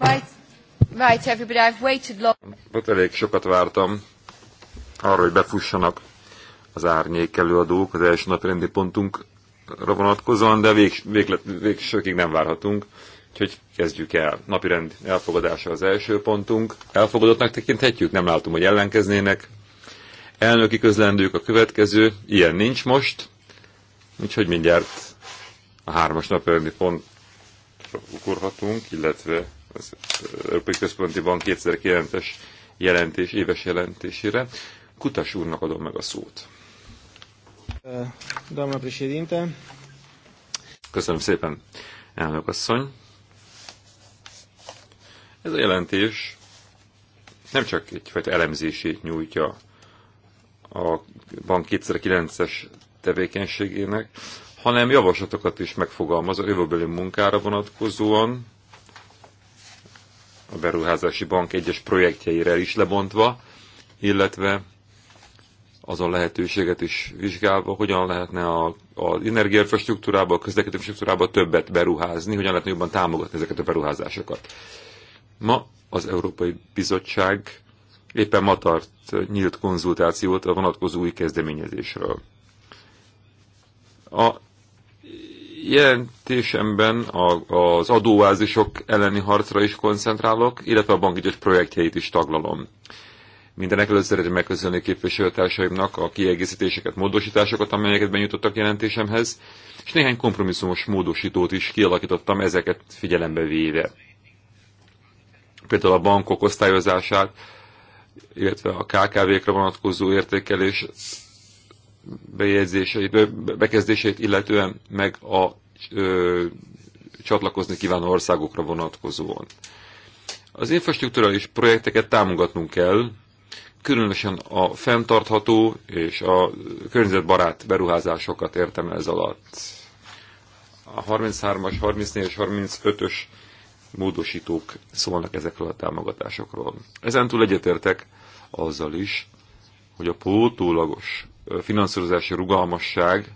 Right, right everybody, I've waited long. Ott elég sokat vártam arra, hogy befussanak az árnyék előadók az első naprendi pontunkra vonatkozóan, de vég, véglet, végsőkig nem várhatunk. Úgyhogy kezdjük el. Napirend elfogadása az első pontunk. Elfogadottnak tekinthetjük? Nem látom, hogy ellenkeznének. Elnöki közlendők a következő. Ilyen nincs most. Úgyhogy mindjárt a hármas napirendi pontra ugorhatunk, illetve az Európai Központi Bank 2009-es jelentés, éves jelentésére. Kutas úrnak adom meg a szót. Eh, doamna președinte. Köszönöm szépen, elnök asszony. Ez a jelentés nem csak egyfajta elemzését nyújtja a bank 2009-es tevékenységének, hanem javaslatokat is megfogalmaz a jövőbeli munkára vonatkozóan, a Beruházási Bank egyes projektjeire is lebontva, illetve azon lehetőséget is vizsgálva, hogyan lehetne a, az energiainfrastruktúrába, a közlekedési struktúrába többet beruházni, hogyan lehetne jobban támogatni ezeket a beruházásokat. Ma az Európai Bizottság éppen ma tart nyílt konzultációt a vonatkozó új kezdeményezésről. A jelentésemben a, az adóázisok elleni harcra is koncentrálok, illetve a bankügyes projektjeit is taglalom. Mindenek előtt szeretném megköszönni képviselőtársaimnak a kiegészítéseket, módosításokat, amelyeket benyújtottak jelentésemhez, és néhány kompromisszumos módosítót is kialakítottam ezeket figyelembe véve. Például a bankok osztályozását, illetve a KKV-kra vonatkozó értékelés bejegyzéseit, bekezdéseit, illetően meg a ö, csatlakozni kívánó országokra vonatkozóan. Az infrastruktúrális projekteket támogatnunk kell, különösen a fenntartható és a környezetbarát beruházásokat értem ez alatt. A 33-as, 34-es, 35-ös módosítók szólnak ezekről a támogatásokról. Ezentúl egyetértek azzal is, hogy a pótólagos finanszírozási rugalmasság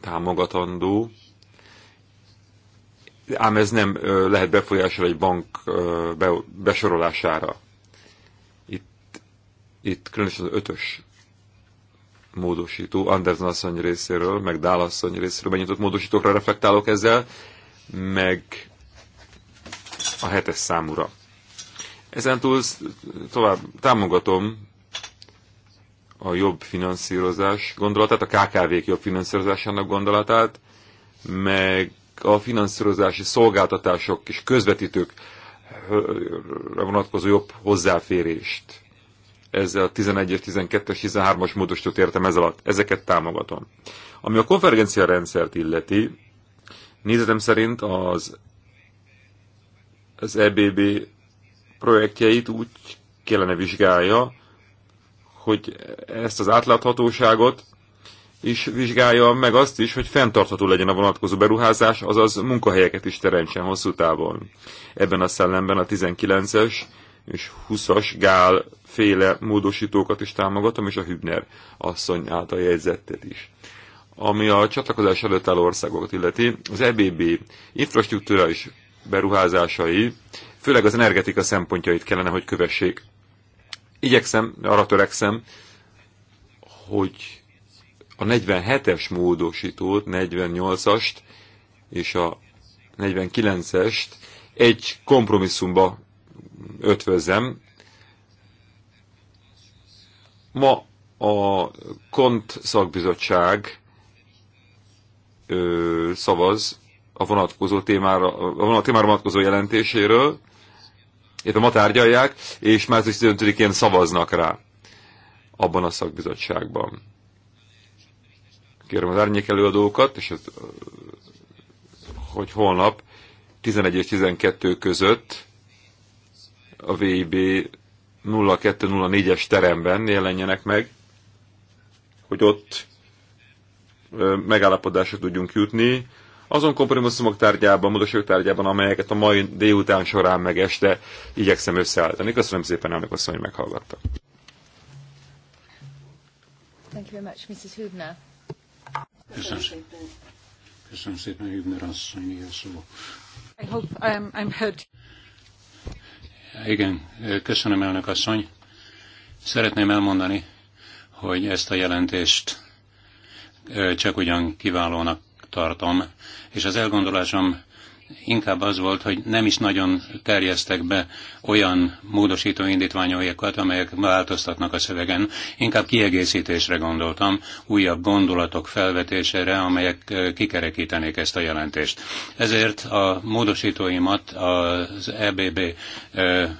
támogatandó, ám ez nem lehet befolyásolni egy bank besorolására. Itt, itt különösen az ötös módosító, Anderson asszony részéről, meg Dál asszony részéről benyitott módosítókra reflektálok ezzel, meg a hetes számúra. Ezen túl tovább támogatom a jobb finanszírozás gondolatát, a KKV-k jobb finanszírozásának gondolatát, meg a finanszírozási szolgáltatások és közvetítők vonatkozó jobb hozzáférést. Ezzel a 11-es, 12-es, 13-as módosítót értem ez alatt. Ezeket támogatom. Ami a konferencia rendszert illeti, nézetem szerint az, az EBB projektjeit úgy kellene vizsgálja, hogy ezt az átláthatóságot is vizsgálja meg azt is, hogy fenntartható legyen a vonatkozó beruházás, azaz munkahelyeket is teremtsen hosszú távon. Ebben a szellemben a 19-es és 20-as gál féle módosítókat is támogatom, és a Hübner asszony által jegyzettet is. Ami a csatlakozás előtt álló országokat illeti, az EBB is beruházásai, főleg az energetika szempontjait kellene, hogy kövessék igyekszem, arra törekszem, hogy a 47-es módosítót, 48-ast és a 49-est egy kompromisszumba ötvözem. Ma a KONT szakbizottság ö, szavaz a vonatkozó témára, a témára vonatkozó jelentéséről, illetve ma tárgyalják, és március 15-én szavaznak rá abban a szakbizottságban. Kérem az árnyék előadókat, és ez, hogy holnap 11 és 12 között a VIB 0204-es teremben jelenjenek meg, hogy ott megállapodásra tudjunk jutni azon kompromisszumok tárgyában, módosok tárgyában, amelyeket a mai délután során meg este igyekszem összeállítani. Köszönöm szépen, elnök asszony, hogy meghallgattak. Thank you very much, Mrs. Hübner. Köszönöm szépen. Köszönöm szépen, Hübner asszony, a szó. I hope I'm, um, I'm heard. Igen, köszönöm, elnök asszony. Szeretném elmondani, hogy ezt a jelentést csak ugyan kiválónak tartom, és az elgondolásom inkább az volt, hogy nem is nagyon terjesztek be olyan módosító indítványokat, amelyek változtatnak a szövegen. Inkább kiegészítésre gondoltam, újabb gondolatok felvetésére, amelyek eh, kikerekítenék ezt a jelentést. Ezért a módosítóimat az EBB eh, eh,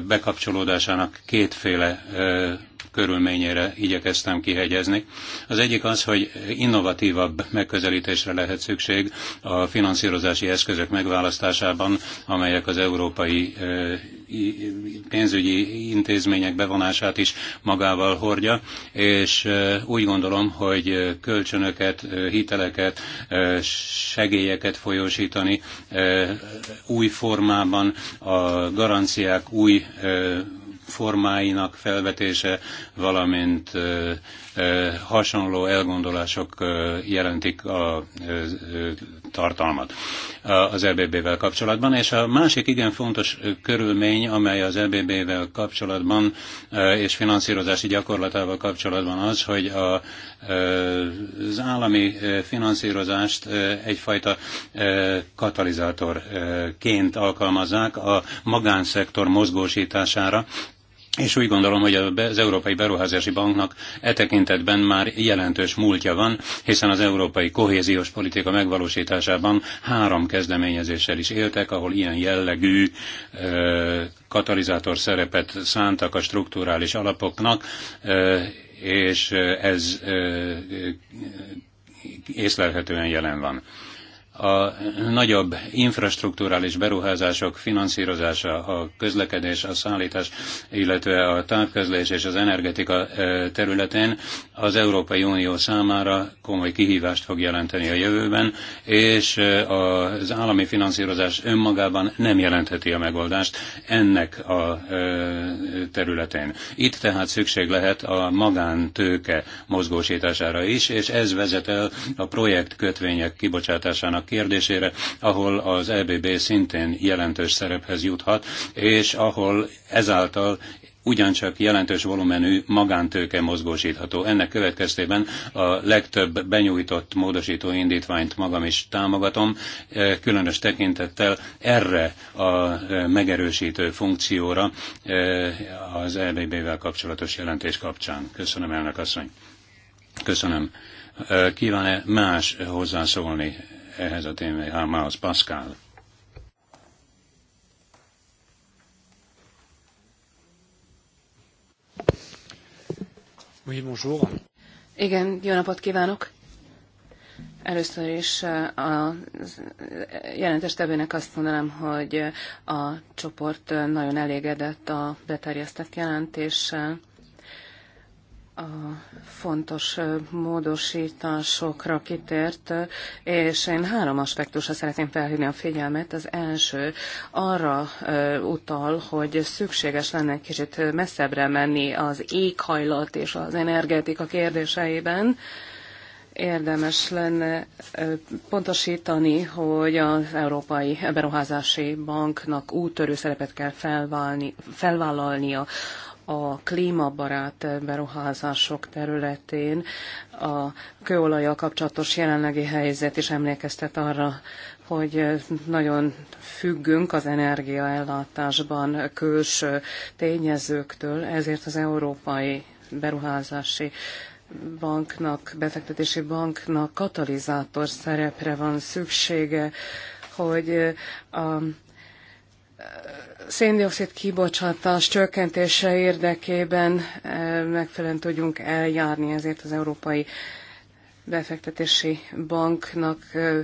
bekapcsolódásának kétféle körülményére igyekeztem kihegyezni. Az egyik az, hogy innovatívabb megközelítésre lehet szükség a finanszírozási eszközök megválasztásában, amelyek az európai pénzügyi intézmények bevonását is magával hordja, és úgy gondolom, hogy kölcsönöket, hiteleket, segélyeket folyósítani új formában, a garanciák új formáinak felvetése, valamint hasonló elgondolások jelentik a tartalmat az EBB-vel kapcsolatban. És a másik igen fontos körülmény, amely az EBB-vel kapcsolatban és finanszírozási gyakorlatával kapcsolatban az, hogy a, az állami finanszírozást egyfajta katalizátorként alkalmazzák a magánszektor mozgósítására, és úgy gondolom, hogy az Európai Beruházási Banknak e tekintetben már jelentős múltja van, hiszen az európai kohéziós politika megvalósításában három kezdeményezéssel is éltek, ahol ilyen jellegű ö, katalizátor szerepet szántak a strukturális alapoknak, ö, és ez ö, észlelhetően jelen van a nagyobb infrastruktúrális beruházások finanszírozása, a közlekedés, a szállítás, illetve a távközlés és az energetika területén az Európai Unió számára komoly kihívást fog jelenteni a jövőben, és az állami finanszírozás önmagában nem jelentheti a megoldást ennek a területén. Itt tehát szükség lehet a magántőke mozgósítására is, és ez vezet el a projektkötvények kibocsátásának kérdésére, ahol az EBB szintén jelentős szerephez juthat, és ahol ezáltal ugyancsak jelentős volumenű magántőke mozgósítható. Ennek következtében a legtöbb benyújtott módosító indítványt magam is támogatom, e, különös tekintettel erre a e, megerősítő funkcióra e, az ebb vel kapcsolatos jelentés kapcsán. Köszönöm, elnök asszony. Köszönöm. Kíván-e más hozzászólni ehhez a témához Pascal. Oui, bonjour. Igen, jó napot kívánok! Először is a jelentős tevőnek azt mondanám, hogy a csoport nagyon elégedett a beterjesztett jelentéssel a fontos módosításokra kitért, és én három aspektusra szeretném felhívni a figyelmet. Az első arra utal, hogy szükséges lenne egy kicsit messzebbre menni az éghajlat és az energetika kérdéseiben. Érdemes lenne pontosítani, hogy az Európai Beruházási Banknak úttörő szerepet kell felvállalnia a klímabarát beruházások területén a kőolajjal kapcsolatos jelenlegi helyzet is emlékeztet arra, hogy nagyon függünk az energiaellátásban külső tényezőktől, ezért az Európai Beruházási Banknak, befektetési banknak katalizátor szerepre van szüksége, hogy a széndiokszid kibocsátás csökkentése érdekében eh, megfelelően tudjunk eljárni, ezért az Európai Befektetési Banknak eh,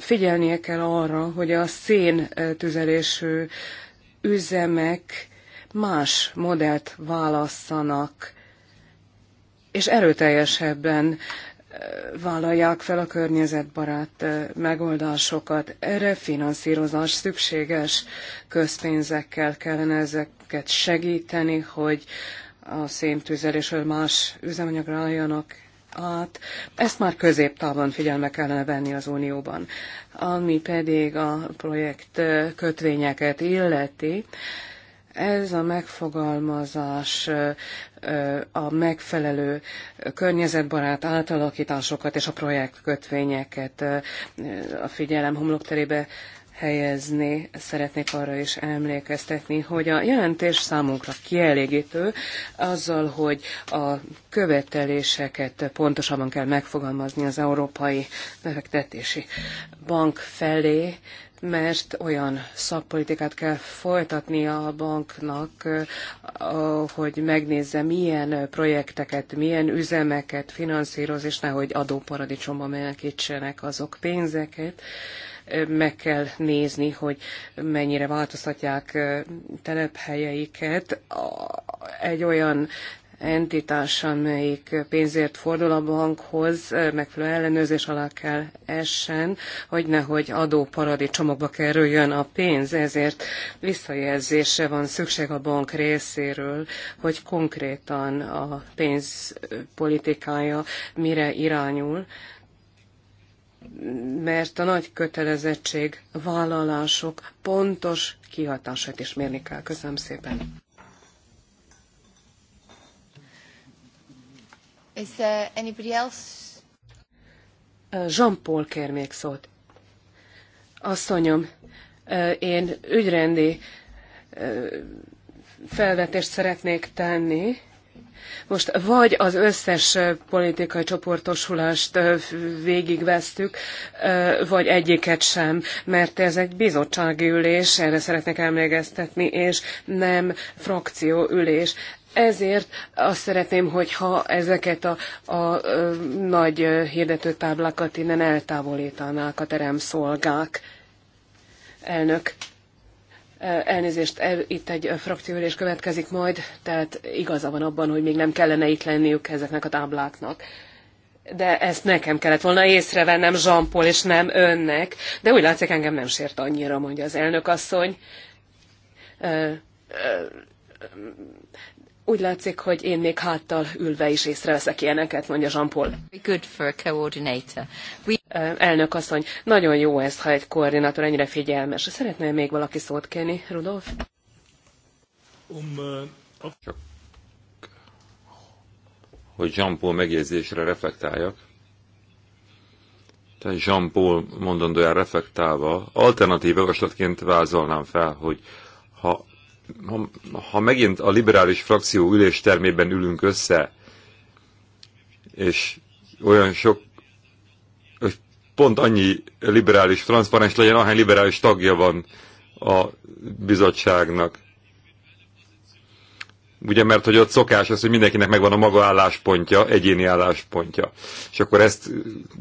figyelnie kell arra, hogy a szén eh, tüzelésű üzemek más modellt válasszanak, és erőteljesebben vállalják fel a környezetbarát megoldásokat. Erre finanszírozás szükséges közpénzekkel kellene ezeket segíteni, hogy a széntüzelésről más üzemanyagra álljanak át. Ezt már középtávon figyelme kellene venni az Unióban. Ami pedig a projekt kötvényeket illeti, ez a megfogalmazás a megfelelő környezetbarát átalakításokat és a projektkötvényeket a figyelem homlokterébe helyezni, szeretnék arra is emlékeztetni, hogy a jelentés számunkra kielégítő azzal, hogy a követeléseket pontosabban kell megfogalmazni az Európai Befektetési Bank felé, mert olyan szakpolitikát kell folytatnia a banknak, hogy megnézze, milyen projekteket, milyen üzemeket finanszíroz, és nehogy adóparadicsomba menekítsenek azok pénzeket meg kell nézni, hogy mennyire változtatják telephelyeiket egy olyan entitás, amelyik pénzért fordul a bankhoz, megfelelő ellenőrzés alá kell essen, hogy nehogy adóparadicsomokba kerüljön a pénz, ezért visszajelzésre van szükség a bank részéről, hogy konkrétan a pénzpolitikája mire irányul, mert a nagy kötelezettség, vállalások pontos kihatását is mérni kell. Köszönöm szépen! Is uh, anybody else? Uh, Jean-Paul kér még szót. Asszonyom, uh, én ügyrendi uh, felvetést szeretnék tenni. Most vagy az összes politikai csoportosulást végigvesztük, vagy egyiket sem, mert ez egy bizottsági ülés, erre szeretnék emlékeztetni, és nem frakcióülés. Ezért azt szeretném, hogyha ezeket a, a, a nagy hirdetőtáblákat innen eltávolítanák a teremszolgák. Elnök, elnézést, el, itt egy frakcióülés következik majd, tehát igaza van abban, hogy még nem kellene itt lenniük ezeknek a tábláknak de ezt nekem kellett volna észrevennem Zsampol, és nem önnek. De úgy látszik, engem nem sért annyira, mondja az elnök asszony. Ö, ö, úgy látszik, hogy én még háttal ülve is észreveszek ilyeneket, mondja Jean-Paul. Good for a coordinator. We... Elnök asszony, nagyon jó ez, ha egy koordinátor ennyire figyelmes. Szeretné még valaki szót kérni, Rudolf? Um, uh, Csak, hogy Jean-Paul megjegyzésre reflektáljak. Tehát Jean-Paul mondandóján reflektálva, alternatív javaslatként vázolnám fel, hogy ha ha, ha megint a liberális frakció üléstermében ülünk össze, és olyan sok, hogy pont annyi liberális transzparens legyen, ahány liberális tagja van a bizottságnak. Ugye, mert hogy ott szokás az, hogy mindenkinek megvan a maga álláspontja, egyéni álláspontja. És akkor ezt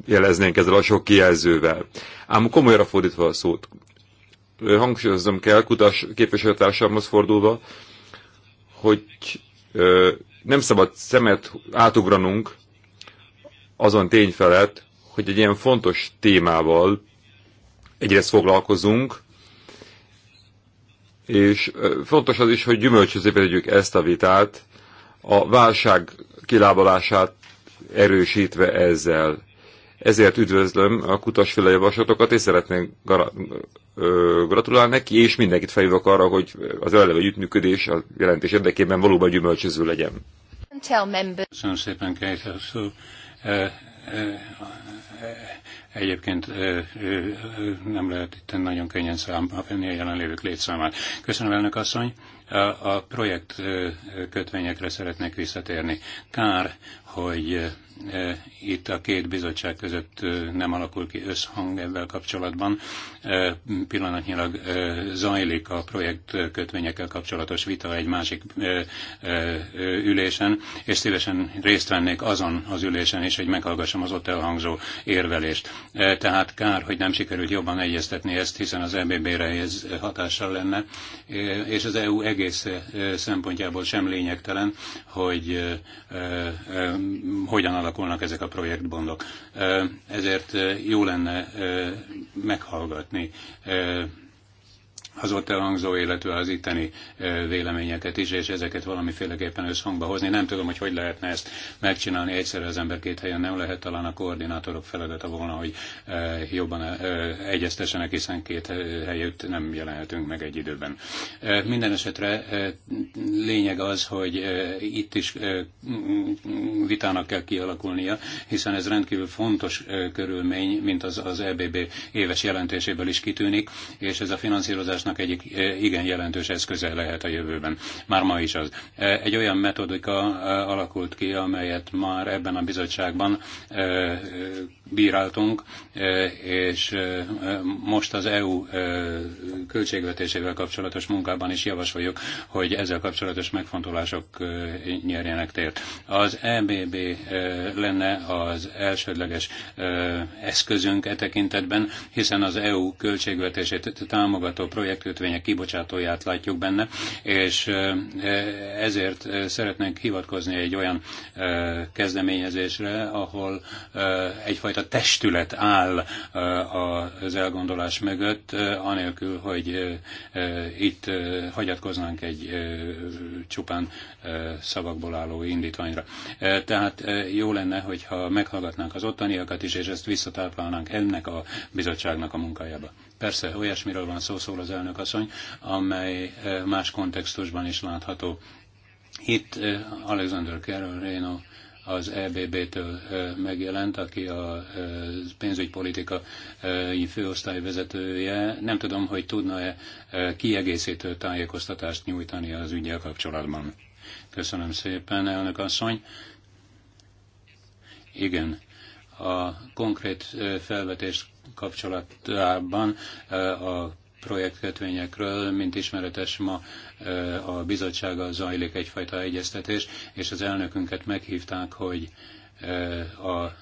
jeleznénk ezzel a sok kijelzővel. Ám komolyra fordítva a szót, hangsúlyoznom kell, kutás képviselőtársamhoz fordulva, hogy ö, nem szabad szemet átugranunk azon tény felett, hogy egy ilyen fontos témával egyrészt foglalkozunk, és fontos az is, hogy gyümölcsözé vegyük ezt a vitát, a válság kilábalását erősítve ezzel. Ezért üdvözlöm a kutasféle javaslatokat, és szeretnék gratulál neki, és mindenkit felhívok arra, hogy az eleve együttműködés a jelentés érdekében valóban gyümölcsöző legyen. Köszönöm szépen, Kejtesz egyébként nem lehet itt nagyon könnyen számba venni a jelenlévők létszámát. Köszönöm, elnök asszony. A projekt kötvényekre szeretnék visszatérni. Kár, hogy eh, eh, itt a két bizottság között eh, nem alakul ki összhang ebben kapcsolatban. Pillanatnyilag zajlik a projekt kötvényekkel kapcsolatos vita egy másik ülésen, és szívesen részt vennék azon az ülésen is, hogy meghallgassam az ott elhangzó érvelést. Tehát kár, hogy nem sikerült jobban egyeztetni ezt, hiszen az EBB-re ez hatással lenne, és az EU egész szempontjából sem lényegtelen, hogy hogyan alakulnak ezek a projektbondok. Ezért jó lenne meghallgatni az ott elhangzó, illetve az itteni véleményeket is, és ezeket valamiféleképpen összhangba hozni. Nem tudom, hogy hogy lehetne ezt megcsinálni egyszerre az ember két helyen, nem lehet talán a koordinátorok feladata volna, hogy jobban egyeztessenek, hiszen két helyütt nem jelenhetünk meg egy időben. Minden esetre lényeg az, hogy itt is vitának kell kialakulnia, hiszen ez rendkívül fontos körülmény, mint az, az EBB éves jelentéséből is kitűnik, és ez a finanszírozás megoldásnak egyik igen jelentős eszköze lehet a jövőben. Már ma is az. Egy olyan metodika alakult ki, amelyet már ebben a bizottságban bíráltunk, és most az EU költségvetésével kapcsolatos munkában is javasoljuk, hogy ezzel kapcsolatos megfontolások nyerjenek tért. Az EBB lenne az elsődleges eszközünk e tekintetben, hiszen az EU költségvetését támogató projekt projektkötvények kibocsátóját látjuk benne, és ezért szeretnénk hivatkozni egy olyan kezdeményezésre, ahol egyfajta testület áll az elgondolás mögött, anélkül, hogy itt hagyatkoznánk egy csupán szavakból álló indítványra. Tehát jó lenne, hogyha meghallgatnánk az ottaniakat is, és ezt visszatáplálnánk ennek a bizottságnak a munkájába. Persze, olyasmiről van szó, szól az elnök asszony, amely eh, más kontextusban is látható. Itt eh, Alexander Carol Reno az EBB-től eh, megjelent, aki a pénzügypolitika főosztály vezetője. Nem tudom, hogy tudna-e kiegészítő tájékoztatást nyújtani az ügyel kapcsolatban. Köszönöm szépen, elnök asszony. Igen, a konkrét felvetést kapcsolatában eh, a projektkötvényekről, mint ismeretes ma eh, a bizottsága zajlik egyfajta egyeztetés, és az elnökünket meghívták, hogy eh, a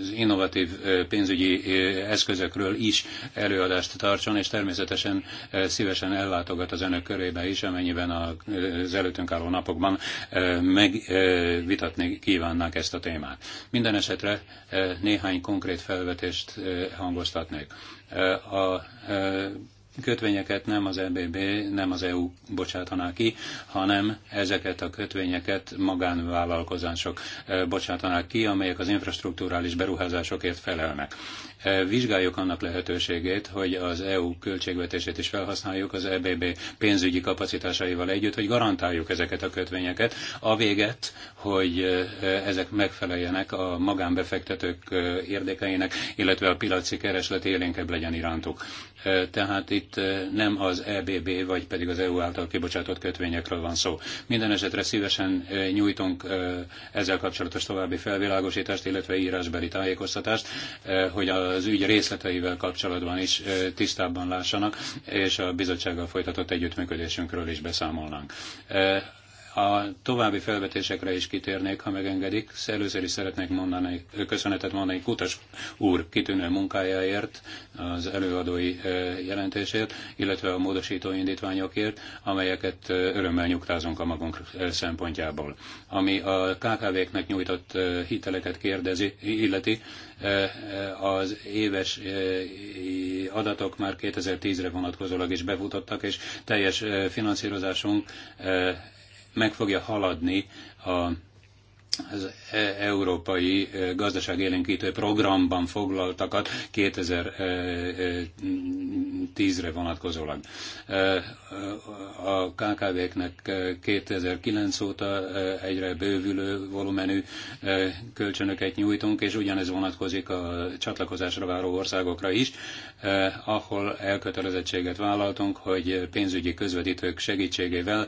az innovatív pénzügyi eszközökről is előadást tartson, és természetesen szívesen ellátogat az önök körébe is, amennyiben az előttünk álló napokban megvitatni kívánnák ezt a témát. Minden esetre néhány konkrét felvetést hangoztatnék. A kötvényeket nem az EBB, nem az EU bocsátaná ki, hanem ezeket a kötvényeket magánvállalkozások bocsátanák ki, amelyek az infrastruktúrális beruházásokért felelnek. Vizsgáljuk annak lehetőségét, hogy az EU költségvetését is felhasználjuk az EBB pénzügyi kapacitásaival együtt, hogy garantáljuk ezeket a kötvényeket, a véget, hogy ezek megfeleljenek a magánbefektetők érdekeinek, illetve a piaci kereslet élénkebb legyen irántuk tehát itt nem az EBB, vagy pedig az EU által kibocsátott kötvényekről van szó. Minden esetre szívesen nyújtunk ezzel kapcsolatos további felvilágosítást, illetve írásbeli tájékoztatást, hogy az ügy részleteivel kapcsolatban is tisztábban lássanak, és a bizottsággal folytatott együttműködésünkről is beszámolnánk. A további felvetésekre is kitérnék, ha megengedik. Először is szeretnék mondani, köszönetet mondani Kutas úr kitűnő munkájáért, az előadói jelentésért, illetve a módosító indítványokért, amelyeket örömmel nyugtázunk a magunk szempontjából. Ami a KKV-knek nyújtott hiteleket kérdezi, illeti, az éves adatok már 2010-re vonatkozólag is befutottak, és teljes finanszírozásunk meg fogja haladni a az e, Európai e, Gazdaságélénkítő Programban foglaltakat 2010-re e, vonatkozólag. A KKV-knek 2009 óta egyre bővülő volumenű kölcsönöket nyújtunk, és ugyanez vonatkozik a csatlakozásra váró országokra is, ahol elkötelezettséget vállaltunk, hogy pénzügyi közvetítők segítségével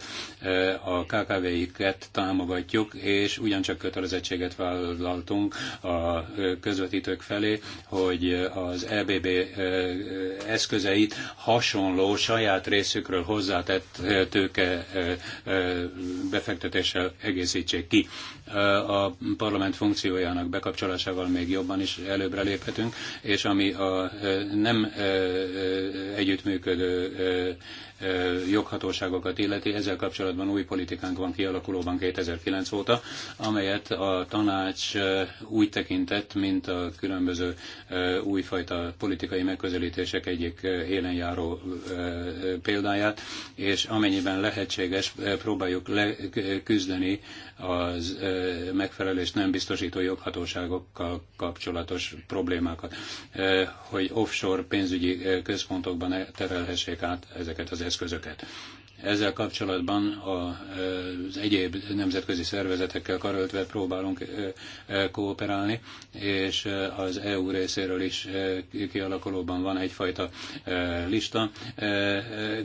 a KKV-iket támogatjuk, és ugyancsak kötelezettséget vállaltunk a közvetítők felé, hogy az EBB eh, eszközeit hasonló saját részükről hozzátett eh, tőke eh, befektetéssel egészítsék ki a parlament funkciójának bekapcsolásával még jobban is előbbre léphetünk, és ami a nem együttműködő joghatóságokat illeti. Ezzel kapcsolatban új politikánk van kialakulóban 2009 óta, amelyet a tanács úgy tekintett, mint a különböző újfajta politikai megközelítések egyik élenjáró példáját, és amennyiben lehetséges, próbáljuk leküzdeni az megfelelést nem biztosító joghatóságokkal kapcsolatos problémákat, hogy offshore pénzügyi központokban terelhessék át ezeket az eszközöket. Ezzel kapcsolatban az egyéb nemzetközi szervezetekkel karöltve próbálunk kooperálni, és az EU részéről is kialakulóban van egyfajta lista.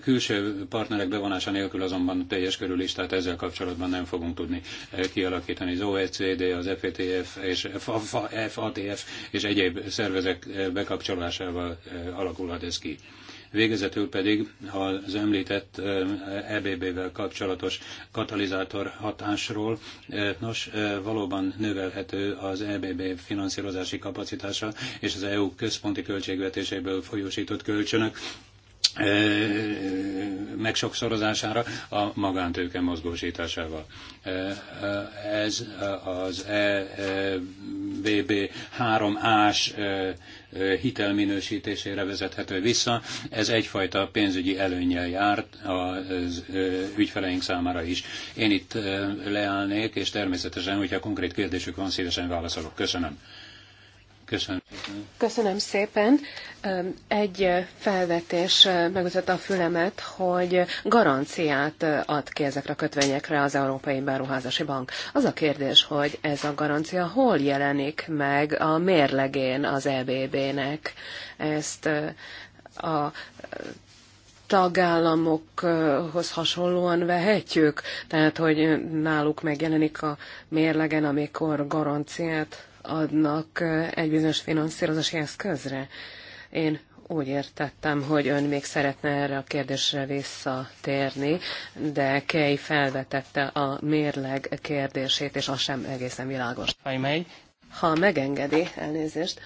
Külső partnerek bevonása nélkül azonban teljes körű listát ezzel kapcsolatban nem fogunk tudni kialakítani. Az OECD, az FATF e és, FATF és egyéb szervezek bekapcsolásával alakulhat ez ki. Végezetül pedig az említett EBB-vel kapcsolatos katalizátor hatásról. Nos, valóban növelhető az EBB finanszírozási kapacitása és az EU központi költségvetéséből folyósított kölcsönök megsokszorozására a magántőke mozgósításával. Ez az EBB 3-ás hitelminősítésére vezethető vissza. Ez egyfajta pénzügyi előnyel járt az ügyfeleink számára is. Én itt leállnék, és természetesen, hogyha konkrét kérdésük van, szívesen válaszolok. Köszönöm. Köszönöm. Köszönöm szépen. Egy felvetés megütött a fülemet, hogy garanciát ad ki ezekre a kötvényekre az Európai Beruházási Bank. Az a kérdés, hogy ez a garancia hol jelenik meg a mérlegén az EBB-nek. Ezt a tagállamokhoz hasonlóan vehetjük? Tehát, hogy náluk megjelenik a mérlegen, amikor garanciát adnak egy bizonyos finanszírozási eszközre. Én úgy értettem, hogy ön még szeretne erre a kérdésre visszatérni, de Kei felvetette a mérleg kérdését, és az sem egészen világos. Ha megengedi, elnézést,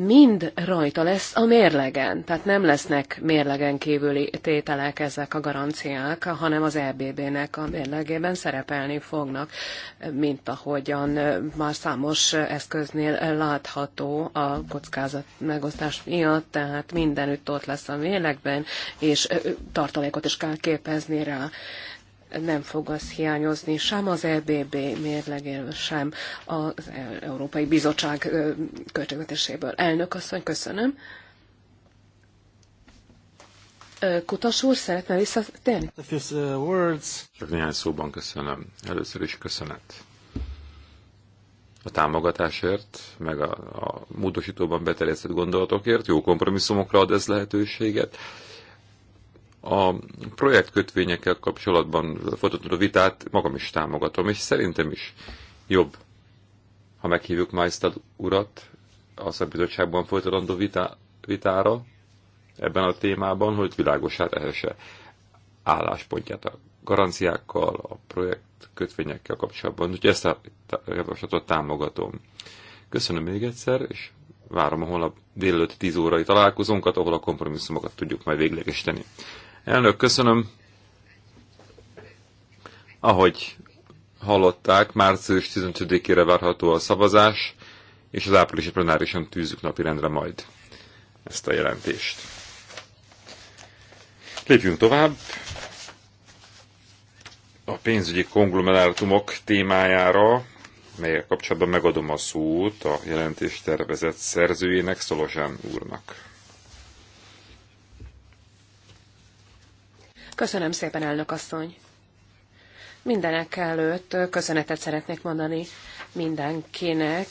mind rajta lesz a mérlegen, tehát nem lesznek mérlegen kívüli tételek ezek a garanciák, hanem az EBB-nek a mérlegében szerepelni fognak, mint ahogyan már számos eszköznél látható a kockázat megosztás miatt, tehát mindenütt ott lesz a mérlegben, és tartalékot is kell képezni rá nem fog az hiányozni sem az EBB mérlegéről, sem az Európai Bizottság költségvetéséből. Elnök asszony, köszönöm. Kutas úr, szeretne visszatérni? Uh, Csak néhány szóban köszönöm. Először is köszönet a támogatásért, meg a, a módosítóban beterjesztett gondolatokért. Jó kompromisszumokra ad ez lehetőséget. A projektkötvényekkel kapcsolatban folytatott a vitát magam is támogatom, és szerintem is jobb, ha meghívjuk Majstad urat a szakbizottságban folytatandó vitá, vitára ebben a témában, hogy világosá tehesse álláspontját a garanciákkal, a projektkötvényekkel kapcsolatban. Úgyhogy ezt a javaslatot támogatom. Köszönöm még egyszer, és várom a holnap délelőtt 10 órai találkozónkat, ahol a kompromisszumokat tudjuk majd véglegesíteni. Elnök, köszönöm. Ahogy hallották, március 15-ére várható a szavazás, és az áprilisi plenárison tűzük napirendre majd ezt a jelentést. Lépjünk tovább. A pénzügyi konglomerátumok témájára, melyek kapcsolatban megadom a szót a jelentés tervezett szerzőjének, Szolozsán úrnak. Köszönöm szépen, elnök asszony. Mindenek előtt köszönetet szeretnék mondani mindenkinek,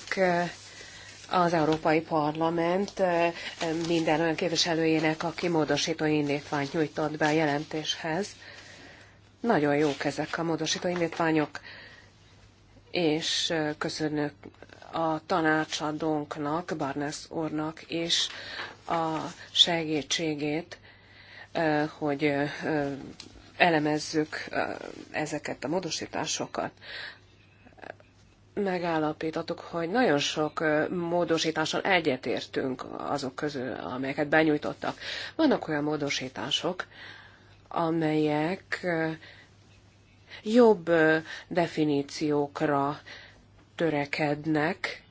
az Európai Parlament minden olyan képviselőjének, aki módosító indítványt nyújtott be a jelentéshez. Nagyon jók ezek a módosító indítványok, és köszönök a tanácsadónknak, Barnes úrnak is a segítségét hogy elemezzük ezeket a módosításokat. Megállapítatok, hogy nagyon sok módosítással egyetértünk azok közül, amelyeket benyújtottak. Vannak olyan módosítások, amelyek jobb definíciókra törekednek,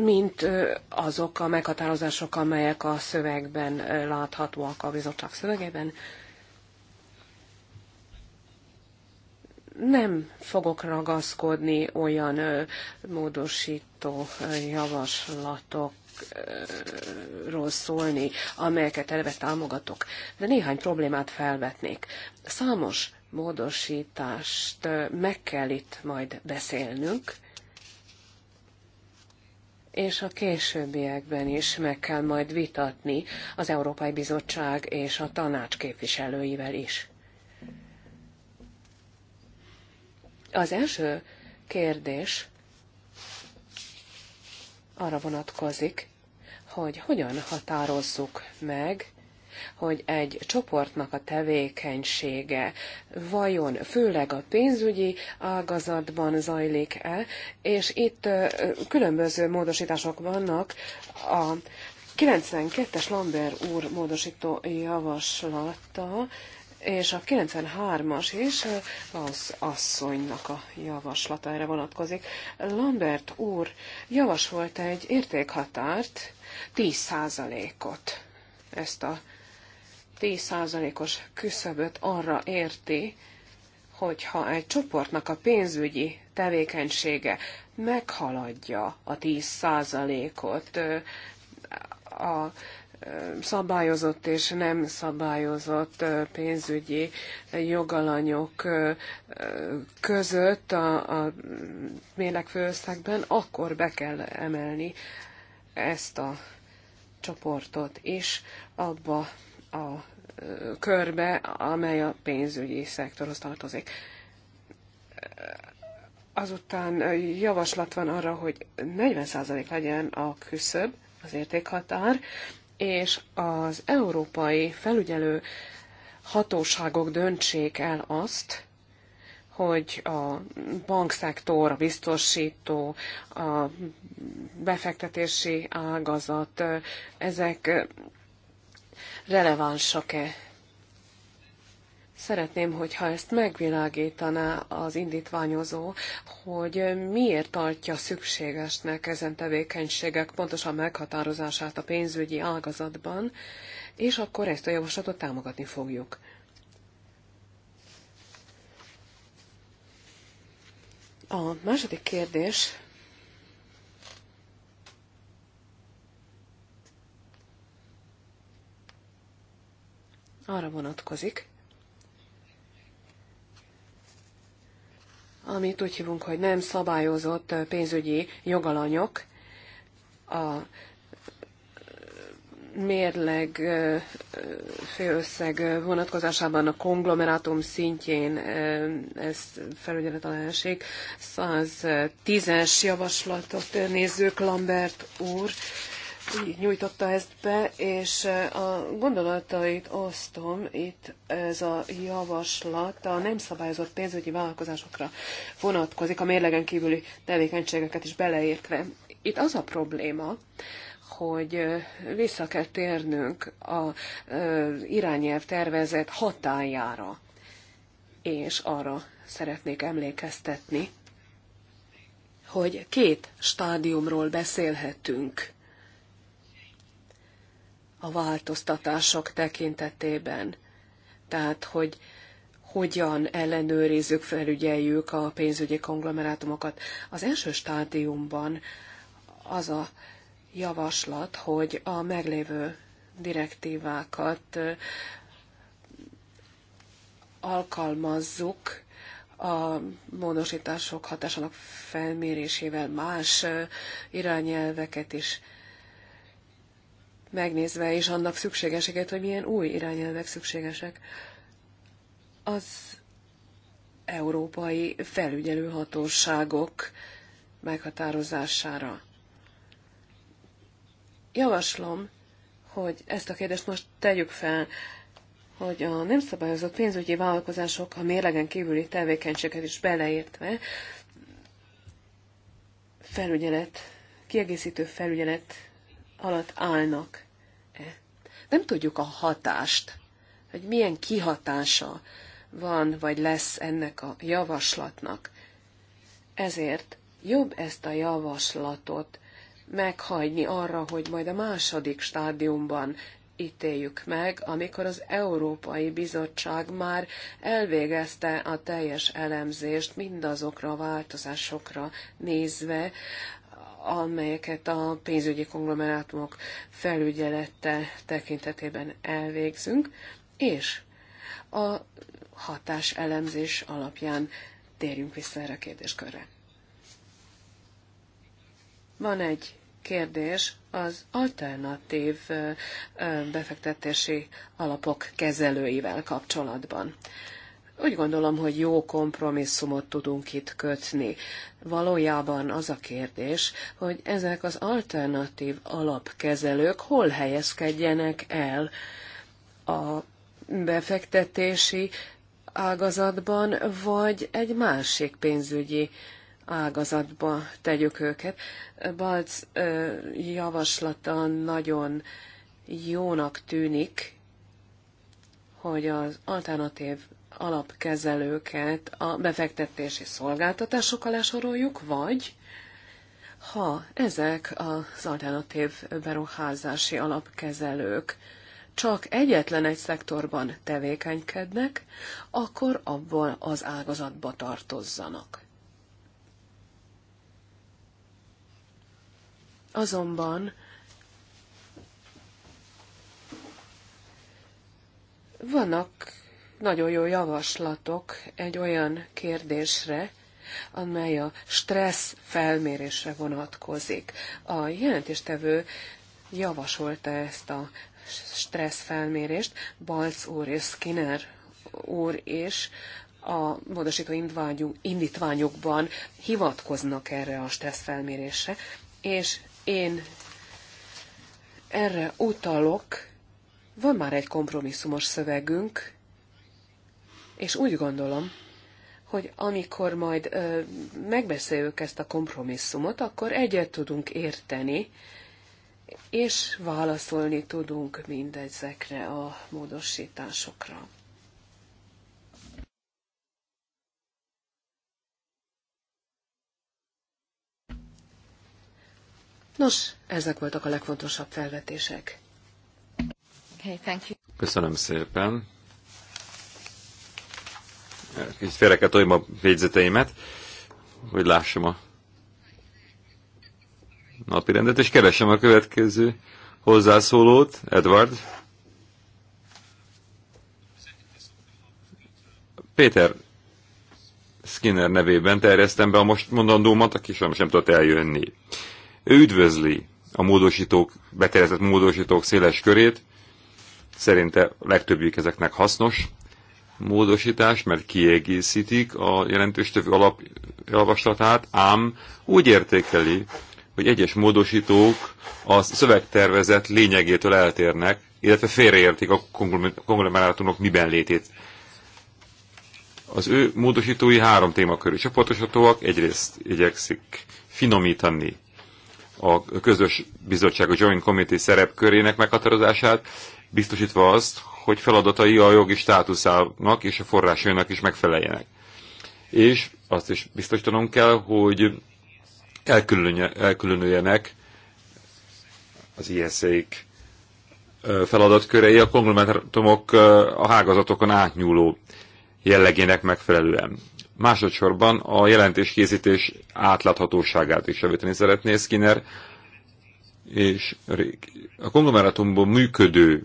mint azok a meghatározások, amelyek a szövegben láthatóak a bizottság szövegében. Nem fogok ragaszkodni olyan módosító javaslatok ról szólni, amelyeket eleve támogatok, de néhány problémát felvetnék. Számos módosítást meg kell itt majd beszélnünk, és a későbbiekben is meg kell majd vitatni az Európai Bizottság és a tanács képviselőivel is. Az első kérdés arra vonatkozik, hogy hogyan határozzuk meg hogy egy csoportnak a tevékenysége vajon főleg a pénzügyi ágazatban zajlik-e, és itt különböző módosítások vannak a 92-es Lambert úr módosító javaslata, és a 93-as is az asszonynak a javaslata erre vonatkozik. Lambert úr javasolt egy értékhatárt, 10%-ot. Ezt a 10%-os küszöböt arra érti, hogyha egy csoportnak a pénzügyi tevékenysége meghaladja a 10%-ot a szabályozott és nem szabályozott pénzügyi jogalanyok között a, a akkor be kell emelni ezt a csoportot is abba a körbe, amely a pénzügyi szektorhoz tartozik. Azután javaslat van arra, hogy 40% legyen a küszöb, az értékhatár, és az európai felügyelő hatóságok döntsék el azt, hogy a bankszektor, a biztosító, a befektetési ágazat, ezek relevánsak-e. Szeretném, hogyha ezt megvilágítaná az indítványozó, hogy miért tartja szükségesnek ezen tevékenységek pontosan meghatározását a pénzügyi ágazatban, és akkor ezt a javaslatot támogatni fogjuk. A második kérdés arra vonatkozik, amit úgy hívunk, hogy nem szabályozott pénzügyi jogalanyok, a mérleg főösszeg vonatkozásában a konglomerátum szintjén ez felügyelet alá esik. 110-es javaslatot nézzük, Lambert úr nyújtotta ezt be, és eh, a gondolatait osztom itt ez a javaslat a nem szabályozott pénzügyi vállalkozásokra vonatkozik, a mérlegen kívüli tevékenységeket is beleértve. Itt az a probléma, hogy eh, vissza kell térnünk az eh, irányelv tervezett hatájára, és arra szeretnék emlékeztetni, hogy két stádiumról beszélhetünk a változtatások tekintetében. Tehát, hogy hogyan ellenőrizzük, felügyeljük a pénzügyi konglomerátumokat. Az első stádiumban az a javaslat, hogy a meglévő direktívákat alkalmazzuk a módosítások hatásának felmérésével más irányelveket is megnézve is annak szükségeseket, hogy milyen új irányelvek szükségesek. Az európai felügyelőhatóságok meghatározására. Javaslom, hogy ezt a kérdést most tegyük fel, hogy a nem szabályozott pénzügyi vállalkozások a mérlegen kívüli tevékenységet is beleértve felügyelet, kiegészítő felügyelet alatt állnak-e. Nem tudjuk a hatást, hogy milyen kihatása van vagy lesz ennek a javaslatnak. Ezért jobb ezt a javaslatot meghagyni arra, hogy majd a második stádiumban ítéljük meg, amikor az Európai Bizottság már elvégezte a teljes elemzést mindazokra a változásokra nézve, amelyeket a pénzügyi konglomerátumok felügyelete tekintetében elvégzünk, és a hatás elemzés alapján térjünk vissza erre a kérdéskörre. Van egy kérdés az alternatív befektetési alapok kezelőivel kapcsolatban. Úgy gondolom, hogy jó kompromisszumot tudunk itt kötni. Valójában az a kérdés, hogy ezek az alternatív alapkezelők hol helyezkedjenek el a befektetési ágazatban, vagy egy másik pénzügyi ágazatba tegyük őket. Balc javaslata nagyon jónak tűnik, hogy az alternatív alapkezelőket a befektetési szolgáltatások alá soroljuk, vagy ha ezek az alternatív beruházási alapkezelők csak egyetlen egy szektorban tevékenykednek, akkor abból az ágazatba tartozzanak. Azonban vannak nagyon jó javaslatok egy olyan kérdésre, amely a stressz felmérésre vonatkozik. A jelentéstevő javasolta ezt a stressz felmérést, Balc úr és Skinner úr is a módosító indítványokban hivatkoznak erre a stressz felmérésre, és én erre utalok, van már egy kompromisszumos szövegünk, és úgy gondolom, hogy amikor majd ö, megbeszéljük ezt a kompromisszumot, akkor egyet tudunk érteni, és válaszolni tudunk mindezekre a módosításokra. Nos, ezek voltak a legfontosabb felvetések. Okay, thank you. Köszönöm szépen. Kicsit félre kell toljam a végzeteimet, hogy lássam a napi rendet, és keresem a következő hozzászólót, Edward. Péter Skinner nevében terjesztem be a most mondandómat, aki sem, sem tudott eljönni. Ő üdvözli a módosítók, beterjesztett módosítók széles körét, szerinte legtöbbjük ezeknek hasznos, módosítás, mert kiegészítik a jelentős tövő alapjavaslatát, ám úgy értékeli, hogy egyes módosítók a szövegtervezet lényegétől eltérnek, illetve félreértik a konglomerátumok miben létét. Az ő módosítói három témakörű csoportosítóak egyrészt igyekszik finomítani a közös bizottság, a Joint Committee szerepkörének meghatározását, biztosítva azt, hogy feladatai a jogi státuszának és a forrásainak is megfeleljenek. És azt is biztosítanom kell, hogy elkülönüljenek az ISZ-ik feladatkörei a konglomerátumok a hágazatokon átnyúló jellegének megfelelően. Másodszorban a jelentéskészítés átláthatóságát is javítani szeretné Skinner és a konglomerátumban működő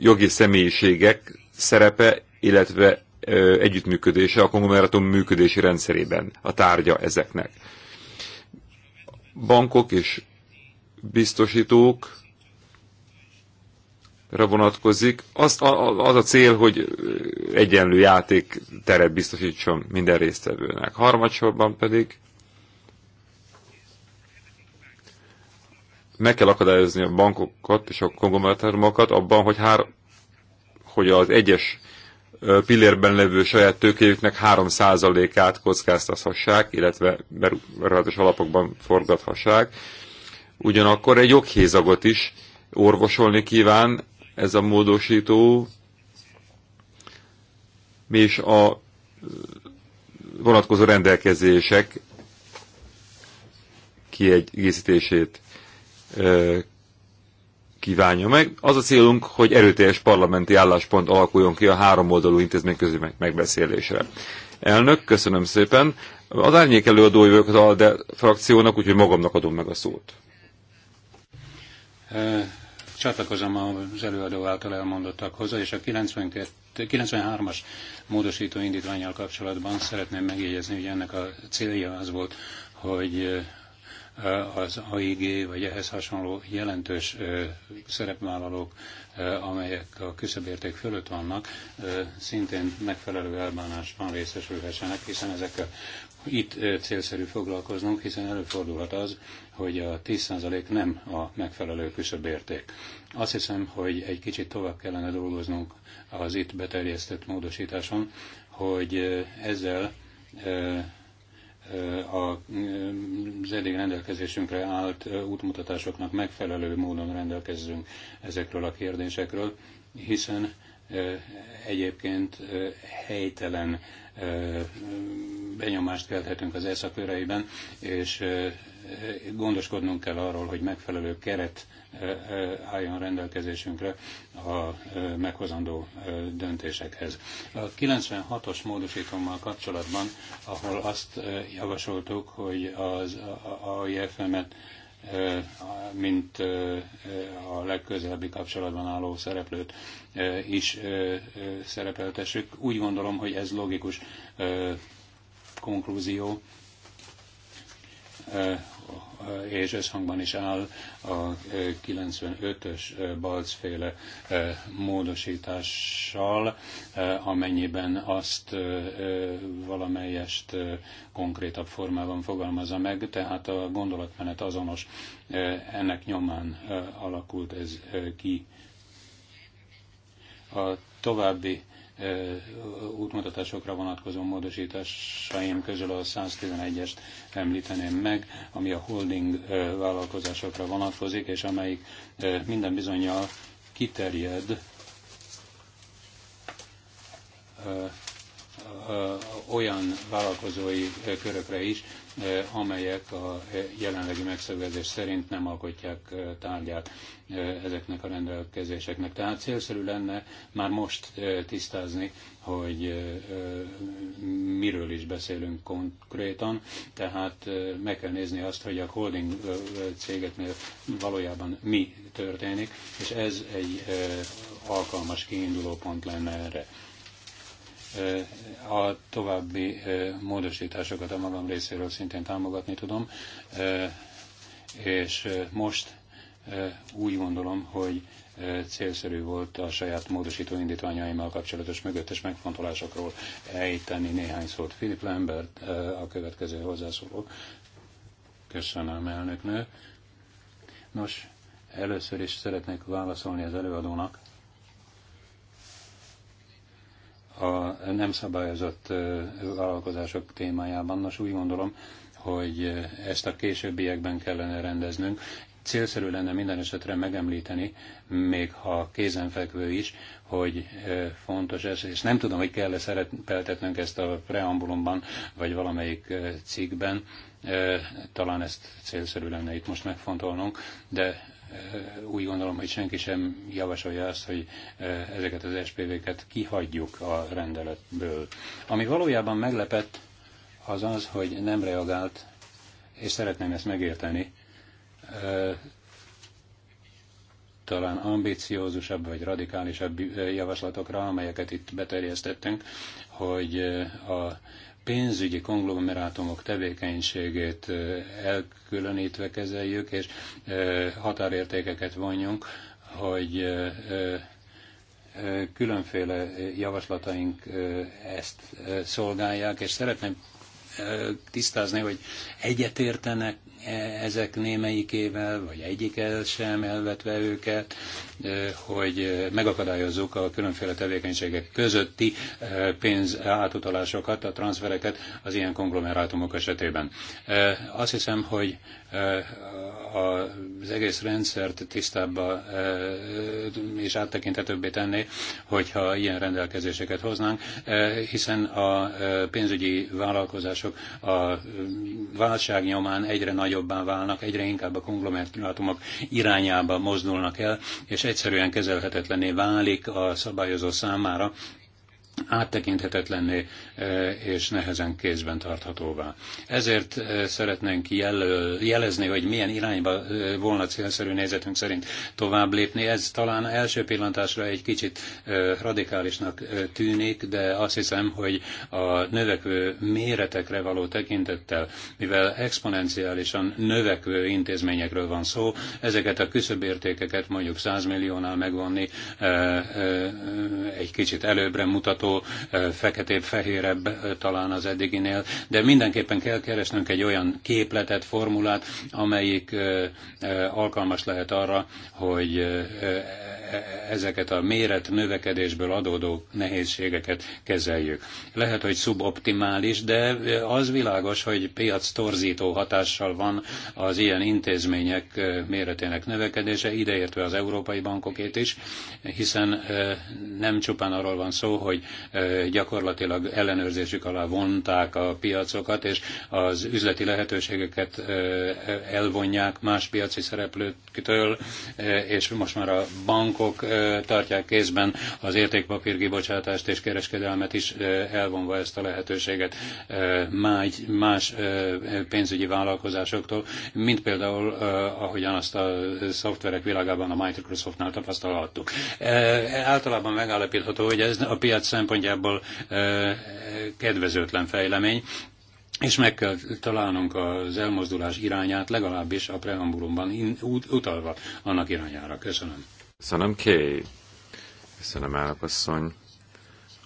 jogi személyiségek szerepe, illetve együttműködése a konglomerátum működési rendszerében a tárgya ezeknek. Bankok és biztosítók vonatkozik. Az, az a cél, hogy egyenlő játék teret biztosítson minden résztvevőnek. Harmadsorban pedig meg kell akadályozni a bankokat és a konglomerátumokat abban, hogy, hár, hogy az egyes pillérben levő saját tőkéjüknek 3%-át kockáztathassák, illetve beruházás alapokban forgathassák. Ugyanakkor egy joghézagot is orvosolni kíván ez a módosító, és a vonatkozó rendelkezések kiegészítését kívánja meg. Az a célunk, hogy erőteljes parlamenti álláspont alakuljon ki a három oldalú intézményközi megbeszélésre. Elnök, köszönöm szépen. Az árnyék előadói vagyok az ALDE frakciónak, úgyhogy magamnak adom meg a szót. Csatlakozom az előadó által elmondottakhoz, és a 92 93-as módosító indítványjal kapcsolatban szeretném megjegyezni, hogy ennek a célja az volt, hogy Eh, az AIG vagy ehhez hasonló jelentős eh, szerepvállalók, eh, amelyek a küszöbérték fölött vannak, szintén megfelelő elbánásban részesülhessenek, hiszen ezekkel itt célszerű foglalkoznunk, hiszen előfordulhat az, hogy a 10% nem a megfelelő küszöbérték. Azt hiszem, hogy egy kicsit tovább kellene dolgoznunk az itt beterjesztett módosításon, hogy ezzel az eddig rendelkezésünkre állt útmutatásoknak megfelelő módon rendelkezzünk ezekről a kérdésekről, hiszen egyébként helytelen benyomást kelthetünk az ESZA köreiben, és gondoskodnunk kell arról, hogy megfelelő keret álljon rendelkezésünkre a meghozandó döntésekhez. A 96-os módosítommal kapcsolatban, ahol azt javasoltuk, hogy az AIFM-et mint a legközelebbi kapcsolatban álló szereplőt is szerepeltessük. Úgy gondolom, hogy ez logikus konklúzió és összhangban is áll a 95-ös balcféle eh, módosítással, eh, amennyiben azt eh, valamelyest konkrétabb formában fogalmazza meg, tehát a gondolatmenet azonos. Ennek nyomán alakult ez ki. A további útmutatásokra vonatkozó módosításaim közül a 111-est említeném meg, ami a holding vállalkozásokra vonatkozik, és amelyik minden bizonyal kiterjed olyan vállalkozói körökre is, amelyek a jelenlegi megszervezés szerint nem alkotják tárgyát ezeknek a rendelkezéseknek. Tehát célszerű lenne már most tisztázni, hogy miről is beszélünk konkrétan, tehát meg kell nézni azt, hogy a holding cégeknél valójában mi történik, és ez egy alkalmas kiinduló pont lenne erre. A további módosításokat a magam részéről szintén támogatni tudom, és most úgy gondolom, hogy célszerű volt a saját módosító indítványaimmal kapcsolatos mögöttes megfontolásokról ejteni néhány szót. Philip Lambert a következő hozzászóló. Köszönöm, elnöknő. Nos, először is szeretnék válaszolni az előadónak. a nem szabályozott vállalkozások témájában. Nos, úgy gondolom, hogy ezt a későbbiekben kellene rendeznünk. Célszerű lenne minden esetre megemlíteni, még ha kézenfekvő is, hogy fontos ez, és nem tudom, hogy kell-e szerepeltetnünk ezt a preambulumban, vagy valamelyik cikkben, talán ezt célszerű lenne itt most megfontolnunk, de úgy gondolom, hogy senki sem javasolja azt, hogy ezeket az SPV-ket kihagyjuk a rendeletből. Ami valójában meglepett, az az, hogy nem reagált, és szeretném ezt megérteni, talán ambiciózusabb vagy radikálisabb javaslatokra, amelyeket itt beterjesztettünk, hogy a pénzügyi konglomerátumok tevékenységét elkülönítve kezeljük, és határértékeket vonjunk, hogy különféle javaslataink ezt szolgálják, és szeretném tisztázni, hogy egyetértenek E, ezek némelyikével, vagy egyikkel sem elvetve őket, e, hogy megakadályozzuk a különféle tevékenységek közötti e, pénz átutalásokat, a transfereket az ilyen konglomerátumok esetében. Azt hiszem, hogy az egész rendszert tisztábbá eh, és áttekintetőbbé tenni, hogyha ilyen rendelkezéseket hoznánk, eh, hiszen a eh, pénzügyi vállalkozások a válság nyomán egyre nagyobbá válnak, egyre inkább a konglomerátumok irányába mozdulnak el, és egyszerűen kezelhetetlené válik a szabályozó számára, áttekinthetetlenné e, és nehezen kézben tarthatóvá. Ezért e, szeretnénk jelöl, jelezni, hogy milyen irányba e, volna célszerű nézetünk szerint tovább lépni. Ez talán első pillantásra egy kicsit radikálisnak tűnik, de azt hiszem, hogy a növekvő méretekre való tekintettel, mivel exponenciálisan növekvő intézményekről van szó, ezeket a küszöbértékeket mondjuk 100 milliónál megvonni egy kicsit előbbre mutat látható, feketébb-fehérebb talán az eddiginél, de mindenképpen kell keresnünk egy olyan képletet, formulát, amelyik alkalmas lehet arra, hogy ezeket a méret növekedésből adódó nehézségeket kezeljük. Lehet, hogy szuboptimális, de az világos, hogy piac torzító hatással van az ilyen intézmények méretének növekedése, ideértve az európai bankokét is, hiszen nem csupán arról van szó, hogy gyakorlatilag ellenőrzésük alá vonták a piacokat, és az üzleti lehetőségeket elvonják más piaci szereplőktől, és most már a bank bankok tartják kézben az értékpapír kibocsátást és kereskedelmet is elvonva ezt a lehetőséget más pénzügyi vállalkozásoktól, mint például ahogyan azt a szoftverek világában a Microsoftnál tapasztalhattuk. Általában megállapítható, hogy ez a piac szempontjából kedvezőtlen fejlemény, és meg kell találnunk az elmozdulás irányát, legalábbis a preambulumban utalva annak irányára. Köszönöm. Köszönöm, Kay. Köszönöm, állapasszony.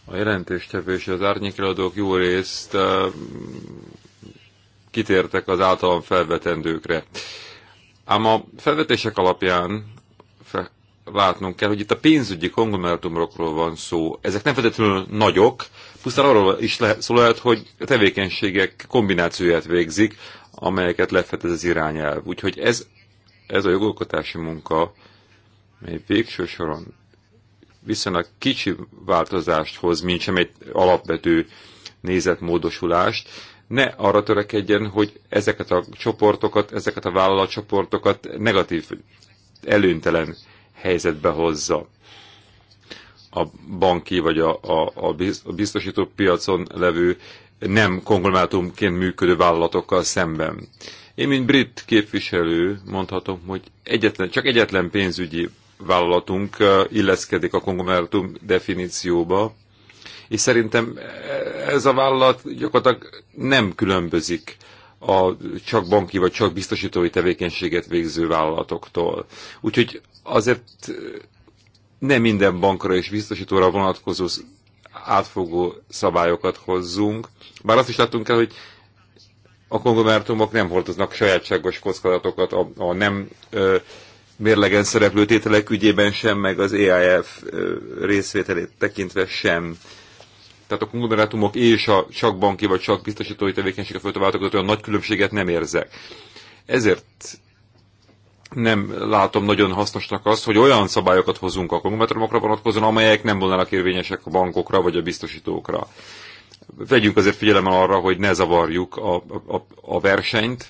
A jelentéstevő és az árnyékeladók jó részt uh, kitértek az általam felvetendőkre. Ám a felvetések alapján fe, látnunk kell, hogy itt a pénzügyi konglomerátumokról van szó. Ezek nem feltétlenül nagyok, pusztán arról is lehet, szó lehet, hogy a tevékenységek kombinációját végzik, amelyeket lefedez az irányelv. Úgyhogy ez, ez a jogalkotási munka mely végső soron viszonylag kicsi változást hoz, mint sem egy alapvető nézetmódosulást, ne arra törekedjen, hogy ezeket a csoportokat, ezeket a vállalatcsoportokat negatív, előntelen helyzetbe hozza a banki vagy a, a, a biztosító piacon levő nem konglomerátumként működő vállalatokkal szemben. Én, mint brit képviselő mondhatom, hogy egyetlen, csak egyetlen pénzügyi vállalatunk illeszkedik a konglomerátum definícióba, és szerintem ez a vállalat gyakorlatilag nem különbözik a csak banki vagy csak biztosítói tevékenységet végző vállalatoktól. Úgyhogy azért nem minden bankra és biztosítóra vonatkozó átfogó szabályokat hozzunk, bár azt is láttunk el, hogy a konglomerátumok nem hordoznak sajátságos kockázatokat a, a nem ö, mérlegen szereplő tételek ügyében sem, meg az EIF részvételét tekintve sem. Tehát a konglomerátumok és a csak banki vagy csak biztosítói tevékenysége a között olyan nagy különbséget nem érzek. Ezért nem látom nagyon hasznosnak azt, hogy olyan szabályokat hozunk a konglomerátumokra vonatkozóan, amelyek nem volnának érvényesek a bankokra vagy a biztosítókra. Vegyünk azért figyelemmel arra, hogy ne zavarjuk a, a, a versenyt,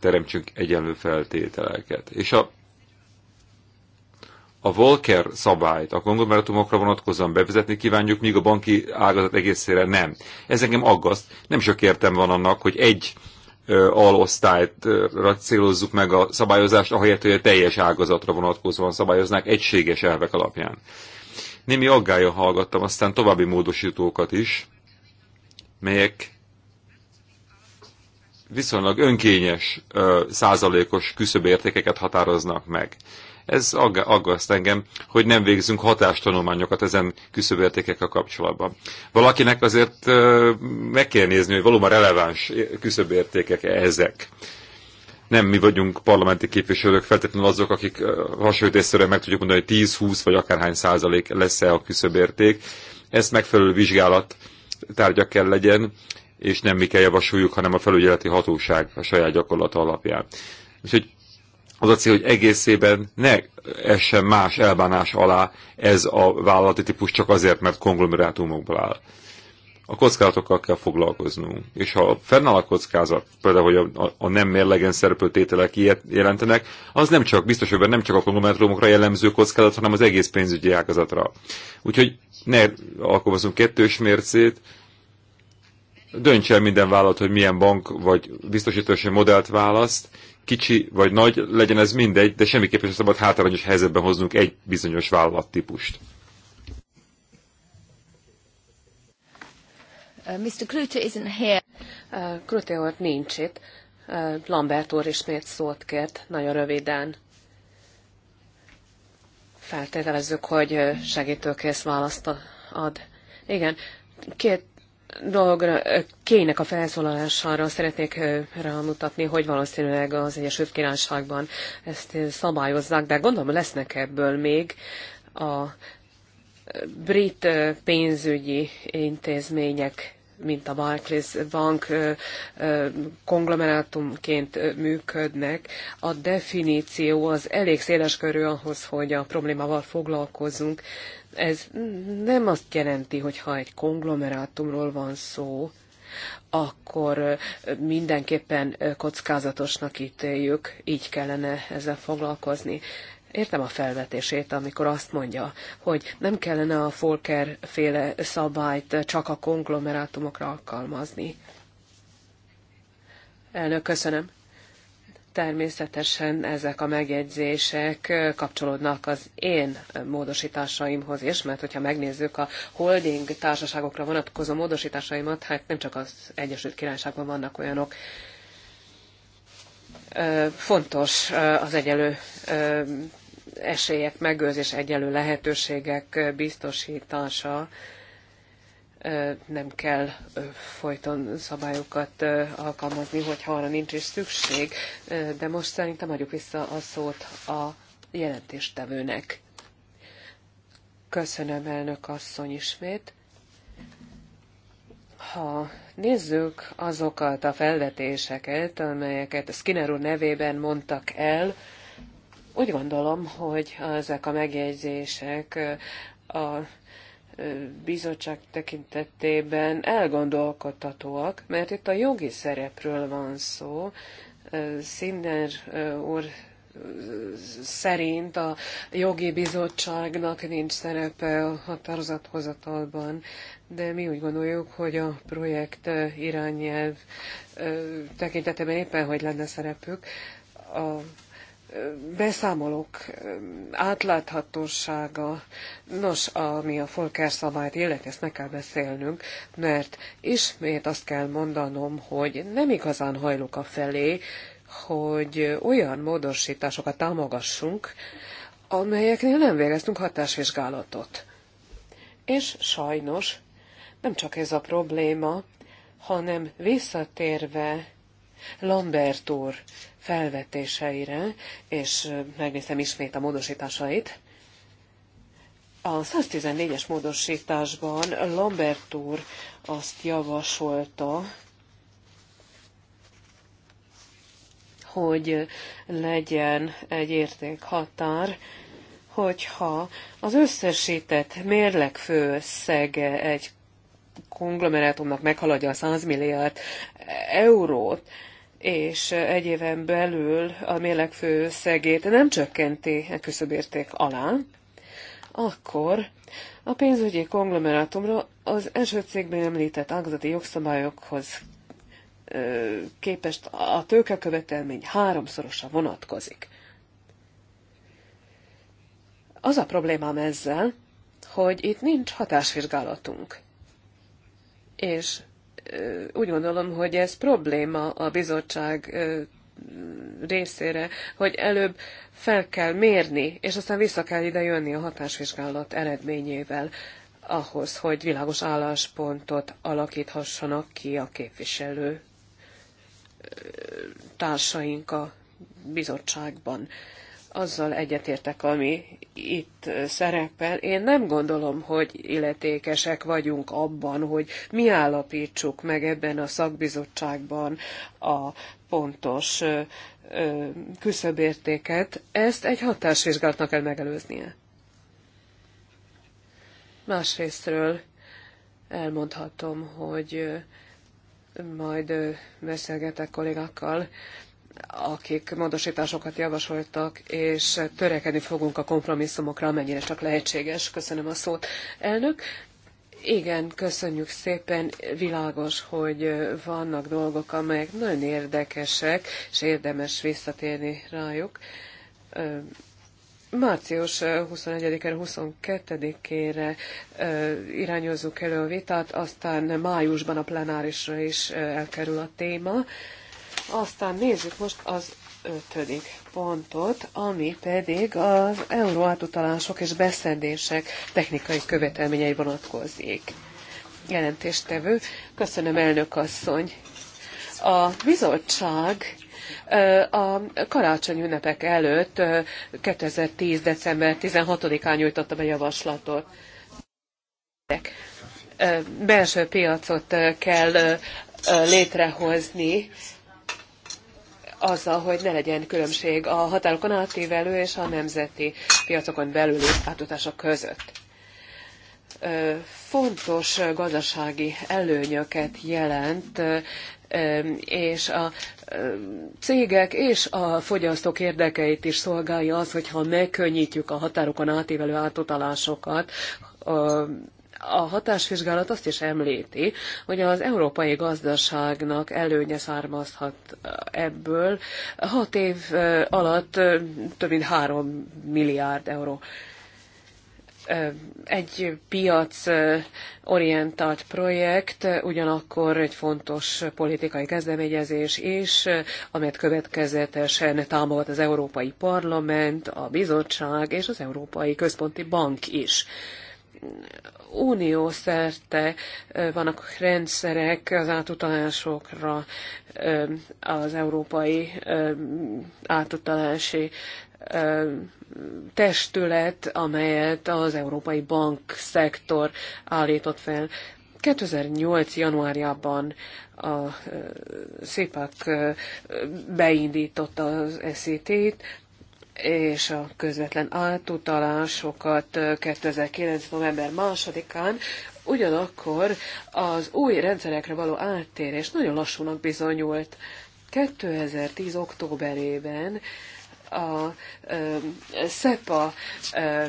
teremtsünk egyenlő feltételeket. És a a Volker szabályt a konglomerátumokra vonatkozóan bevezetni kívánjuk, míg a banki ágazat egészére nem. Ez engem aggaszt. Nem sok értem van annak, hogy egy alosztályra célozzuk meg a szabályozást, ahelyett, hogy a teljes ágazatra vonatkozóan szabályoznák egységes elvek alapján. Némi aggája hallgattam, aztán további módosítókat is, melyek viszonylag önkényes százalékos küszöbértékeket határoznak meg. Ez aggaszt engem, hogy nem végzünk hatástanulmányokat ezen küszöbértékekkel kapcsolatban. Valakinek azért meg kell nézni, hogy valóban releváns küszöbértékek -e ezek. Nem mi vagyunk parlamenti képviselők, feltétlenül azok, akik hasonlítésszerűen meg tudjuk mondani, hogy 10-20 vagy akárhány százalék lesz-e a küszöbérték. Ezt megfelelő vizsgálat tárgya kell legyen, és nem mi kell javasoljuk, hanem a felügyeleti hatóság a saját gyakorlata alapján. És hogy az a cél, hogy egészében ne essen más elbánás alá ez a vállalati típus csak azért, mert konglomerátumokból áll. A kockázatokkal kell foglalkoznunk. És ha fennáll a kockázat, például, hogy a, a nem mérlegen szereplő tételek ilyet jelentenek, az nem csak, biztos, hogy nem csak a konglomerátumokra jellemző kockázat, hanem az egész pénzügyi ágazatra. Úgyhogy ne alkalmazunk kettős mércét, Dönts el minden vállalat, hogy milyen bank vagy biztosítási modellt választ, kicsi vagy nagy, legyen ez mindegy, de semmiképpen sem szabad hátrányos helyzetben hoznunk egy bizonyos vállalattípust. Uh, Mr. Krüte isn't here. Uh, Krüte úr nincs itt. Uh, Lambert úr ismét szót kért, nagyon röviden. Feltételezzük, hogy uh, segítőkész választ ad. Igen, két dologra, Kének a felszólalására szeretnék rámutatni, hogy valószínűleg az Egyesült Királyságban ezt szabályozzák, de gondolom lesznek ebből még a brit pénzügyi intézmények mint a Barclays Bank konglomerátumként működnek. A definíció az elég széles körű ahhoz, hogy a problémával foglalkozunk. Ez nem azt jelenti, hogy ha egy konglomerátumról van szó, akkor mindenképpen kockázatosnak ítéljük, így kellene ezzel foglalkozni. Értem a felvetését, amikor azt mondja, hogy nem kellene a Folker féle szabályt csak a konglomerátumokra alkalmazni. Elnök, köszönöm. Természetesen ezek a megjegyzések kapcsolódnak az én módosításaimhoz is, mert hogyha megnézzük a holding társaságokra vonatkozó módosításaimat, hát nem csak az Egyesült Királyságban vannak olyanok, fontos az egyelő esélyek megőrzés, egyelő lehetőségek biztosítása nem kell folyton szabályokat alkalmazni, hogyha arra nincs is szükség, de most szerintem adjuk vissza a szót a jelentéstevőnek. Köszönöm, elnök asszony ismét. Ha nézzük azokat a felvetéseket, amelyeket Skinner úr nevében mondtak el, úgy gondolom, hogy ezek a megjegyzések a bizottság tekintetében elgondolkodtatóak, mert itt a jogi szerepről van szó. Szinder úr szerint a jogi bizottságnak nincs szerepe a határozathozatalban, de mi úgy gondoljuk, hogy a projekt irányelv tekintetében éppen hogy lenne szerepük, a beszámolók átláthatósága, nos, ami a Folker szabályt illeti, ezt meg kell beszélnünk, mert ismét azt kell mondanom, hogy nem igazán hajlok a felé, hogy olyan módosításokat támogassunk, amelyeknél nem végeztünk hatásvizsgálatot. És sajnos nem csak ez a probléma, hanem visszatérve Lambert úr felvetéseire, és megnéztem ismét a módosításait. A 114-es módosításban Lambert úr azt javasolta, hogy legyen egy értékhatár, hogyha az összesített főszege egy konglomerátumnak meghaladja a 100 milliárd eurót, és egy éven belül a mérlegfő összegét nem csökkenti a e küszöbérték alá, akkor a pénzügyi konglomerátumra az első cégben említett ágazati jogszabályokhoz képest a tőkekövetelmény háromszorosa vonatkozik. Az a problémám ezzel, hogy itt nincs hatásvizsgálatunk. És úgy gondolom, hogy ez probléma a bizottság részére, hogy előbb fel kell mérni, és aztán vissza kell ide jönni a hatásvizsgálat eredményével ahhoz, hogy világos álláspontot alakíthassanak ki a képviselő társaink a bizottságban azzal egyetértek, ami itt szerepel. Én nem gondolom, hogy illetékesek vagyunk abban, hogy mi állapítsuk meg ebben a szakbizottságban a pontos küszöbértéket. Ezt egy hatásvizsgálatnak kell megelőznie. Másrésztről elmondhatom, hogy majd beszélgetek kollégákkal akik módosításokat javasoltak, és törekedni fogunk a kompromisszumokra, amennyire csak lehetséges. Köszönöm a szót, elnök. Igen, köszönjük szépen. Világos, hogy vannak dolgok, amelyek nagyon érdekesek, és érdemes visszatérni rájuk. Március 21-ére, 22-ére irányozzuk elő a vitát, aztán májusban a plenárisra is elkerül a téma. Aztán nézzük most az ötödik pontot, ami pedig az euróátutalások és beszedések technikai követelményei vonatkozik. Jelentéstevő, köszönöm elnök asszony. A bizottság a karácsony ünnepek előtt 2010. december 16-án nyújtotta be javaslatot. Belső piacot kell létrehozni azzal, hogy ne legyen különbség a határokon átívelő és a nemzeti piacokon belüli átutások között. Fontos gazdasági előnyöket jelent, és a cégek és a fogyasztók érdekeit is szolgálja az, hogyha megkönnyítjük a határokon átívelő átutalásokat, a hatásvizsgálat azt is említi, hogy az európai gazdaságnak előnye származhat eh, ebből hat év eh, alatt eh, több mint három milliárd euró egy piac orientált projekt, ugyanakkor egy fontos politikai kezdeményezés is, amelyet következetesen támogat az Európai Parlament, a Bizottság és az Európai Központi Bank is unió szerte vannak rendszerek az átutalásokra, az európai átutalási testület, amelyet az európai bankszektor állított fel. 2008. januárjában a SZIPAK beindította az SZT-t, és a közvetlen átutalásokat 2009. november 2-án, ugyanakkor az új rendszerekre való áttérés nagyon lassúnak bizonyult. 2010. októberében a ö, SEPA ö,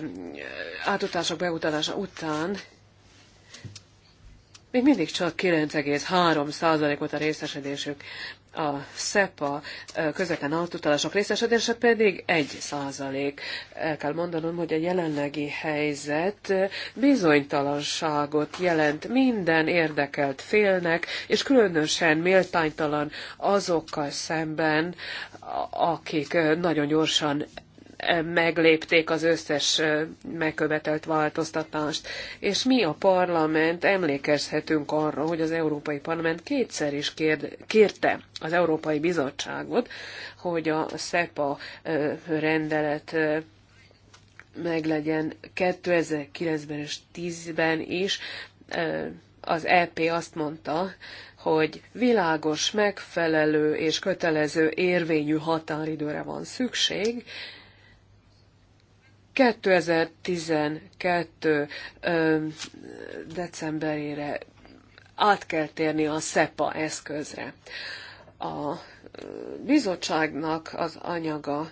átutások beutalása után még mindig csak 9,3%-ot a részesedésük a SEPA közvetlen átutalások részesedése pedig 1 százalék. El kell mondanom, hogy a jelenlegi helyzet bizonytalanságot jelent minden érdekelt félnek, és különösen méltánytalan azokkal szemben, akik nagyon gyorsan meglépték az összes megkövetelt változtatást. És mi a parlament emlékezhetünk arra, hogy az Európai Parlament kétszer is kér, kérte az Európai Bizottságot, hogy a SEPA rendelet meglegyen 2009-ben és 2010 ben is. Az EP azt mondta, hogy világos, megfelelő és kötelező érvényű határidőre van szükség, 2012. decemberére át kell térni a SEPA eszközre. A bizottságnak az anyaga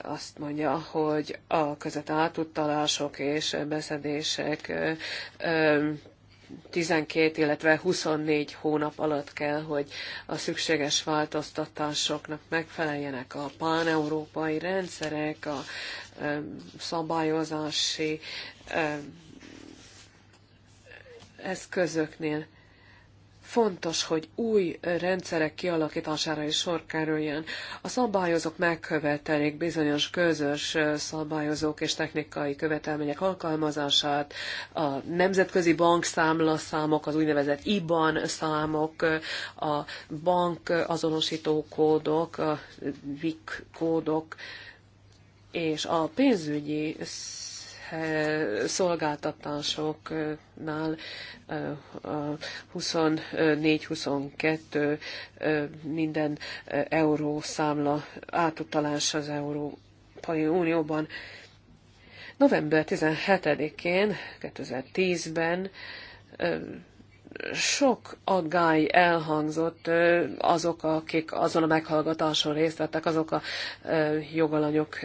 azt mondja, hogy a között átutalások és beszedések 12, illetve 24 hónap alatt kell, hogy a szükséges változtatásoknak megfeleljenek a páneurópai rendszerek, a szabályozási eszközöknél fontos, hogy új rendszerek kialakítására is sor kerüljön. A szabályozók megkövetelik bizonyos közös szabályozók és technikai követelmények alkalmazását, a nemzetközi bankszámlaszámok, az úgynevezett IBAN számok, a bank azonosító kódok, a VIC kódok, és a pénzügyi Eh, szolgáltatásoknál 24-22 eh, eh, minden euró számla átutalás az Európai Unióban. November 17-én, 2010-ben sok aggály elhangzott azok, akik azon a meghallgatáson részt vettek, azok a jogalanyok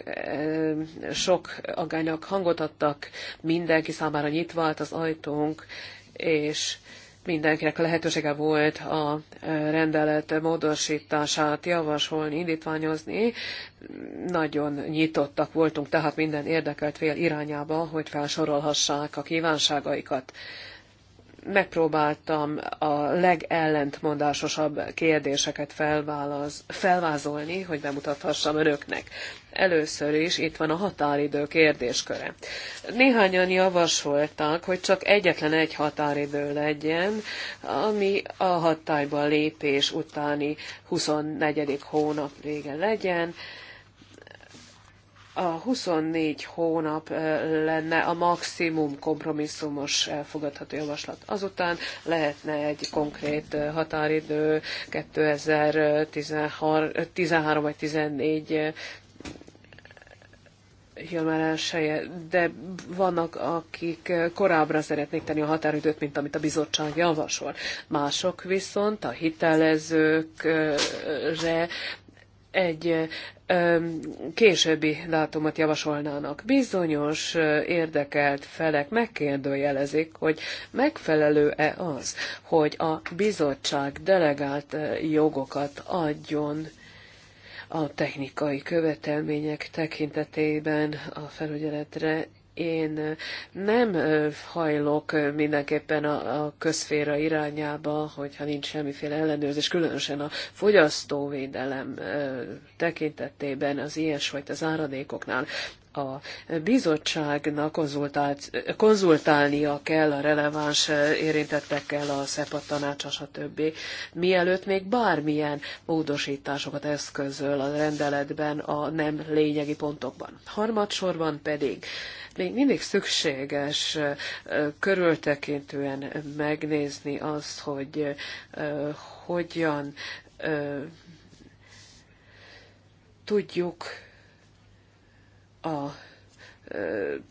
sok aggálynak hangot adtak, mindenki számára nyitva állt az ajtónk, és mindenkinek lehetősége volt a rendelet módosítását javasolni, indítványozni. Nagyon nyitottak voltunk tehát minden érdekelt fél irányába, hogy felsorolhassák a kívánságaikat megpróbáltam a legellentmondásosabb kérdéseket felválasz, felvázolni, hogy bemutathassam önöknek. Először is itt van a határidő kérdésköre. Néhányan javasolták, hogy csak egyetlen egy határidő legyen, ami a hatályba lépés utáni 24. hónap vége legyen, a 24 hónap lenne a maximum kompromisszumos elfogadható javaslat. Azután lehetne egy konkrét határidő 2013 vagy 14 január de vannak, akik korábbra szeretnék tenni a határidőt, mint amit a bizottság javasol. Mások viszont a hitelezőkre egy későbbi dátumot javasolnának. Bizonyos érdekelt felek megkérdőjelezik, hogy megfelelő-e az, hogy a bizottság delegált jogokat adjon a technikai követelmények tekintetében a felügyeletre, én nem hajlok mindenképpen a, a közféra irányába, hogyha nincs semmiféle ellenőrzés, különösen a fogyasztóvédelem tekintetében az ilyesfajta záradékoknál a bizottságnak konzultált, konzultálnia kell a releváns érintettekkel, a SZEPA tanácsa, stb. Mielőtt még bármilyen módosításokat eszközöl a rendeletben a nem lényegi pontokban. Harmadsorban pedig még mindig szükséges körültekintően megnézni azt, hogy hogyan tudjuk a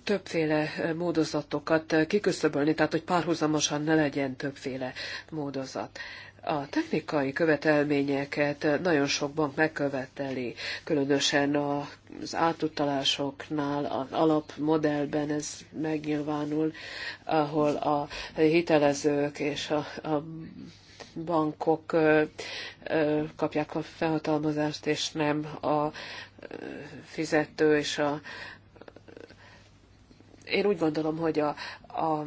többféle módozatokat kiküszöbölni, tehát hogy párhuzamosan ne legyen többféle módozat a technikai követelményeket nagyon sok bank megköveteli, különösen az átutalásoknál, az alapmodellben ez megnyilvánul, ahol a hitelezők és a, a bankok kapják a felhatalmazást, és nem a fizető és a én úgy gondolom, hogy a, a,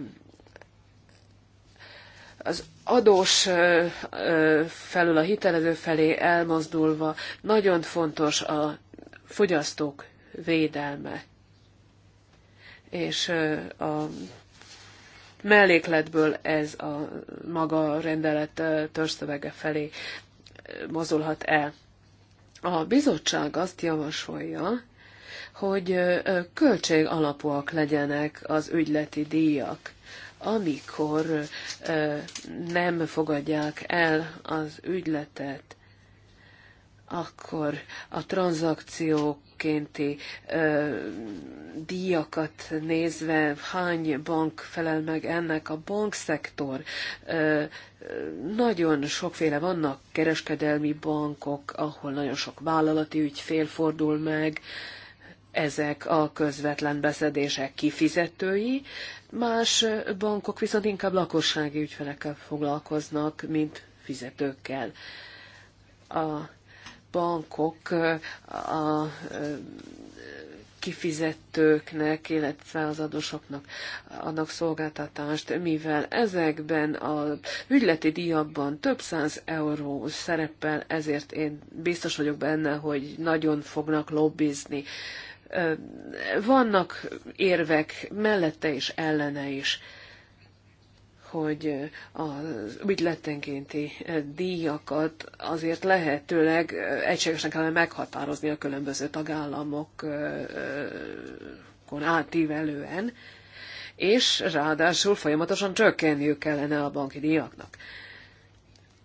az adós felül a hitelező felé elmozdulva nagyon fontos a fogyasztók védelme. És a mellékletből ez a maga rendelet törzszövege felé mozdulhat el. A bizottság azt javasolja, hogy költség alapúak legyenek az ügyleti díjak amikor nem fogadják el az ügyletet, akkor a tranzakciókénti ö, díjakat nézve hány bank felel meg ennek a bankszektor. Ö, nagyon sokféle vannak kereskedelmi bankok, ahol nagyon sok vállalati ügyfél fordul meg, ö, ezek a közvetlen beszedések kifizetői, más bankok viszont inkább lakossági ügyfelekkel foglalkoznak, mint fizetőkkel. A bankok a kifizetőknek, illetve az adósoknak adnak szolgáltatást, mivel ezekben a ügyleti díjakban több száz euró szerepel, ezért én biztos vagyok benne, hogy nagyon fognak lobbizni vannak érvek mellette és ellene is, hogy az ügyletenkénti díjakat azért lehetőleg egységesen kellene meghatározni a különböző tagállamokon átívelően, és ráadásul folyamatosan csökkenniük kellene a banki díjaknak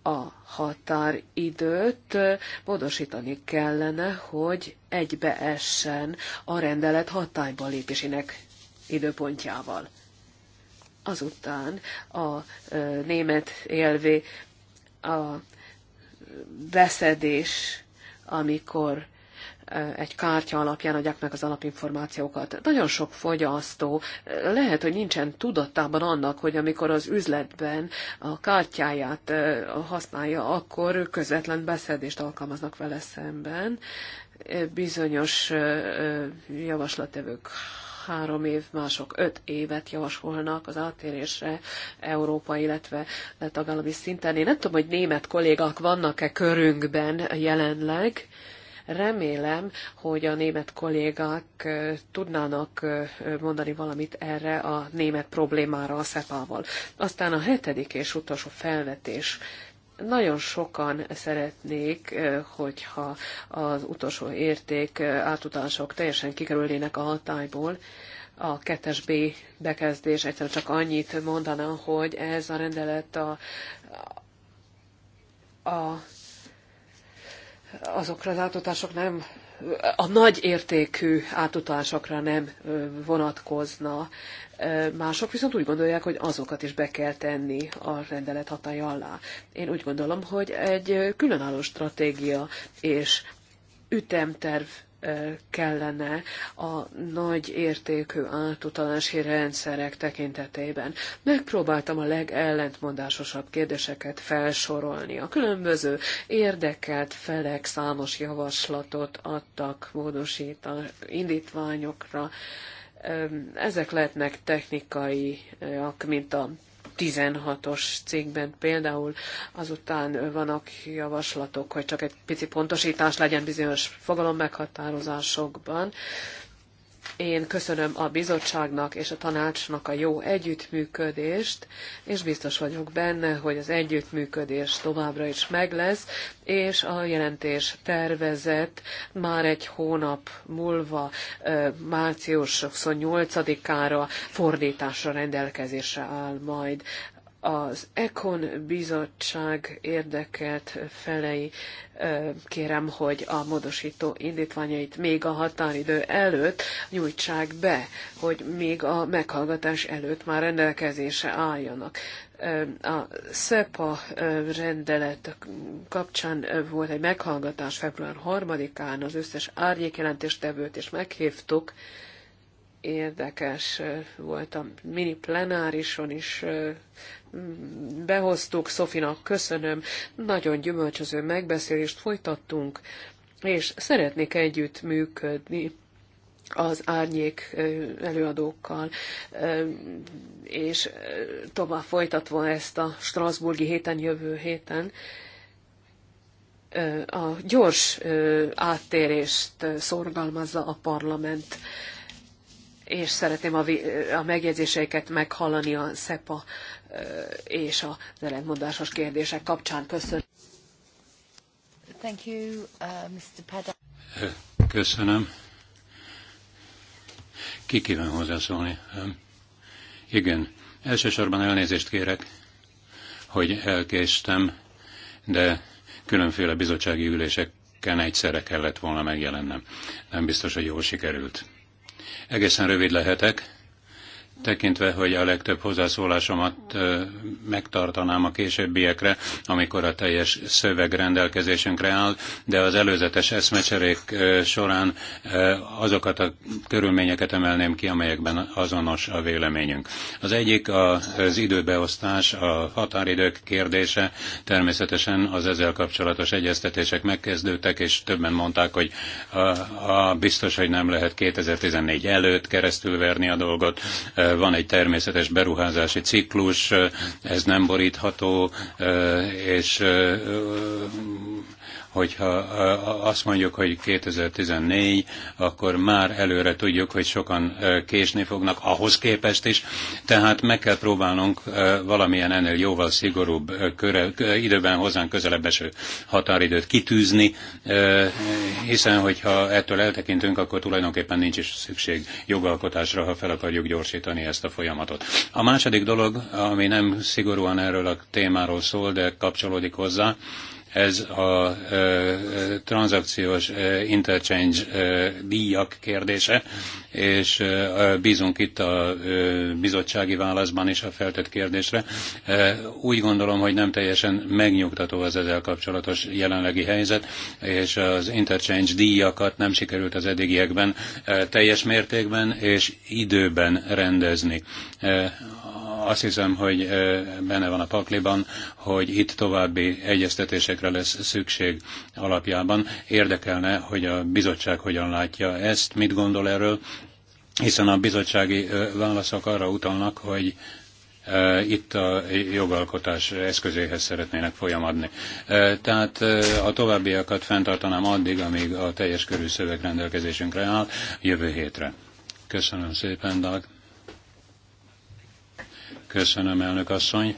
a határidőt módosítani kellene, hogy egybeessen a rendelet hatályba lépésének időpontjával. Azután a német élvé a beszedés, amikor egy kártya alapján adják meg az alapinformációkat. Nagyon sok fogyasztó lehet, hogy nincsen tudatában annak, hogy amikor az üzletben a kártyáját használja, akkor közvetlen beszedést alkalmaznak vele szemben. Bizonyos javaslatevők három év, mások öt évet javasolnak az átérésre Európa, illetve tagállami szinten. Én nem tudom, hogy német kollégák vannak-e körünkben jelenleg, Remélem, hogy a német kollégák tudnának mondani valamit erre a német problémára a szepával. Aztán a hetedik és utolsó felvetés nagyon sokan szeretnék, hogyha az utolsó érték átutalások teljesen kikerülnének a hatályból, a 2 B bekezdés egyszerűen csak annyit mondana, hogy ez a rendelet a, a azokra az átutalások nem, a nagy értékű átutalásokra nem vonatkozna. Mások viszont úgy gondolják, hogy azokat is be kell tenni a rendelet hatája alá. Én úgy gondolom, hogy egy különálló stratégia és ütemterv kellene a nagy értékű átutalási rendszerek tekintetében. Megpróbáltam a legellentmondásosabb kérdéseket felsorolni. A különböző érdekelt felek számos javaslatot adtak módosítani indítványokra. Ezek lehetnek technikaiak, mint a 16-os cégben például azután vannak javaslatok, hogy csak egy pici pontosítás legyen bizonyos fogalommeghatározásokban. meghatározásokban én köszönöm a bizottságnak és a tanácsnak a jó együttműködést, és biztos vagyok benne, hogy az együttműködés továbbra is meg lesz, és a jelentés tervezett már egy hónap múlva, március 28-ára fordításra rendelkezésre áll majd az Econ bizottság érdekelt felei kérem, hogy a módosító indítványait még a határidő előtt nyújtsák be, hogy még a meghallgatás előtt már rendelkezése álljanak. A SEPA rendelet kapcsán volt egy meghallgatás február 3-án, az összes árnyékjelentéstevőt, és meghívtuk, érdekes volt a mini plenárison is behoztuk, Szofinak köszönöm, nagyon gyümölcsöző megbeszélést folytattunk, és szeretnék együtt működni az árnyék előadókkal, és tovább folytatva ezt a Strasburgi héten, jövő héten, a gyors áttérést szorgalmazza a parlament és szeretném a, a megjegyzéseiket meghallani a SEPA és az ellentmondásos kérdések kapcsán. Köszönöm. Thank you, uh, Mr. Pada. Köszönöm. Ki kíván hozzászólni? Igen, elsősorban elnézést kérek, hogy elkéstem, de különféle bizottsági üléseken egyszerre kellett volna megjelennem. Nem biztos, hogy jól sikerült. Egészen rövid lehetek tekintve, hogy a legtöbb hozzászólásomat megtartanám a későbbiekre, amikor a teljes szöveg rendelkezésünkre áll, de az előzetes eszmecserék során azokat a körülményeket emelném ki, amelyekben azonos a véleményünk. Az egyik az időbeosztás, a határidők kérdése, természetesen az ezzel kapcsolatos egyeztetések megkezdődtek, és többen mondták, hogy a, a biztos, hogy nem lehet 2014 előtt keresztülverni a dolgot, van egy természetes beruházási ciklus, ez nem borítható, és hogyha azt mondjuk, hogy 2014, akkor már előre tudjuk, hogy sokan késni fognak ahhoz képest is, tehát meg kell próbálnunk valamilyen ennél jóval szigorúbb köre, időben hozzánk közelebb eső határidőt kitűzni, hiszen hogyha ettől eltekintünk, akkor tulajdonképpen nincs is szükség jogalkotásra, ha fel akarjuk gyorsítani ezt a folyamatot. A második dolog, ami nem szigorúan erről a témáról szól, de kapcsolódik hozzá, ez a tranzakciós interchange díjak kérdése, és bízunk itt a bizottsági válaszban is a feltett kérdésre. Úgy gondolom, hogy nem teljesen megnyugtató az ezzel kapcsolatos jelenlegi helyzet, és az interchange díjakat nem sikerült az eddigiekben teljes mértékben és időben rendezni azt hiszem, hogy benne van a pakliban, hogy itt további egyeztetésekre lesz szükség alapjában. Érdekelne, hogy a bizottság hogyan látja ezt, mit gondol erről, hiszen a bizottsági válaszok arra utalnak, hogy itt a jogalkotás eszközéhez szeretnének folyamadni. Tehát a továbbiakat fenntartanám addig, amíg a teljes körű szöveg rendelkezésünkre áll, jövő hétre. Köszönöm szépen, Dag. Köszönöm, elnök asszony.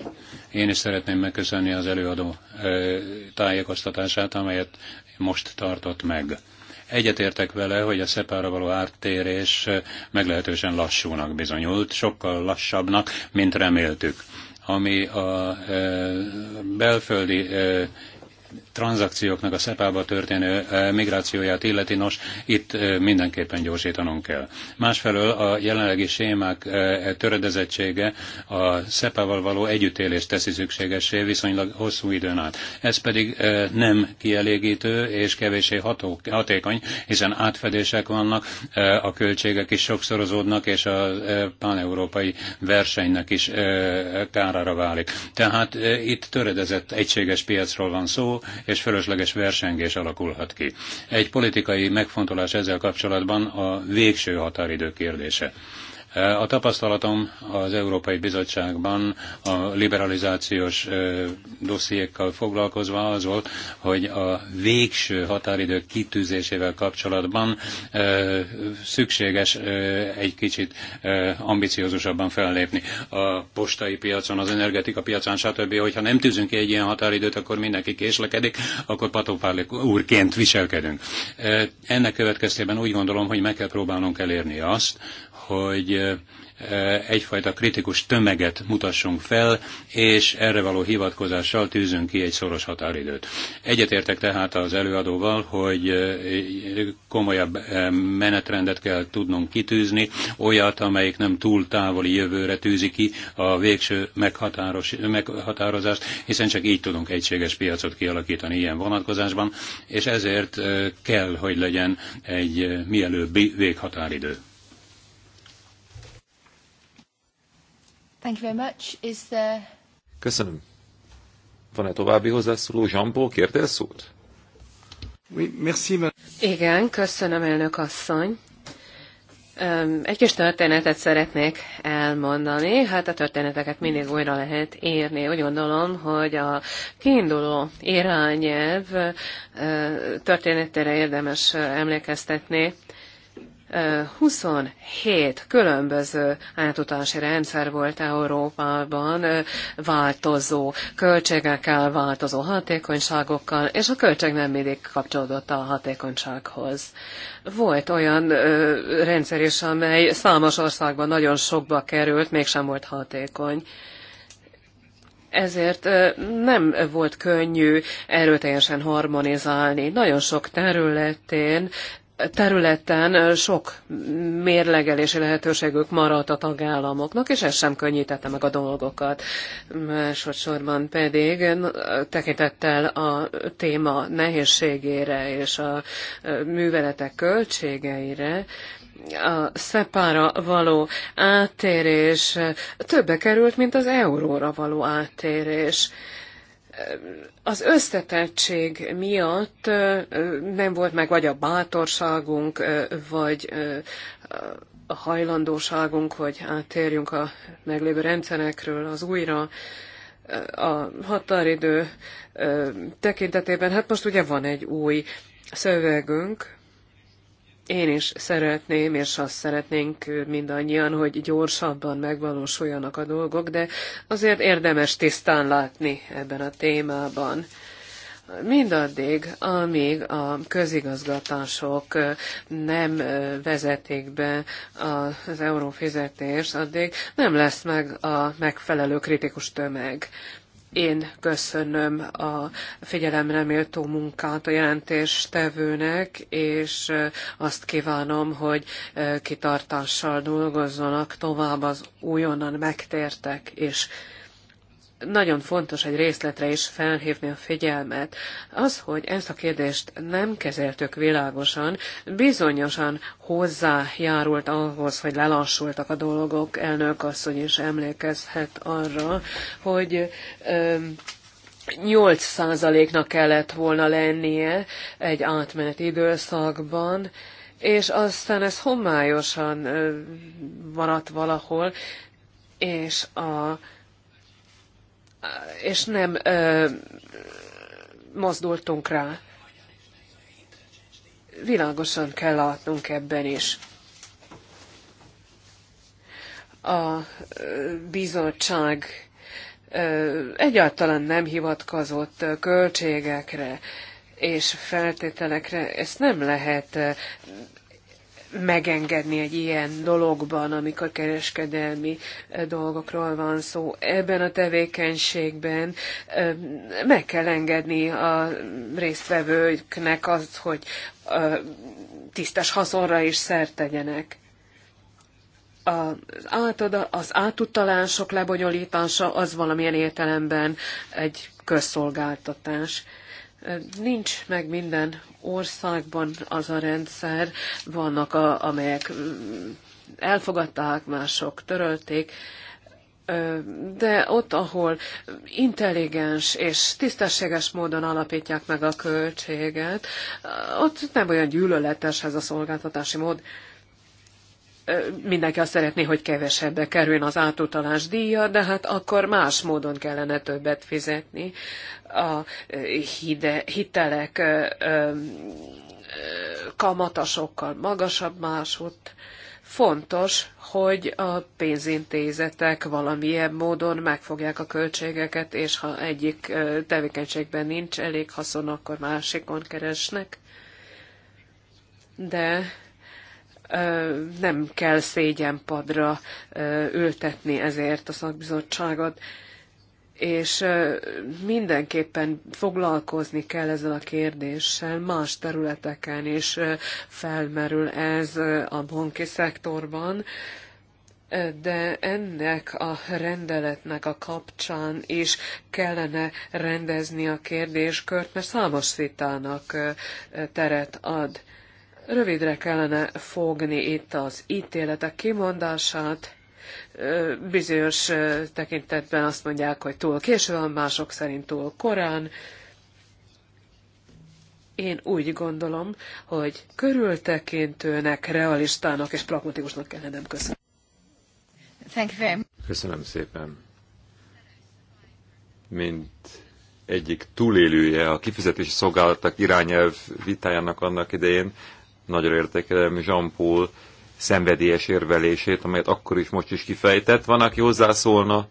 Én is szeretném megköszönni az előadó tájékoztatását, amelyet most tartott meg. Egyetértek vele, hogy a szepára való áttérés meglehetősen lassúnak bizonyult, sokkal lassabbnak, mint reméltük ami a belföldi tranzakcióknak a szepába történő migrációját illeti, nos, itt mindenképpen gyorsítanunk kell. Másfelől a jelenlegi sémák e, töredezettsége a szepával való együttélést teszi szükségessé viszonylag hosszú időn át. Ez pedig nem kielégítő és kevéssé ható, hatékony, hiszen átfedések vannak, a költségek is sokszorozódnak, és a páneurópai versenynek is kárára válik. Tehát itt töredezett egységes piacról van szó, és fölösleges versengés alakulhat ki. Egy politikai megfontolás ezzel kapcsolatban a végső határidő kérdése. A tapasztalatom az Európai Bizottságban a liberalizációs dossziékkal foglalkozva az volt, hogy a végső határidők kitűzésével kapcsolatban szükséges egy kicsit ambiciózusabban fellépni. A postai piacon, az energetika piacon, stb. Hogyha nem tűzünk ki egy ilyen határidőt, akkor mindenki késlekedik, akkor patópárlik úrként viselkedünk. Ennek következtében úgy gondolom, hogy meg kell próbálnunk elérni azt, hogy egyfajta kritikus tömeget mutassunk fel, és erre való hivatkozással tűzünk ki egy szoros határidőt. Egyetértek tehát az előadóval, hogy komolyabb menetrendet kell tudnunk kitűzni, olyat, amelyik nem túl távoli jövőre tűzi ki a végső meghatározást, hiszen csak így tudunk egységes piacot kialakítani ilyen vonatkozásban, és ezért kell, hogy legyen egy mielőbbi véghatáridő. Thank you very much. Is there... Köszönöm. Van-e további hozzászóló? Jean-Paul, kérdez szót? Oui, merci, Igen, köszönöm, elnök asszony. Egy kis történetet szeretnék elmondani. Hát a történeteket mindig újra lehet írni. Úgy gondolom, hogy a kiinduló irányelv történetére érdemes emlékeztetni. 27 különböző átutási rendszer volt Európában, változó költségekkel, változó hatékonyságokkal, és a költség nem mindig kapcsolódott a hatékonysághoz. Volt olyan ö, rendszer is, amely számos országban nagyon sokba került, mégsem volt hatékony ezért nem volt könnyű erőteljesen harmonizálni. Nagyon sok területén területen sok mérlegelési lehetőségük maradt a tagállamoknak, és ez sem könnyítette meg a dolgokat. Másodszorban pedig tekintettel a téma nehézségére és a műveletek költségeire, a szepára való áttérés többe került, mint az euróra való áttérés az összetettség miatt nem volt meg vagy a bátorságunk, vagy a hajlandóságunk, hogy áttérjünk a meglévő rendszerekről az újra a határidő tekintetében. Hát most ugye van egy új szövegünk, én is szeretném, és azt szeretnénk mindannyian, hogy gyorsabban megvalósuljanak a dolgok, de azért érdemes tisztán látni ebben a témában mindaddig, amíg a közigazgatások nem vezetik be az eurófizetést, addig nem lesz meg a megfelelő kritikus tömeg. Én köszönöm a figyelemre méltó munkát a jelentéstevőnek, és azt kívánom, hogy kitartással dolgozzanak tovább az újonnan megtértek és nagyon fontos egy részletre is felhívni a figyelmet. Az, hogy ezt a kérdést nem kezeltük világosan, bizonyosan hozzájárult ahhoz, hogy lelassultak a dolgok. Elnök asszony is emlékezhet arra, hogy ö, 8%-nak kellett volna lennie egy átmeneti időszakban, és aztán ez homályosan maradt valahol, és a és nem ö, mozdultunk rá. Világosan kell látnunk ebben is. A bizottság egyáltalán nem hivatkozott költségekre és feltételekre. Ezt nem lehet megengedni egy ilyen dologban, amikor kereskedelmi eh, dolgokról van szó. Ebben a tevékenységben eh, meg kell engedni a résztvevőknek azt, hogy eh, tisztes haszonra is szert tegyenek az, átoda, az átutalások lebonyolítása az valamilyen értelemben egy közszolgáltatás. Nincs meg minden országban az a rendszer, vannak, a, amelyek elfogadták, mások törölték, de ott, ahol intelligens és tisztességes módon alapítják meg a költséget, ott nem olyan gyűlöletes ez a szolgáltatási mód mindenki azt szeretné, hogy kevesebbe kerüljön az átutalás díja, de hát akkor más módon kellene többet fizetni. A hide, hitelek kamata sokkal magasabb másút. Fontos, hogy a pénzintézetek valamilyen módon megfogják a költségeket, és ha egyik tevékenységben nincs elég haszon, akkor másikon keresnek. De nem kell szégyenpadra ültetni ezért a szakbizottságot, és mindenképpen foglalkozni kell ezzel a kérdéssel, más területeken is felmerül ez a banki szektorban, de ennek a rendeletnek a kapcsán is kellene rendezni a kérdéskört, mert számos vitának teret ad Rövidre kellene fogni itt az ítéletek kimondását. Bizonyos tekintetben azt mondják, hogy túl késő van, mások szerint túl korán. Én úgy gondolom, hogy körültekintőnek, realistának és pragmatikusnak kellene lennem. Köszönöm. Thank you very much. Köszönöm szépen. Mint egyik túlélője a kifizetési szolgálatok irányelv vitájának annak idején, Nagyra értékelem Jean-Paul szenvedélyes érvelését, amelyet akkor is most is kifejtett. Van, aki hozzászólna,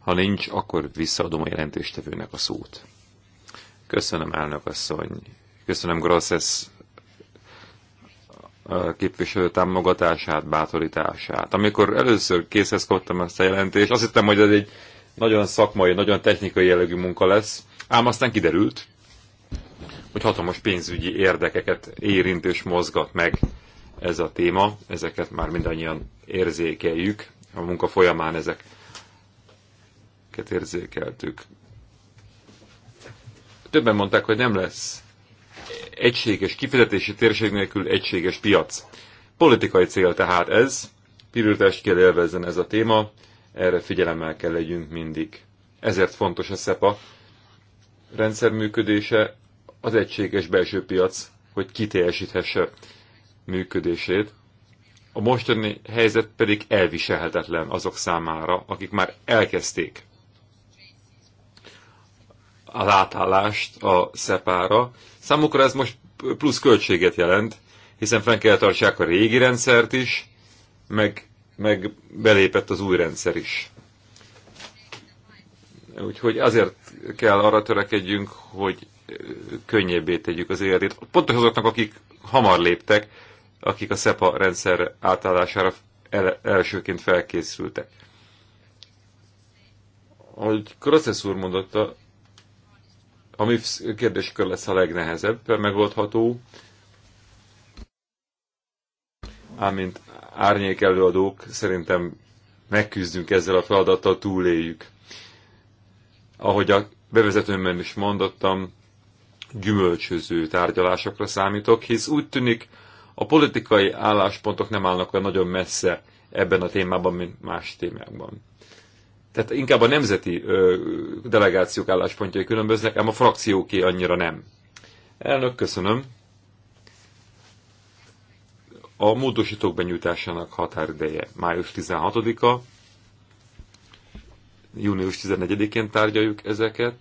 ha nincs, akkor visszaadom a jelentéstevőnek a szót. Köszönöm, elnök asszony. Köszönöm Grosses képviselő támogatását, bátorítását. Amikor először készhez kaptam ezt a jelentést, azt hittem, hogy ez egy nagyon szakmai, nagyon technikai jellegű munka lesz, ám aztán kiderült, hogy hatalmas pénzügyi érdekeket érint és mozgat meg ez a téma. Ezeket már mindannyian érzékeljük. A munka folyamán ezeket érzékeltük. Többen mondták, hogy nem lesz egységes kifizetési térség nélkül egységes piac. Politikai cél tehát ez, pirültást kell élvezzen ez a téma, erre figyelemmel kell legyünk mindig. Ezért fontos a SEPA rendszer működése, az egységes belső piac, hogy kiteljesíthesse működését. A mostani helyzet pedig elviselhetetlen azok számára, akik már elkezdték a látállást a szepára. Számukra ez most plusz költséget jelent, hiszen fenn kell tartsák a régi rendszert is, meg, meg belépett az új rendszer is. Úgyhogy azért kell arra törekedjünk, hogy könnyebbé tegyük az életét. Pont azoknak, akik hamar léptek, akik a SEPA rendszer átállására el, elsőként felkészültek. Ahogy Krocesz úr mondotta, a MIFS kérdéskör lesz a legnehezebb, megoldható, ám mint árnyék előadók szerintem megküzdünk ezzel a feladattal, túléljük. Ahogy a bevezetőmben is mondottam, gyümölcsöző tárgyalásokra számítok, hisz úgy tűnik, a politikai álláspontok nem állnak olyan nagyon messze ebben a témában, mint más témákban. Tehát inkább a nemzeti ö, delegációk álláspontjai különböznek, ám a frakcióké annyira nem. Elnök, köszönöm. A módosítók benyújtásának határideje május 16-a, június 14-én tárgyaljuk ezeket,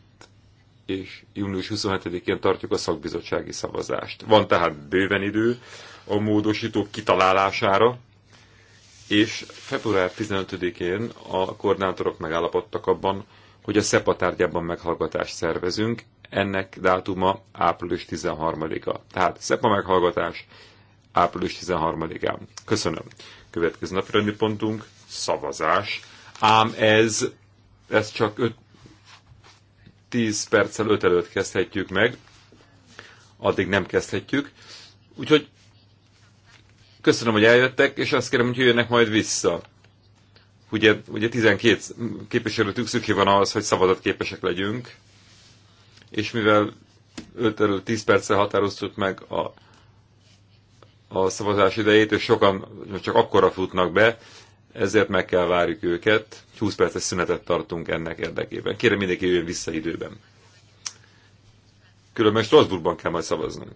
és június 27-én tartjuk a szakbizottsági szavazást. Van tehát bőven idő a módosítók kitalálására, és február 15-én a koordinátorok megállapodtak abban, hogy a szepa tárgyában meghallgatást szervezünk, ennek dátuma április 13-a. Tehát szepa meghallgatás április 13-án. Köszönöm. Következő napi pontunk szavazás. Ám ez ezt csak 5, 10 perccel 5 előtt kezdhetjük meg, addig nem kezdhetjük. Úgyhogy köszönöm, hogy eljöttek, és azt kérem, hogy jöjjenek majd vissza. Ugye, ugye 12 képviselőtük szükség van ahhoz, hogy képesek legyünk, és mivel 5 előtt 10 perccel határoztuk meg a, a szavazás idejét, és sokan csak akkora futnak be, ezért meg kell várjuk őket. 20 perces szünetet tartunk ennek érdekében. Kérem mindenki jöjjön vissza időben. Különben Strasbourgban kell majd szavaznunk.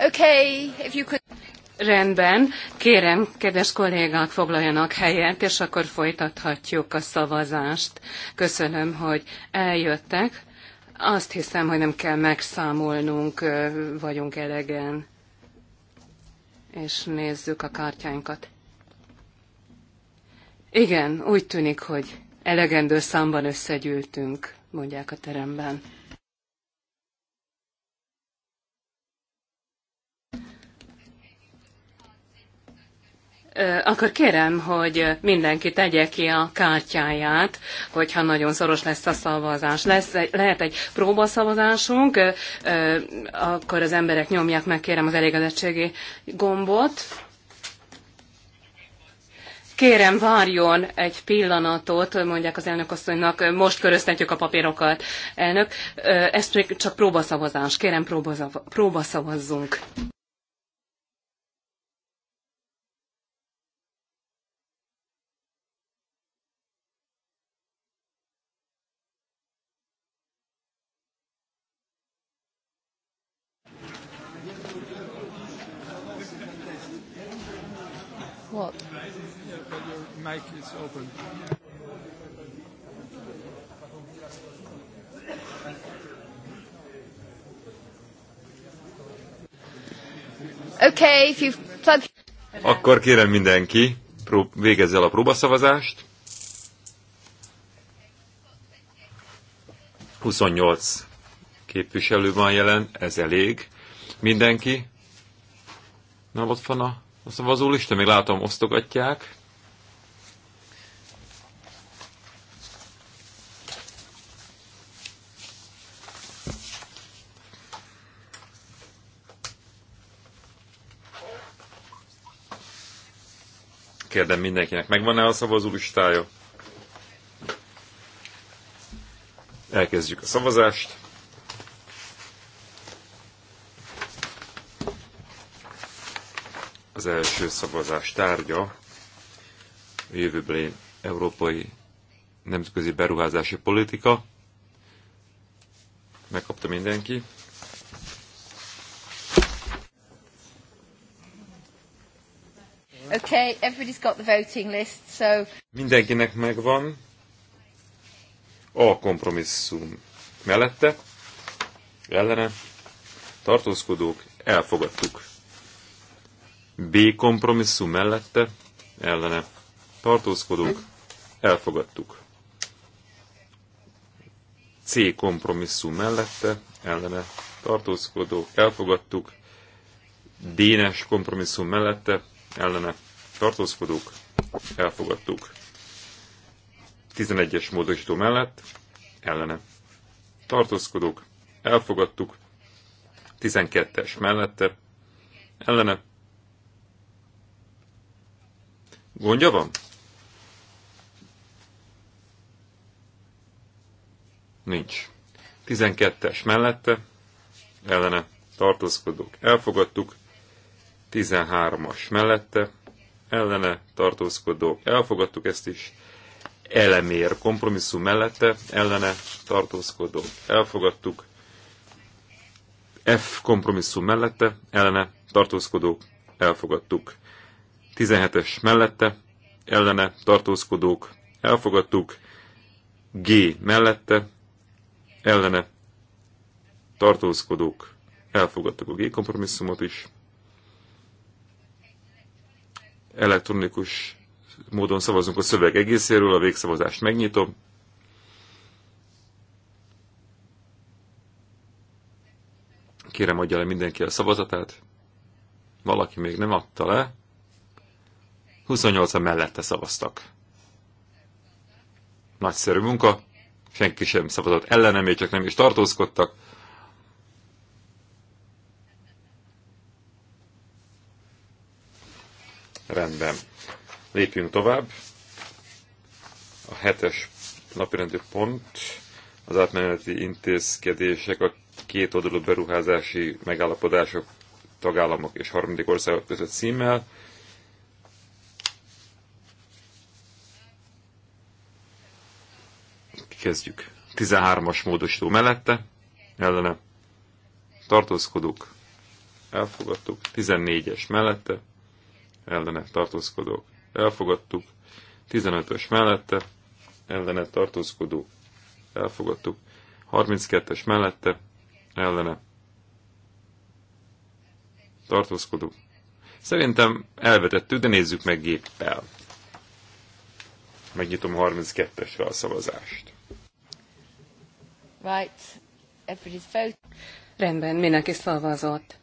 Okay, if you could... Rendben, kérem, kedves kollégák, foglaljanak helyet, és akkor folytathatjuk a szavazást. Köszönöm, hogy eljöttek. Azt hiszem, hogy nem kell megszámolnunk, vagyunk elegen. És nézzük a kártyáinkat. Igen, úgy tűnik, hogy elegendő számban összegyűltünk, mondják a teremben. akkor kérem, hogy mindenki tegye ki a kártyáját, hogyha nagyon szoros lesz a szavazás. Lesz, lehet egy próbaszavazásunk, akkor az emberek nyomják meg, kérem, az elégedettségi gombot. Kérem, várjon egy pillanatot, mondják az elnökasszonynak, most köröztetjük a papírokat. Elnök, ezt csak próbaszavazás, kérem próbaszavazzunk. Akkor kérem mindenki, végezze el a próbaszavazást. 28 képviselő van jelen, ez elég. Mindenki? Na, ott van a, a szavazólista, még látom, osztogatják. Kérdem mindenkinek, megvan-e a szavazólistája? Elkezdjük a szavazást. Az első szavazás tárgya a jövőbeli európai nemzetközi beruházási politika. Megkapta mindenki. Okay, everybody's got the voting list, so... Mindenkinek megvan a kompromisszum. Mellette, ellene, tartózkodók, elfogadtuk. B kompromisszum mellette, ellene, tartózkodók, elfogadtuk. C kompromisszum mellette, ellene, tartózkodók, elfogadtuk. D-es kompromisszum mellette, ellene, tartózkodók, elfogadtuk. 11-es módosító mellett, ellene. Tartózkodók, elfogadtuk. 12-es mellette, ellene. Gondja van? Nincs. 12-es mellette, ellene tartózkodók elfogadtuk, 13-as mellette, ellene tartózkodók. Elfogadtuk ezt is. Elemér kompromisszum mellette ellene tartózkodók. Elfogadtuk. F kompromisszum mellette ellene tartózkodók. Elfogadtuk. 17-es mellette ellene tartózkodók. Elfogadtuk. G mellette ellene tartózkodók. Elfogadtuk a G kompromisszumot is. Elektronikus módon szavazunk a szöveg egészéről, a végszavazást megnyitom. Kérem, adja le mindenki a szavazatát. Valaki még nem adta le. 28 a mellette szavaztak. Nagyszerű munka. Senki sem szavazott ellenem, még csak nem is tartózkodtak. Rendben. Lépjünk tovább. A hetes napirendi pont az átmeneti intézkedések a két oldalú beruházási megállapodások tagállamok és harmadik országok között címmel. Kezdjük. 13-as módosító mellette, ellene tartózkodók, elfogadtuk, 14-es mellette, ellene tartózkodók elfogadtuk, 15-ös mellette ellene tartózkodók elfogadtuk, 32-es mellette ellene tartózkodó. Szerintem elvetettük, de nézzük meg géppel. Megnyitom 32-esre a szavazást. Right. vote. Rendben, mindenki szavazott.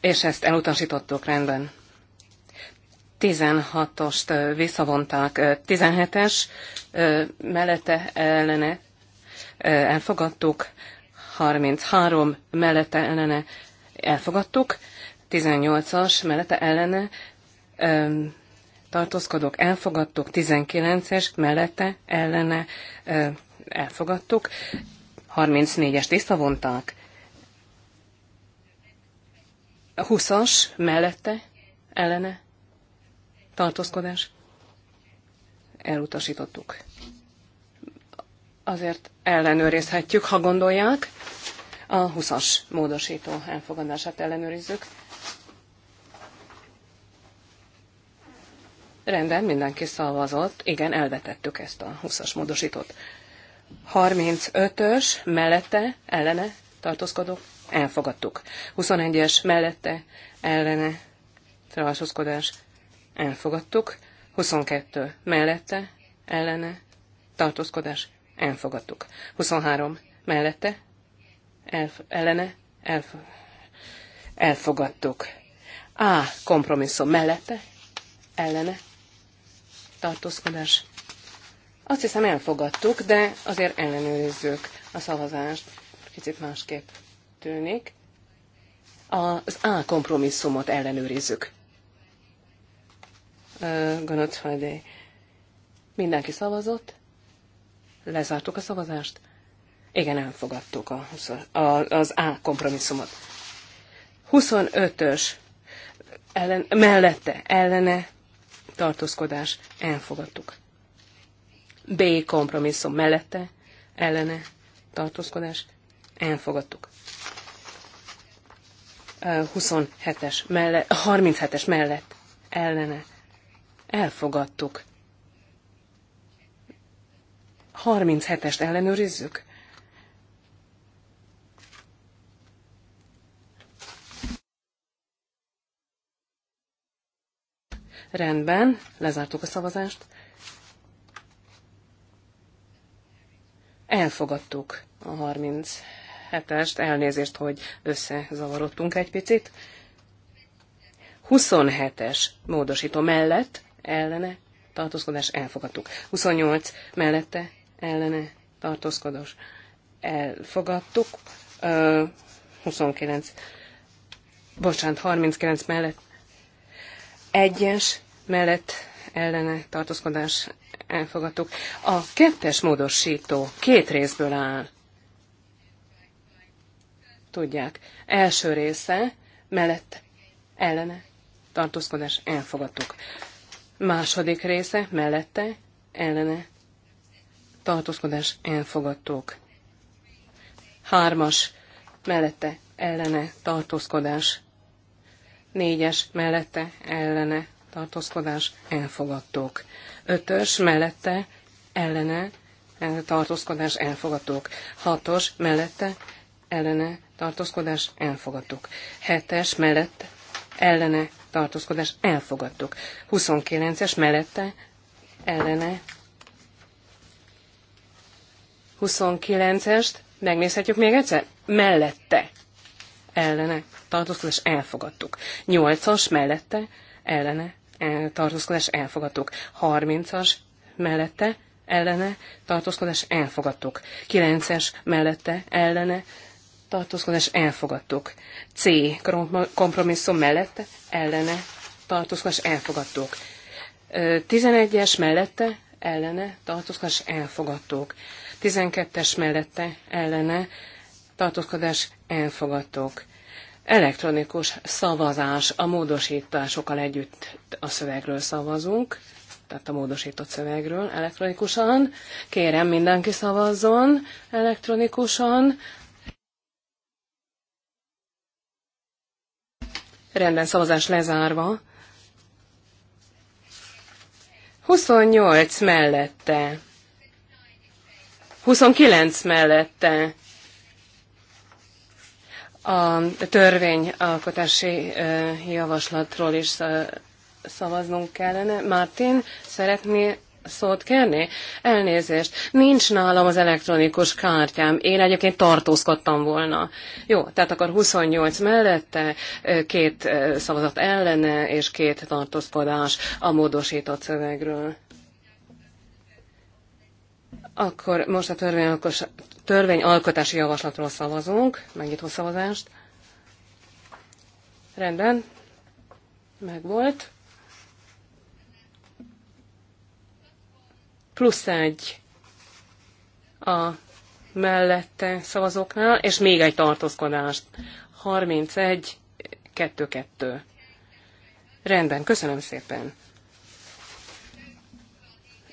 És ezt elutasítottuk, rendben. 16-ost visszavonták, 17-es mellette ellene elfogadtuk, 33 mellette ellene elfogadtuk, 18-as mellette ellene tartózkodók elfogadtuk, 19-es mellette ellene elfogadtuk, 34-est visszavonták, 20-as mellette ellene tartózkodás, elutasítottuk. Azért ellenőrizhetjük, ha gondolják. A 20-as módosító elfogadását ellenőrizzük. Rendben, mindenki szavazott. Igen, elvetettük ezt a 20-as módosítót. 35-ös mellette, ellene tartózkodók, elfogadtuk. 21-es mellette, ellene tartózkodás, elfogadtuk, 22 mellette, ellene, tartózkodás, elfogadtuk. 23 mellette, elf, ellene, elf, elfogadtuk. A. Kompromisszum mellette, ellene, tartózkodás. Azt hiszem elfogadtuk, de azért ellenőrizzük a szavazást. Kicsit másképp tűnik. Az A kompromisszumot ellenőrizzük. Gonoc Fajdé. Mindenki szavazott. Lezártuk a szavazást. Igen, elfogadtuk a, a, az A kompromisszumot. 25-ös ellen, mellette ellene tartózkodás elfogadtuk. B kompromisszum mellette ellene tartózkodás elfogadtuk. 27-es mellett, 37-es mellett ellene Elfogadtuk. 37-est ellenőrizzük? Rendben, lezártuk a szavazást. Elfogadtuk a 37-est, elnézést, hogy összezavarodtunk egy picit. 27-es módosító mellett ellene tartózkodás elfogadtuk. 28 mellette ellene tartózkodás elfogadtuk. 29, bocsánat, 39 mellett egyes mellett ellene tartózkodás elfogadtuk. A kettes módosító két részből áll. Tudják. Első része mellett ellene tartózkodás elfogadtuk. Második része mellette ellene tartózkodás elfogadtók. Hármas mellette ellene tartózkodás. Négyes mellette ellene tartózkodás elfogadtók. Ötös mellette ellene tartózkodás elfogadtók. Hatos mellette ellene tartózkodás elfogadtuk. Hetes mellett ellene tartózkodás elfogadtuk. 29-es mellette ellene 29-est, megnézhetjük még egyszer? Mellette ellene tartózkodás elfogadtuk. 8-as e, mellette ellene tartózkodás elfogadtuk. 30-as mellette ellene tartózkodás elfogadtuk. 9-es mellette ellene tartózkodás elfogadtuk. C. Kompromisszum mellette, ellene, tartózkodás elfogadtuk. 11-es mellette, ellene, tartózkodás elfogadtuk. 12-es mellette, ellene, tartózkodás elfogadtuk. Elektronikus szavazás a módosításokkal együtt a szövegről szavazunk, tehát a módosított szövegről elektronikusan. Kérem, mindenki szavazzon elektronikusan Rendben, szavazás lezárva. 28 mellette. 29 mellette a törvényalkotási javaslatról is szavaznunk kellene. Martin, szeretné szót kérni? Elnézést. Nincs nálam az elektronikus kártyám. Én egyébként tartózkodtam volna. Jó, tehát akkor 28 mellette, két szavazat ellene és két tartózkodás a módosított szövegről. Akkor most a törvényalkos, törvényalkotási javaslatról szavazunk. Megnyitom szavazást. Rendben. Megvolt. plusz egy a mellette szavazóknál, és még egy tartózkodást. 31, 2, 2. Rendben, köszönöm szépen.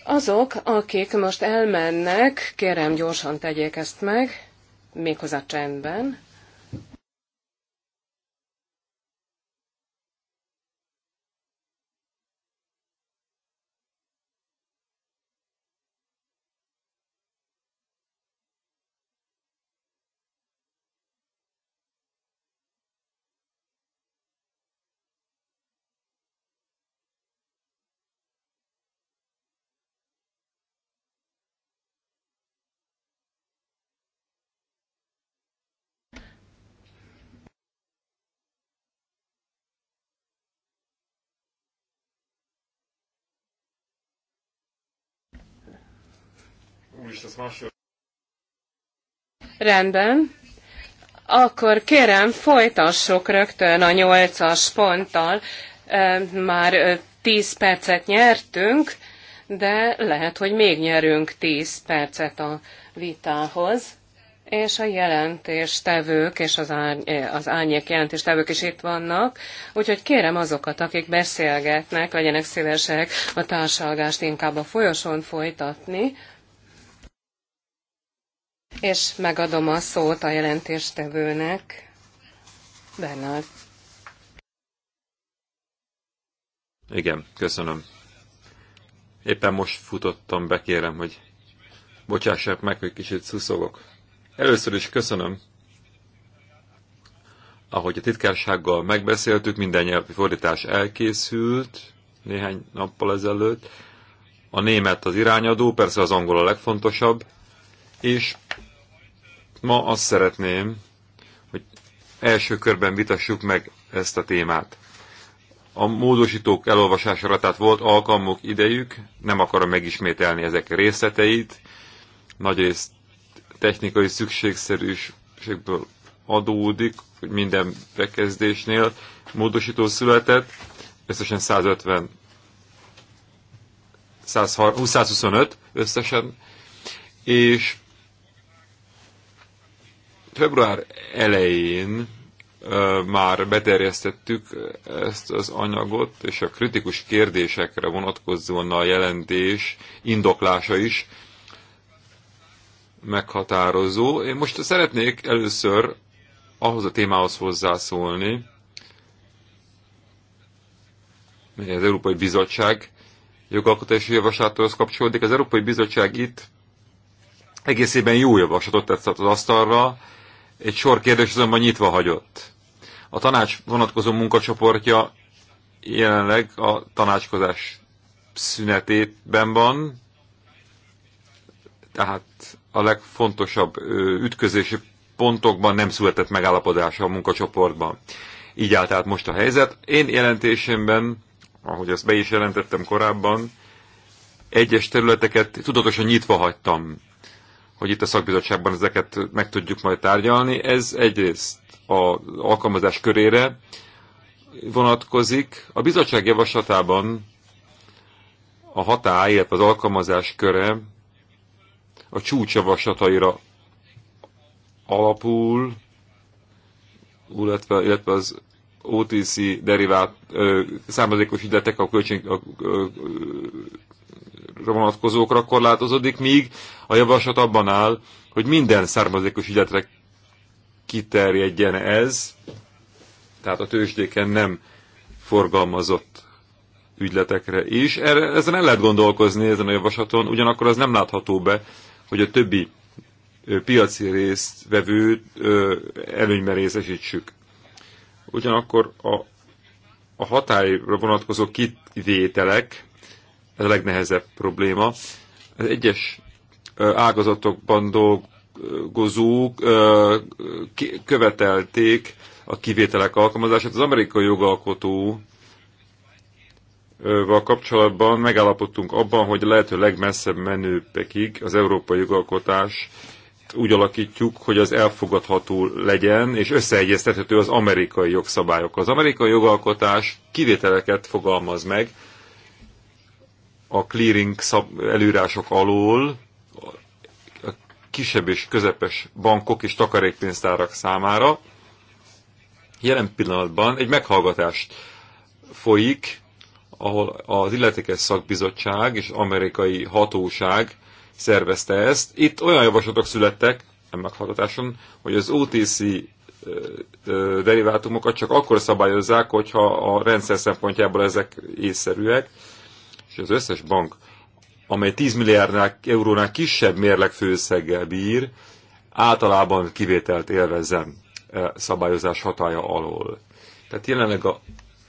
Azok, akik most elmennek, kérem gyorsan tegyék ezt meg, méghozzá csendben. Rendben. Akkor kérem, folytassuk rögtön a nyolcas ponttal. Már tíz percet nyertünk, de lehet, hogy még nyerünk tíz percet a vitához. És a jelentéstevők és az, árny- az árnyék jelentéstevők is itt vannak, úgyhogy kérem azokat, akik beszélgetnek, legyenek szívesek a társalgást inkább a folyosón folytatni, és megadom a szót a jelentéstevőnek, Bernard. Igen, köszönöm. Éppen most futottam be, kérem, hogy bocsássák meg, hogy kicsit szuszogok. Először is köszönöm, ahogy a titkársággal megbeszéltük, minden nyelvi fordítás elkészült néhány nappal ezelőtt. A német az irányadó, persze az angol a legfontosabb, és Ma azt szeretném, hogy első körben vitassuk meg ezt a témát. A módosítók elolvasására tehát volt alkalmuk, idejük, nem akarom megismételni ezek részleteit, nagyrészt technikai szükségszerűségből adódik, hogy minden bekezdésnél módosító született, összesen 150, 125 összesen, és Február elején már beterjesztettük ezt az anyagot, és a kritikus kérdésekre vonatkozóan a jelentés indoklása is meghatározó. Én most szeretnék először ahhoz a témához hozzászólni, mely az Európai Bizottság jogalkotási javaslatához kapcsolódik. Az Európai Bizottság itt egészében jó javaslatot tett az asztalra, egy sor kérdés azonban nyitva hagyott. A tanács vonatkozó munkacsoportja jelenleg a tanácskozás szünetében van, tehát a legfontosabb ütközési pontokban nem született megállapodása a munkacsoportban. Így állt át most a helyzet. Én jelentésemben, ahogy azt be is jelentettem korábban, egyes területeket tudatosan nyitva hagytam hogy itt a szakbizottságban ezeket meg tudjuk majd tárgyalni. Ez egyrészt az alkalmazás körére vonatkozik. A bizottság javaslatában a hatály, illetve az alkalmazás köre a csúcsjavaslataira alapul, illetve, illetve az OTC derivát ö, származékos ügyletek a, a, a, a vonatkozókra korlátozódik, míg a javaslat abban áll, hogy minden származékos ügyetre kiterjedjen ez, tehát a tőzsdéken nem forgalmazott ügyletekre is. Erre, ezen el lehet gondolkozni, ezen a javaslaton, ugyanakkor az nem látható be, hogy a többi piaci résztvevőt előnyben részesítsük. Ugyanakkor a, a hatályra vonatkozó kivételek ez a legnehezebb probléma. Az egyes ágazatokban dolgozók követelték a kivételek alkalmazását. Az amerikai jogalkotó val kapcsolatban megállapodtunk abban, hogy a lehető legmesszebb menőpekig az európai jogalkotás úgy alakítjuk, hogy az elfogadható legyen, és összeegyeztethető az amerikai jogszabályok Az amerikai jogalkotás kivételeket fogalmaz meg, a clearing szab előírások alól a kisebb és közepes bankok és takarékpénztárak számára. Jelen pillanatban egy meghallgatást folyik, ahol az illetékes szakbizottság és amerikai hatóság szervezte ezt. Itt olyan javaslatok születtek, nem meghallgatáson, hogy az OTC derivátumokat csak akkor szabályozzák, hogyha a rendszer szempontjából ezek észszerűek, és az összes bank, amely 10 milliárd eurónál kisebb főszeggel bír, általában kivételt élvezem e, szabályozás hatája alól. Tehát jelenleg a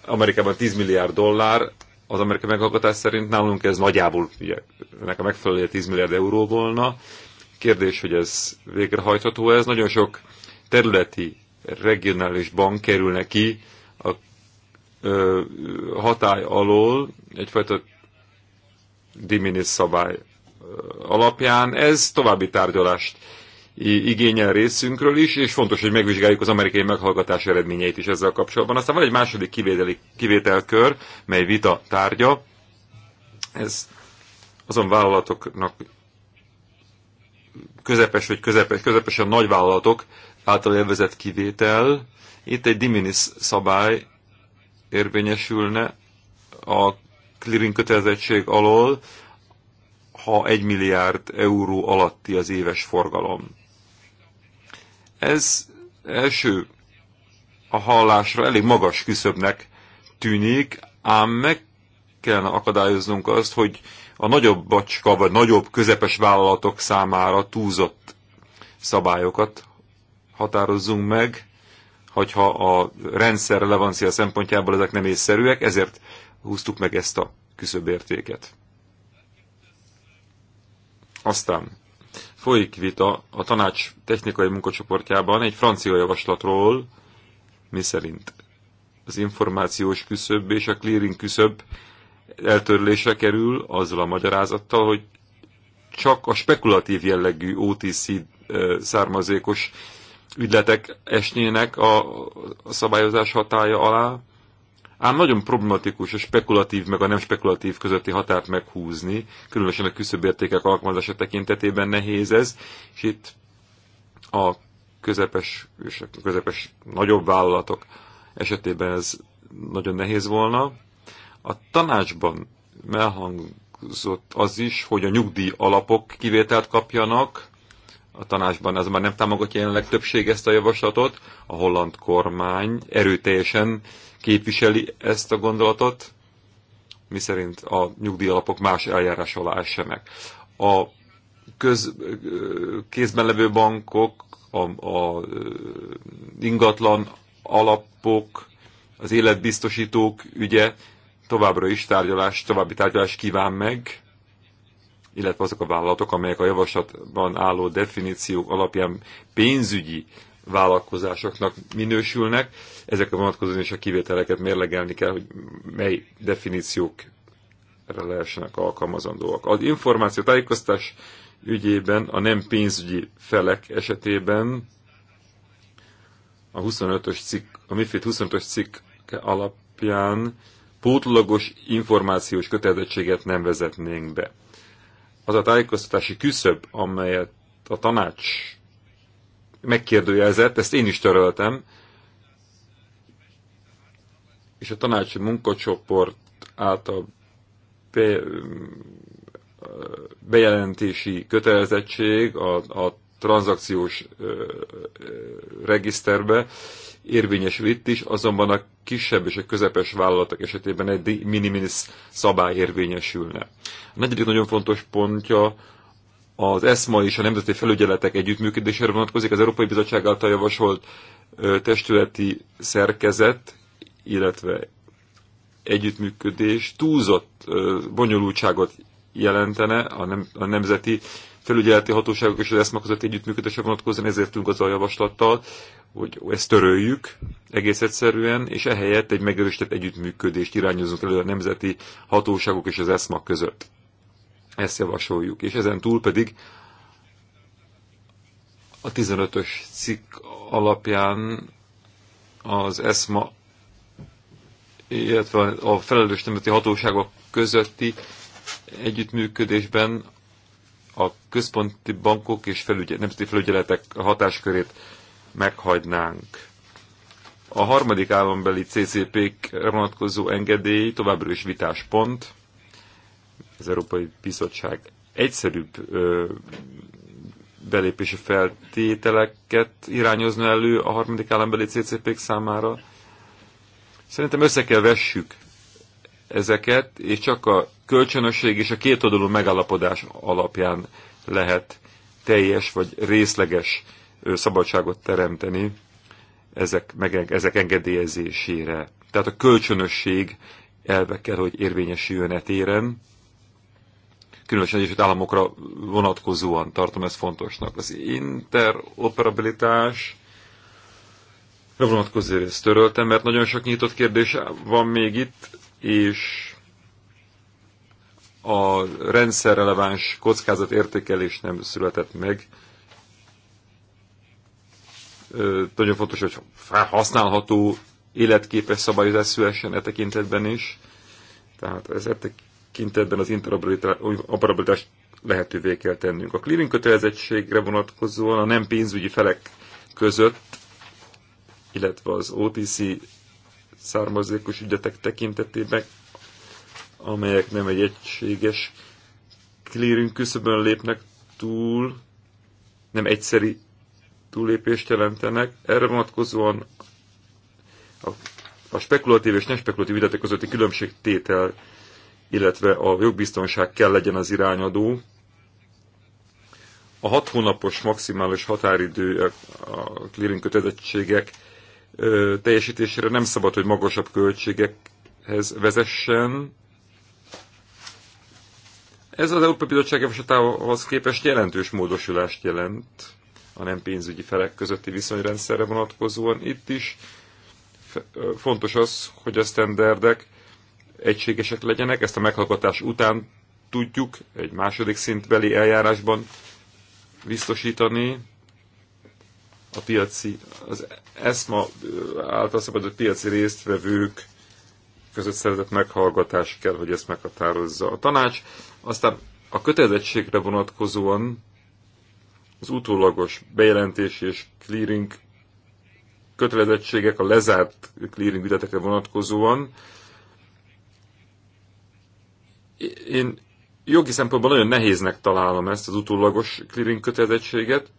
Amerikában 10 milliárd dollár, az amerikai meghallgatás szerint nálunk ez nagyjából ugye, ennek a megfelelője 10 milliárd euró volna. Kérdés, hogy ez végrehajtható ez. Nagyon sok területi, regionális bank kerül neki a ö, hatály alól, egyfajta diminis szabály alapján. Ez további tárgyalást igényel részünkről is, és fontos, hogy megvizsgáljuk az amerikai meghallgatás eredményeit is ezzel kapcsolatban. Aztán van egy második kivételi, kivételkör, mely vita tárgya. Ez azon vállalatoknak közepes vagy közepes, közepesen nagy vállalatok által élvezett kivétel. Itt egy diminis szabály érvényesülne a clearing kötelezettség alól, ha 1 milliárd euró alatti az éves forgalom. Ez első a hallásra elég magas küszöbnek tűnik, ám meg kellene akadályoznunk azt, hogy a nagyobb bacska vagy nagyobb közepes vállalatok számára túlzott szabályokat határozzunk meg, hogyha a rendszer relevancia szempontjából ezek nem észszerűek, ezért húztuk meg ezt a küszöbértéket. Aztán folyik vita a tanács technikai munkacsoportjában egy francia javaslatról, miszerint az információs küszöb és a clearing küszöb eltörlése kerül azzal a magyarázattal, hogy csak a spekulatív jellegű OTC származékos ügyletek esnének a szabályozás hatája alá, Ám nagyon problematikus a spekulatív meg a nem spekulatív közötti határt meghúzni, különösen a küszöbértékek alkalmazása tekintetében nehéz ez, és itt a közepes és a közepes nagyobb vállalatok esetében ez nagyon nehéz volna. A tanácsban elhangzott az is, hogy a nyugdíj alapok kivételt kapjanak, a tanácsban ez már nem támogatja jelenleg többség ezt a javaslatot, a holland kormány erőteljesen képviseli ezt a gondolatot, miszerint a nyugdíjalapok más eljárás alá essenek. A köz, kézben levő bankok, a, a ingatlan alapok, az életbiztosítók ügye továbbra is tárgyalás, további tárgyalás kíván meg, illetve azok a vállalatok, amelyek a javaslatban álló definíciók alapján pénzügyi vállalkozásoknak minősülnek. Ezek a vonatkozóan is a kivételeket mérlegelni kell, hogy mely definíciók lehessenek alkalmazandóak. Az információ tájékoztás ügyében a nem pénzügyi felek esetében a 25-ös cikk, a MIFID 25-ös cikk alapján pótlagos információs kötelezettséget nem vezetnénk be. Az a tájékoztatási küszöb, amelyet a tanács megkérdőjelezett, ezt én is töröltem, és a tanácsi munkacsoport által be, bejelentési kötelezettség a, a tranzakciós regiszterbe érvényesül itt is, azonban a kisebb és a közepes vállalatok esetében egy minimis szabály érvényesülne. A negyedik nagyon fontos pontja az ESMA és a Nemzeti Felügyeletek együttműködésére vonatkozik az Európai Bizottság által javasolt testületi szerkezet, illetve együttműködés túlzott bonyolultságot jelentene a, nem, a nemzeti felügyeleti hatóságok és az ESMA között együttműködésre vonatkozóan, ezért tűnk az a javaslattal, hogy ezt töröljük egész egyszerűen, és ehelyett egy megerősített együttműködést irányozunk elő a nemzeti hatóságok és az ESMA között. Ezt javasoljuk, és ezen túl pedig a 15-ös cikk alapján az ESMA, illetve a felelős nemzeti hatóságok közötti együttműködésben a központi bankok és felügyel, nemzeti felügyeletek hatáskörét meghagynánk. A harmadik állambeli CCP-k vonatkozó engedély továbbra is vitáspont az Európai Bizottság egyszerűbb ö, belépési feltételeket irányozna elő a harmadik állambeli ccp számára. Szerintem össze kell vessük ezeket, és csak a kölcsönösség és a kétoldalú megállapodás alapján lehet teljes vagy részleges szabadságot teremteni ezek, meg, ezek engedélyezésére. Tehát a kölcsönösség elve kell, hogy érvényesüljön e téren különösen Egyesült Államokra vonatkozóan tartom ezt fontosnak. Az interoperabilitás vonatkozó részt töröltem, mert nagyon sok nyitott kérdés van még itt, és a rendszerreleváns értékelés nem született meg. Nagyon fontos, hogy felhasználható, életképes szabályozás szülessen e tekintetben is. Tehát ez e tekintetben az interoperabilitást lehetővé kell tennünk. A clearing kötelezettségre vonatkozóan a nem pénzügyi felek között, illetve az OTC származékos ügyetek tekintetében, amelyek nem egy egységes clearing küszöbön lépnek túl, nem egyszeri túlépést jelentenek. Erre vonatkozóan a, a spekulatív és nem spekulatív ügyetek közötti különbségtétel tétel illetve a jogbiztonság kell legyen az irányadó. A hat hónapos maximális határidő a clearing kötelezettségek teljesítésére nem szabad, hogy magasabb költségekhez vezessen. Ez az Európai Bizottság javaslatához képest jelentős módosulást jelent a nem pénzügyi felek közötti viszonyrendszerre vonatkozóan. Itt is fontos az, hogy a sztenderdek egységesek legyenek, ezt a meghallgatás után tudjuk egy második szintbeli eljárásban biztosítani a piaci, az ESMA által szabadott piaci résztvevők között szerzett meghallgatás kell, hogy ezt meghatározza a tanács. Aztán a kötelezettségre vonatkozóan az utólagos bejelentés és clearing kötelezettségek a lezárt clearing ügyletekre vonatkozóan én jogi szempontból nagyon nehéznek találom ezt az utólagos clearing kötelezettséget.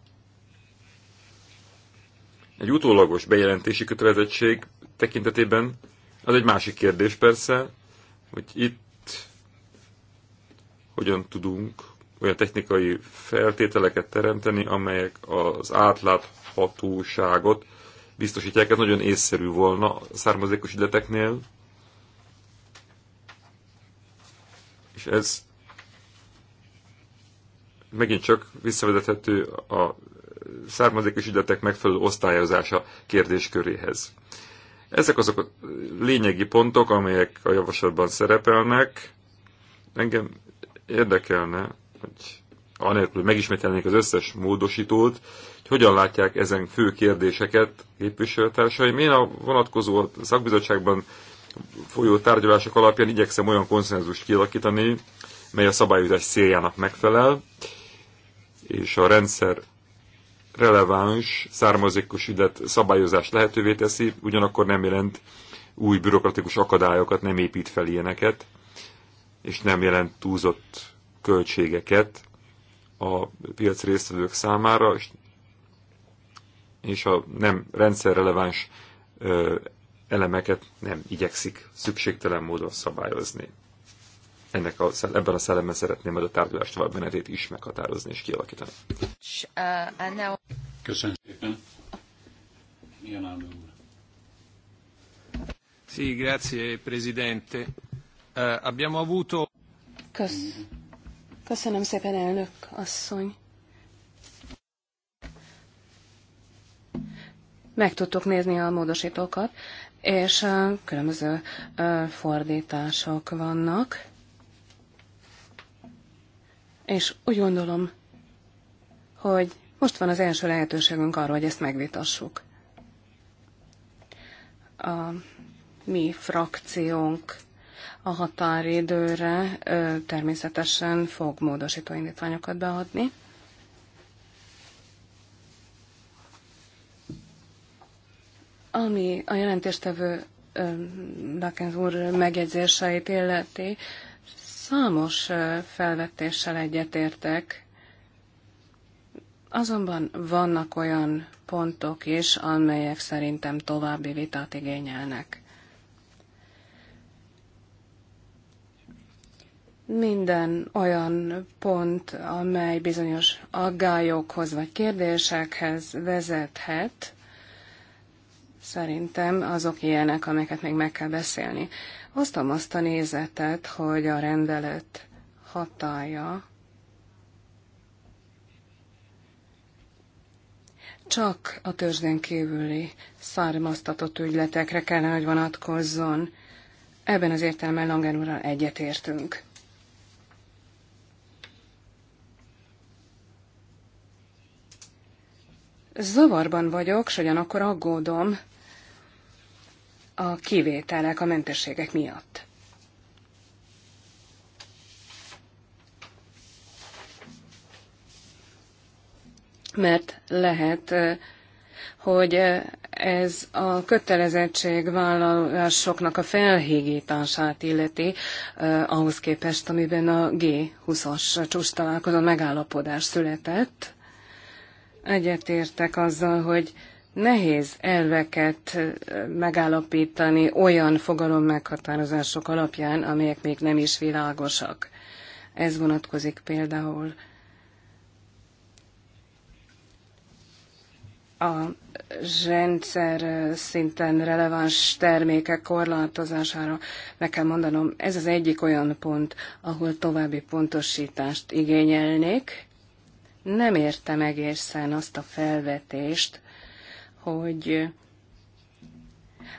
Egy utólagos bejelentési kötelezettség tekintetében az egy másik kérdés persze, hogy itt hogyan tudunk olyan technikai feltételeket teremteni, amelyek az átláthatóságot biztosítják. Ez nagyon észszerű volna a származékos ideteknél. és ez megint csak visszavezethető a származékos ügyletek megfelelő osztályozása kérdésköréhez. Ezek azok a lényegi pontok, amelyek a javaslatban szerepelnek. Engem érdekelne, hogy anélkül, hogy megismételnék az összes módosítót, hogy hogyan látják ezen fő kérdéseket képviselőtársaim. Én a vonatkozó szakbizottságban folyó tárgyalások alapján igyekszem olyan konszenzust kialakítani, mely a szabályozás céljának megfelel, és a rendszer releváns származékos ügylet szabályozást lehetővé teszi, ugyanakkor nem jelent új bürokratikus akadályokat, nem épít fel ilyeneket, és nem jelent túlzott költségeket a piac résztvevők számára, és a nem rendszerreleváns elemeket nem igyekszik szükségtelen módon szabályozni. Ennek a, ebben a szellemben szeretném majd a tárgyalás tovább menetét is meghatározni és kialakítani. Köszönöm szépen. Jön Sì, grazie Presidente. Uh, abbiamo avuto... Kösz. Köszönöm szépen, elnök asszony. Meg tudtuk nézni a módosítókat és különböző fordítások vannak. És úgy gondolom, hogy most van az első lehetőségünk arra, hogy ezt megvitassuk. A mi frakciónk a határidőre természetesen fog módosító indítványokat beadni. Ami a jelentéstevő Lakenz úr megjegyzéseit illeti, számos felvetéssel egyetértek, azonban vannak olyan pontok is, amelyek szerintem további vitát igényelnek. Minden olyan pont, amely bizonyos aggályokhoz vagy kérdésekhez vezethet, Szerintem azok ilyenek, amiket még meg kell beszélni. Hoztam azt a nézetet, hogy a rendelet hatája csak a törzsdén kívüli származtatott ügyletekre kellene, hogy vonatkozzon. Ebben az értelemben Langen úrral egyetértünk. Zavarban vagyok, s ugyanakkor aggódom, a kivételek a mentességek miatt. Mert lehet, hogy ez a kötelezettségvállalásoknak a felhígítását illeti ahhoz képest, amiben a G20-as csúcs találkozó megállapodás született. Egyetértek azzal, hogy nehéz elveket megállapítani olyan fogalom meghatározások alapján, amelyek még nem is világosak. Ez vonatkozik például a rendszer szinten releváns termékek korlátozására meg kell mondanom, ez az egyik olyan pont, ahol további pontosítást igényelnék. Nem értem egészen azt a felvetést, hogy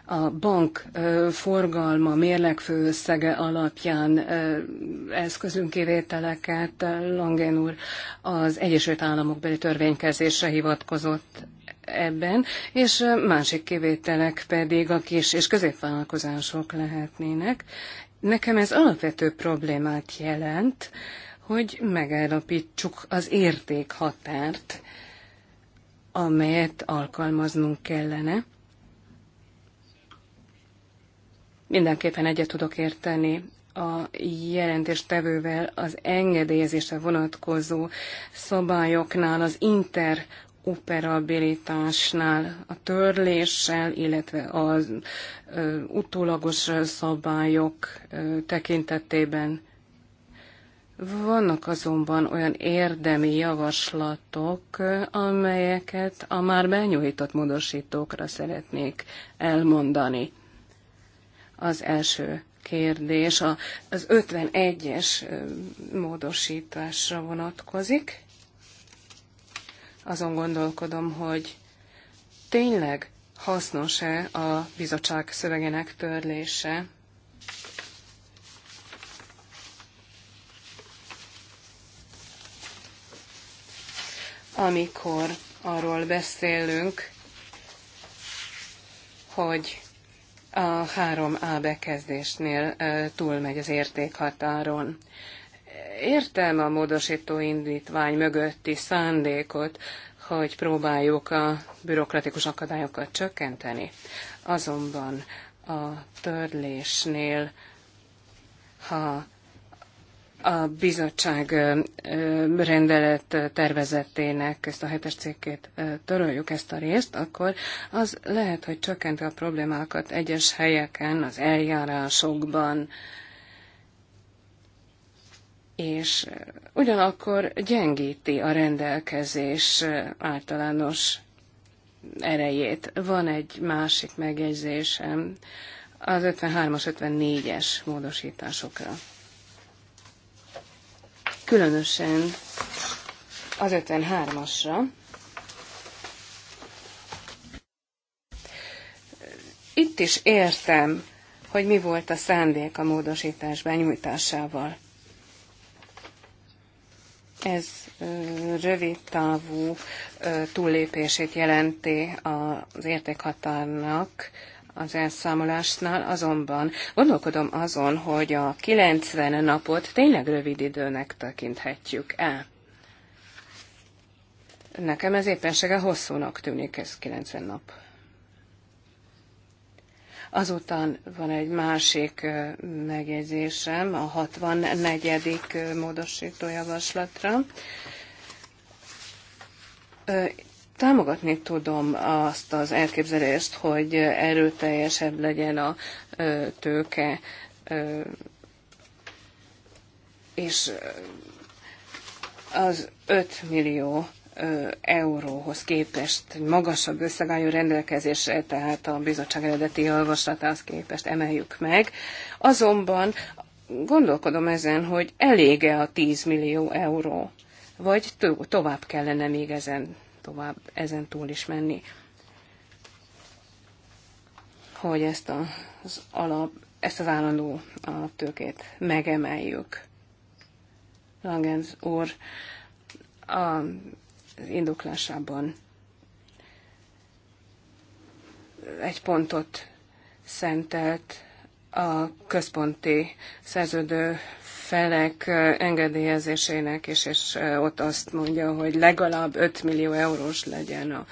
a bank forgalma mérlegfő összege alapján eszközünk kivételeket Langen úr az Egyesült Államokbeli törvénykezésre hivatkozott ebben, és másik kivételek pedig a kis és középvállalkozások lehetnének. Nekem ez alapvető problémát jelent, hogy megállapítsuk az értékhatárt amelyet alkalmaznunk kellene. Mindenképpen egyet tudok érteni a jelentéstevővel az engedélyezésre vonatkozó szabályoknál, az interoperabilitásnál, a törléssel, illetve az ö, utólagos szabályok ö, tekintetében. Vannak azonban olyan érdemi javaslatok, amelyeket a már benyújtott módosítókra szeretnék elmondani. Az első kérdés az 51-es módosításra vonatkozik. Azon gondolkodom, hogy tényleg hasznos-e a bizottság szövegének törlése amikor arról beszélünk, hogy a 3A bekezdésnél túlmegy az értékhatáron. Értem a módosító indítvány mögötti szándékot, hogy próbáljuk a bürokratikus akadályokat csökkenteni. Azonban a törlésnél, ha a bizottság rendelet tervezetének ezt a hetes cikkét töröljük ezt a részt, akkor az lehet, hogy csökkenti a problémákat egyes helyeken, az eljárásokban, és ugyanakkor gyengíti a rendelkezés általános erejét. Van egy másik megjegyzésem az 53-as, 54-es módosításokra különösen az 53-asra. Itt is értem, hogy mi volt a szándék a módosítás benyújtásával. Ez rövid távú túllépését jelenti az értékhatárnak az elszámolásnál, azonban gondolkodom azon, hogy a 90 napot tényleg rövid időnek tekinthetjük-e. Nekem ez éppenséggel hosszúnak tűnik, ez 90 nap. Azután van egy másik megjegyzésem a 64. módosító javaslatra. Támogatni tudom azt az elképzelést, hogy erőteljesebb legyen a tőke, és az 5 millió euróhoz képest magasabb összeg rendelkezésre, tehát a bizottság eredeti javaslatához képest emeljük meg. Azonban gondolkodom ezen, hogy elége a 10 millió euró, vagy to- tovább kellene még ezen tovább ezen túl is menni. Hogy ezt az alap, ezt az állandó alaptőkét megemeljük. Langens úr az indoklásában egy pontot szentelt a központi szerződő felek engedélyezésének is, és ott azt mondja, hogy legalább 5 millió eurós legyen a,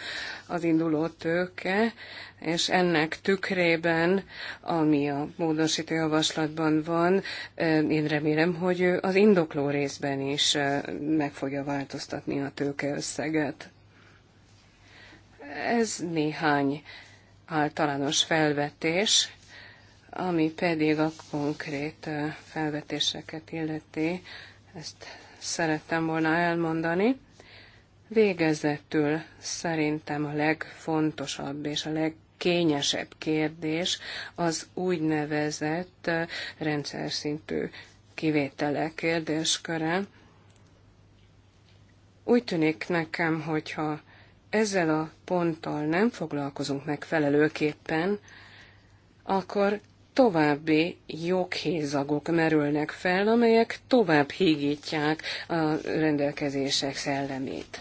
az induló tőke, és ennek tükrében, ami a módosító javaslatban van, én remélem, hogy az indokló részben is meg fogja változtatni a tőkeösszeget. Ez néhány általános felvetés, ami pedig a konkrét felvetéseket illeti, ezt szerettem volna elmondani. Végezetül szerintem a legfontosabb és a legkényesebb kérdés az úgynevezett rendszer szintű kivételek kérdésköre. Úgy tűnik nekem, hogyha ezzel a ponttal nem foglalkozunk megfelelőképpen, akkor további joghézagok merülnek fel, amelyek tovább hígítják a rendelkezések szellemét.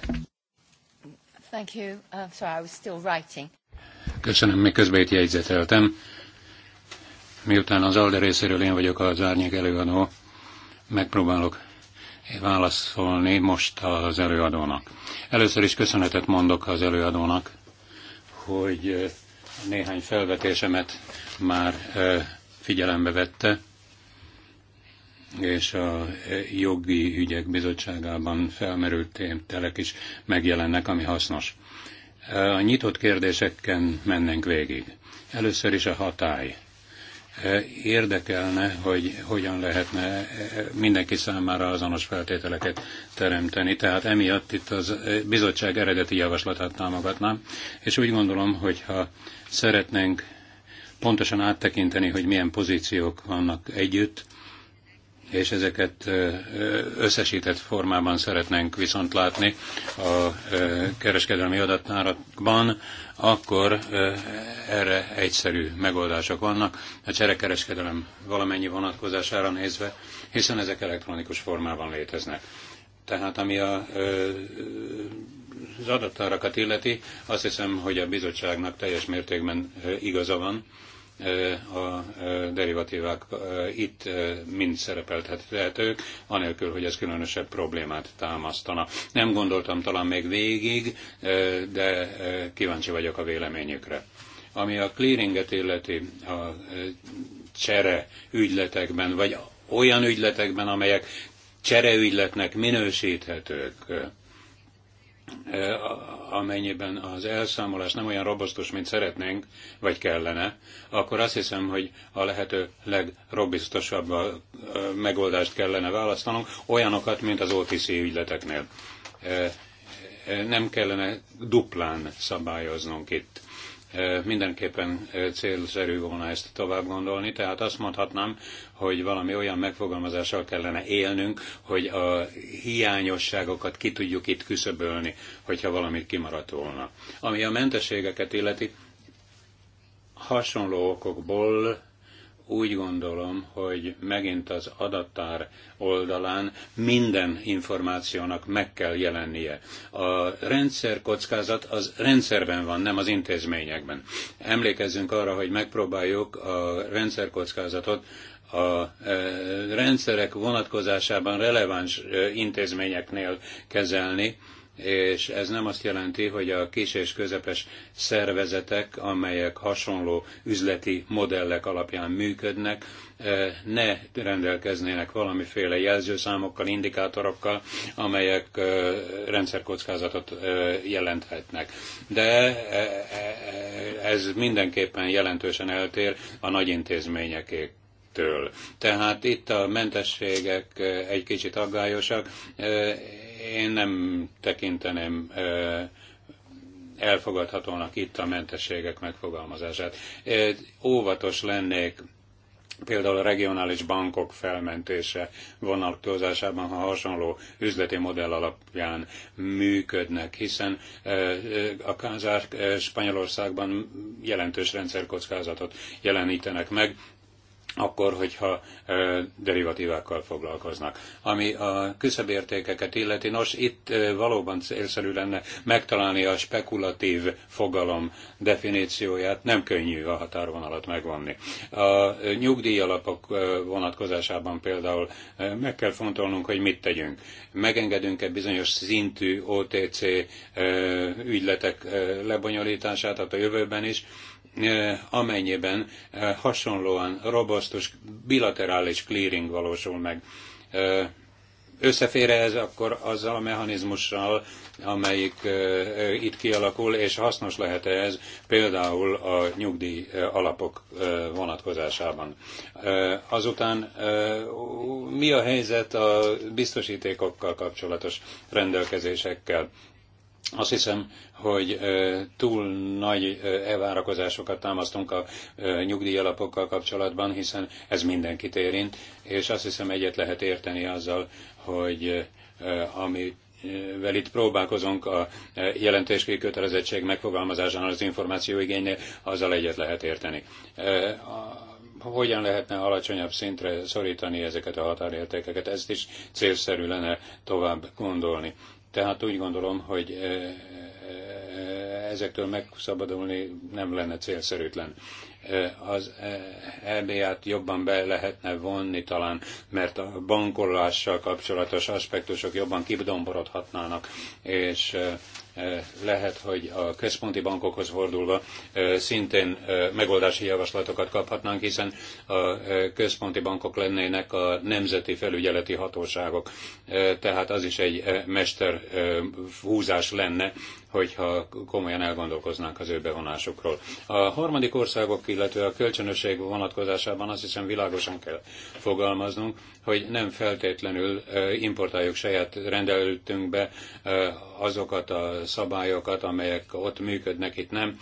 Thank you. Uh, sorry, I was still writing. Köszönöm, még közben itt jegyzeteltem. Miután az ALDE részéről én vagyok az árnyék előadó, megpróbálok válaszolni most az előadónak. Először is köszönetet mondok az előadónak, hogy néhány felvetésemet már figyelembe vette, és a jogi ügyek bizottságában felmerült témtelek is megjelennek, ami hasznos. A nyitott kérdéseken mennénk végig. Először is a hatály. E, érdekelne, hogy hogyan lehetne e, mindenki számára azonos feltételeket teremteni. Tehát emiatt itt az e, bizottság eredeti javaslatát támogatnám, és úgy gondolom, hogy ha szeretnénk pontosan áttekinteni, hogy milyen pozíciók vannak együtt, és ezeket összesített formában szeretnénk viszont látni a kereskedelmi adatnárakban, akkor erre egyszerű megoldások vannak a cserekereskedelem valamennyi vonatkozására nézve, hiszen ezek elektronikus formában léteznek. Tehát ami a, az adattárakat illeti, azt hiszem, hogy a bizottságnak teljes mértékben igaza van, a derivatívák itt mind szerepelthetők, anélkül, hogy ez különösebb problémát támasztana. Nem gondoltam talán még végig, de kíváncsi vagyok a véleményükre. Ami a clearinget illeti a csere ügyletekben, vagy olyan ügyletekben, amelyek csereügyletnek minősíthetők, amennyiben az elszámolás nem olyan robosztus, mint szeretnénk, vagy kellene, akkor azt hiszem, hogy a lehető legrobbiztosabb megoldást kellene választanunk, olyanokat, mint az OTC ügyleteknél. Nem kellene duplán szabályoznunk itt mindenképpen célszerű volna ezt tovább gondolni, tehát azt mondhatnám, hogy valami olyan megfogalmazással kellene élnünk, hogy a hiányosságokat ki tudjuk itt küszöbölni, hogyha valamit kimaradt volna. Ami a mentességeket illeti, hasonló okokból úgy gondolom, hogy megint az adattár oldalán minden információnak meg kell jelennie. A rendszer kockázat az rendszerben van, nem az intézményekben. Emlékezzünk arra, hogy megpróbáljuk a rendszer kockázatot a e, rendszerek vonatkozásában releváns e, intézményeknél kezelni, és ez nem azt jelenti, hogy a kis és közepes szervezetek, amelyek hasonló üzleti modellek alapján működnek, eh, ne rendelkeznének valamiféle jelzőszámokkal, indikátorokkal, amelyek eh, rendszerkockázatot eh, jelenthetnek. De ez mindenképpen jelentősen eltér a nagy intézményekék től. Tehát itt a mentességek egy kicsit aggályosak, én nem tekinteném elfogadhatónak itt a mentességek megfogalmazását. Óvatos lennék például a regionális bankok felmentése vonalkozásában, ha hasonló üzleti modell alapján működnek, hiszen a Kázár Spanyolországban jelentős rendszerkockázatot jelenítenek meg, akkor, hogyha derivatívákkal foglalkoznak. Ami a küszöbértékeket illeti, nos, itt valóban célszerű lenne megtalálni a spekulatív fogalom definícióját, nem könnyű a határvonalat megvonni. A nyugdíjalapok vonatkozásában például meg kell fontolnunk, hogy mit tegyünk. Megengedünk-e bizonyos szintű OTC ügyletek lebonyolítását, tehát a jövőben is, amennyiben hasonlóan robosztus bilaterális clearing valósul meg. Összefér ez akkor azzal a mechanizmussal, amelyik itt kialakul, és hasznos lehet ez például a nyugdíj alapok vonatkozásában. Azután mi a helyzet a biztosítékokkal kapcsolatos rendelkezésekkel? Azt hiszem, hogy túl nagy elvárakozásokat támasztunk a nyugdíjalapokkal kapcsolatban, hiszen ez mindenkit érint, és azt hiszem egyet lehet érteni azzal, hogy amit vel itt próbálkozunk a jelentéski kötelezettség megfogalmazásán az információigénynél, azzal egyet lehet érteni. Hogyan lehetne alacsonyabb szintre szorítani ezeket a határértékeket? Ezt is célszerű lenne tovább gondolni. Tehát úgy gondolom, hogy ezektől megszabadulni nem lenne célszerűtlen. Az EBA-t jobban be lehetne vonni talán, mert a bankolással kapcsolatos aspektusok jobban kidomborodhatnának, és Eh, lehet, hogy a központi bankokhoz fordulva eh, szintén eh, megoldási javaslatokat kaphatnánk, hiszen a központi bankok lennének a nemzeti felügyeleti hatóságok. Tehát az is egy mester húzás lenne, hogyha komolyan elgondolkoznánk az ő bevonásukról. A harmadik országok, illetve a kölcsönösség vonatkozásában azt hiszem világosan kell fogalmaznunk, hogy nem feltétlenül importáljuk saját rendelőtünkbe azokat a szabályokat, amelyek ott működnek, itt nem.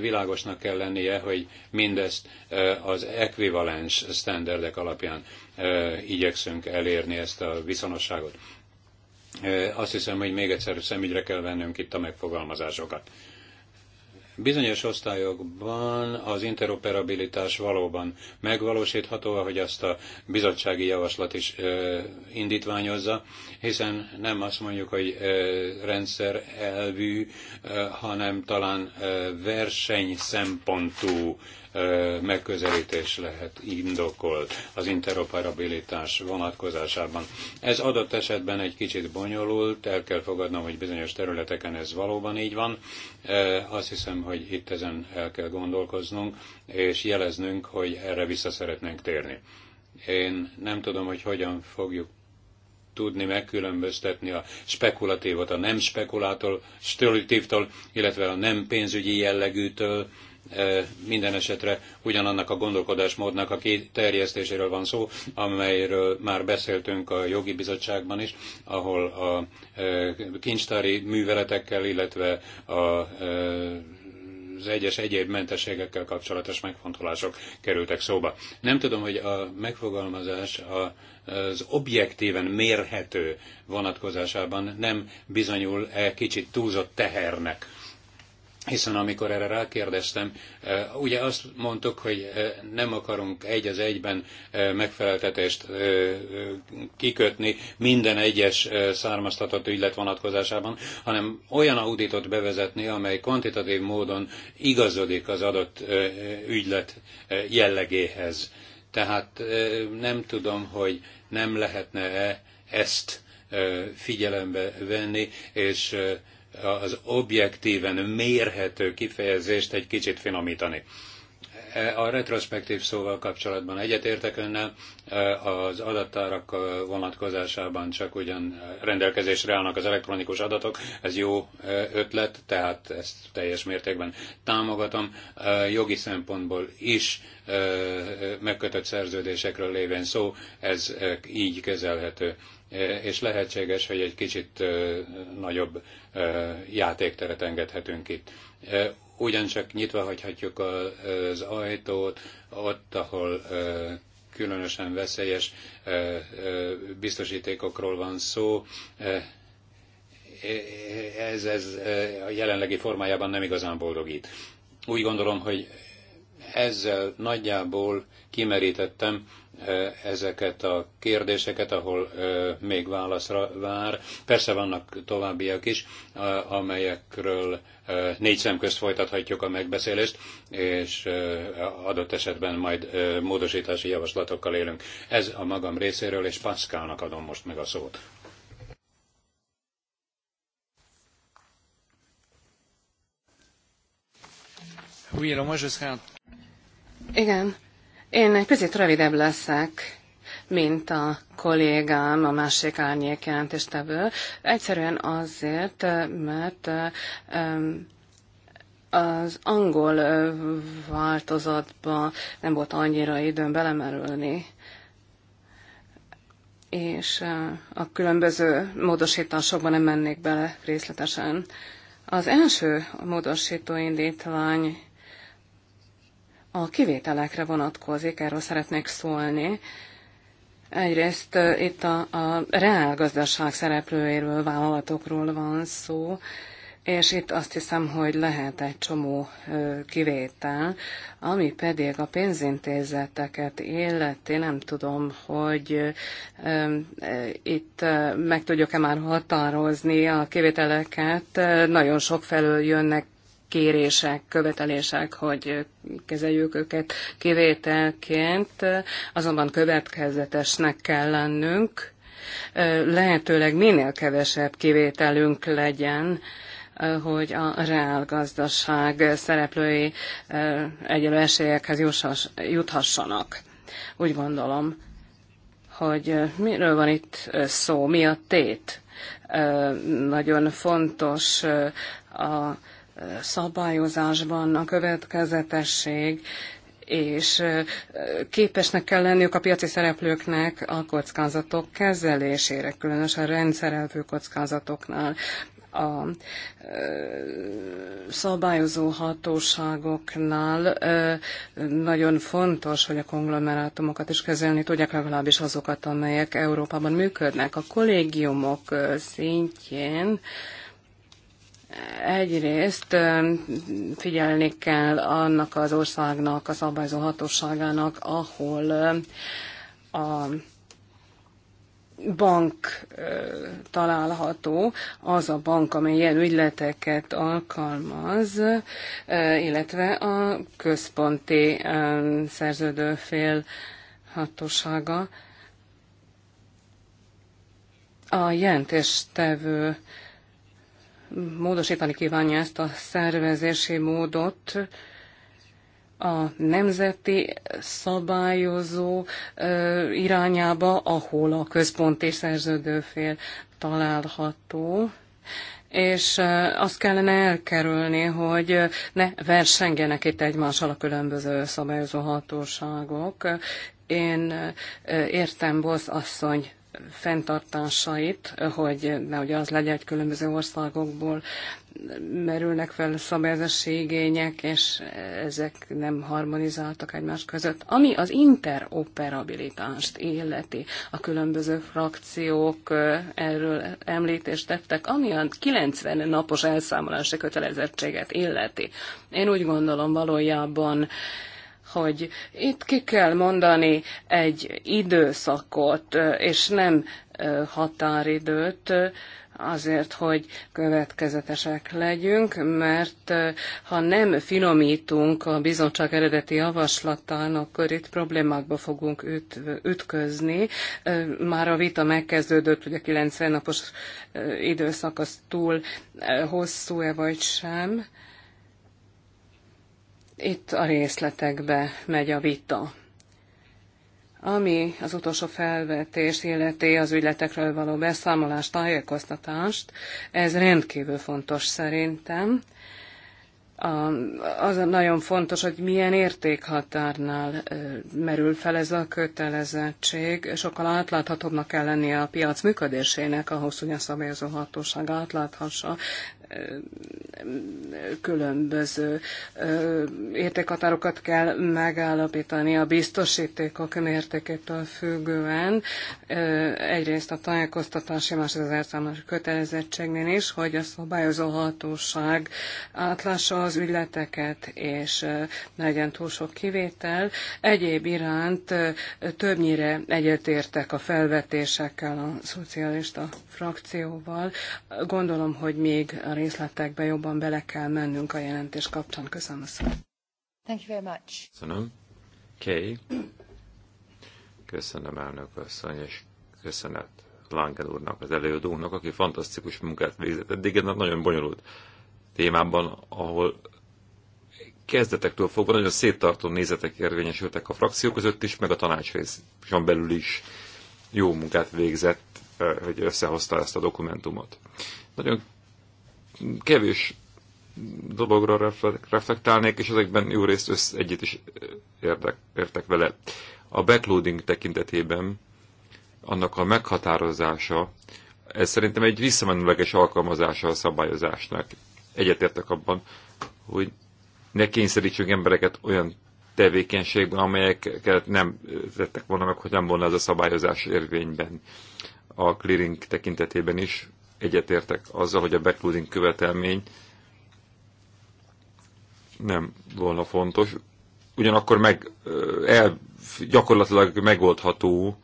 Világosnak kell lennie, hogy mindezt az ekvivalens sztenderdek alapján igyekszünk elérni ezt a viszonosságot. Azt hiszem, hogy még egyszer szemügyre kell vennünk itt a megfogalmazásokat. Bizonyos osztályokban az interoperabilitás valóban megvalósítható, ahogy azt a bizottsági javaslat is indítványozza, hiszen nem azt mondjuk, hogy rendszer elvű, hanem talán verseny szempontú megközelítés lehet indokolt az interoperabilitás vonatkozásában. Ez adott esetben egy kicsit bonyolult, el kell fogadnom, hogy bizonyos területeken ez valóban így van. Azt hiszem, hogy itt ezen el kell gondolkoznunk, és jeleznünk, hogy erre vissza szeretnénk térni. Én nem tudom, hogy hogyan fogjuk tudni megkülönböztetni a spekulatívot a nem spekulától, illetve a nem pénzügyi jellegűtől, minden esetre ugyanannak a gondolkodásmódnak a kiterjesztéséről van szó, amelyről már beszéltünk a jogi bizottságban is, ahol a kincstári műveletekkel, illetve a az egyes egyéb mentességekkel kapcsolatos megfontolások kerültek szóba. Nem tudom, hogy a megfogalmazás az objektíven mérhető vonatkozásában nem bizonyul -e kicsit túlzott tehernek hiszen amikor erre rákérdeztem, e, ugye azt mondtuk, hogy e, nem akarunk egy az egyben e, megfeleltetést kikötni minden egyes származtatott ügylet vonatkozásában, hanem olyan auditot bevezetni, amely kvantitatív módon igazodik az adott ügylet jellegéhez. Tehát nem tudom, hogy nem lehetne-e ezt figyelembe venni, és az objektíven mérhető kifejezést egy kicsit finomítani. E, a retrospektív szóval kapcsolatban egyetértek önnel, e, az adattárak e, vonatkozásában csak ugyan rendelkezésre állnak az elektronikus adatok, ez jó ötlet, tehát ezt teljes mértékben támogatom. Jogi szempontból is megkötött szerződésekről lévén szó, ez így kezelhető E, és lehetséges, hogy egy kicsit e, nagyobb e, játékteret engedhetünk itt. Ugyancsak nyitva hagyhatjuk az ajtót ott, ahol különösen veszélyes biztosítékokról van szó. Ez, ez a jelenlegi formájában nem igazán boldogít. Úgy gondolom, hogy ezzel nagyjából kimerítettem e, ezeket a kérdéseket, ahol e, még válaszra vár. Persze vannak továbbiak is, amelyekről e, négy szem közt folytathatjuk a megbeszélést, és adott esetben majd módosítási javaslatokkal élünk. Ez a magam részéről, és Pascalnak adom most meg a szót. Oui, alors moi je serai un igen, én egy picit rövidebb leszek, mint a kollégám, a másik árnyék jelentéstevő. Egyszerűen azért, mert az angol változatban nem volt annyira időm belemerülni és a különböző módosításokban nem mennék bele részletesen. Az első módosító indítvány a kivételekre vonatkozik, erről szeretnék szólni. Egyrészt itt a, a reál gazdaság szereplőiről, vállalatokról van szó, és itt azt hiszem, hogy lehet egy csomó kivétel, ami pedig a pénzintézeteket illeti, nem tudom, hogy itt meg tudjuk-e már határozni a kivételeket, nagyon sok felől jönnek kérések, követelések, hogy kezeljük őket kivételként, azonban következetesnek kell lennünk, lehetőleg minél kevesebb kivételünk legyen, hogy a reálgazdaság szereplői egyenlő esélyekhez juthassanak. Úgy gondolom, hogy miről van itt szó, mi a tét. Nagyon fontos a szabályozásban a következetesség, és képesnek kell lenniük a piaci szereplőknek a kockázatok kezelésére, különösen rendszerelvő kockázatoknál. A szabályozó hatóságoknál nagyon fontos, hogy a konglomerátumokat is kezelni tudják, legalábbis azokat, amelyek Európában működnek. A kollégiumok szintjén Egyrészt figyelni kell annak az országnak, a szabályzó hatóságának, ahol a bank található, az a bank, amely ilyen ügyleteket alkalmaz, illetve a központi szerződőfél hatósága. A jelentéstevő módosítani kívánja ezt a szervezési módot a nemzeti szabályozó irányába, ahol a központ és szerződőfél található és azt kellene elkerülni, hogy ne versengenek itt egymással a különböző szabályozó hatóságok. Én értem Bosz asszony fenntartásait, hogy nehogy az legyen, hogy különböző országokból merülnek fel szabályozási igények, és ezek nem harmonizáltak egymás között. Ami az interoperabilitást illeti, a különböző frakciók erről említést tettek, ami a 90 napos elszámolási kötelezettséget illeti. Én úgy gondolom valójában hogy itt ki kell mondani egy időszakot, és nem határidőt, azért, hogy következetesek legyünk, mert ha nem finomítunk a bizottság eredeti javaslatán, akkor itt problémákba fogunk üt, ütközni. Már a vita megkezdődött, hogy a 90 napos időszak az túl hosszú-e vagy sem itt a részletekbe megy a vita. Ami az utolsó felvetés életé az ügyletekről való beszámolást, tájékoztatást, ez rendkívül fontos szerintem. A, az nagyon fontos, hogy milyen értékhatárnál merül fel ez a kötelezettség. Sokkal átláthatóbbnak kell lennie a piac működésének ahhoz, hogy a szabályozó hatóság átláthassa különböző értékhatárokat kell megállapítani a biztosítékok mértékétől függően. Egyrészt a tájékoztatási, másrészt az elszámolási kötelezettségnél is, hogy a szabályozó hatóság átlássa az ügyleteket, és ne legyen túl sok kivétel. Egyéb iránt többnyire egyetértek a felvetésekkel a szocialista frakcióval. Gondolom, hogy még a részletekbe jobban bele kell mennünk a jelentés kapcsán. Köszönöm szépen. Thank you very much. Köszönöm. Kay. Köszönöm elnök asszony, és köszönet Langen úrnak, az előadónak, aki fantasztikus munkát végzett eddig, egy nagyon bonyolult témában, ahol kezdetektől fogva nagyon széttartó nézetek érvényesültek a frakció között is, meg a tanács belül is jó munkát végzett, eh, hogy összehozta ezt a dokumentumot. Nagyon kevés dologra reflektálnék, és ezekben jó részt össz, egyet is érdek, értek vele. A backloading tekintetében annak a meghatározása, ez szerintem egy visszamenőleges alkalmazása a szabályozásnak. Egyetértek abban, hogy ne kényszerítsünk embereket olyan tevékenységben, amelyeket nem tettek volna meg, hogy nem volna ez a szabályozás érvényben a clearing tekintetében is egyetértek azzal, hogy a backloading követelmény nem volna fontos. Ugyanakkor meg, el, gyakorlatilag megoldható,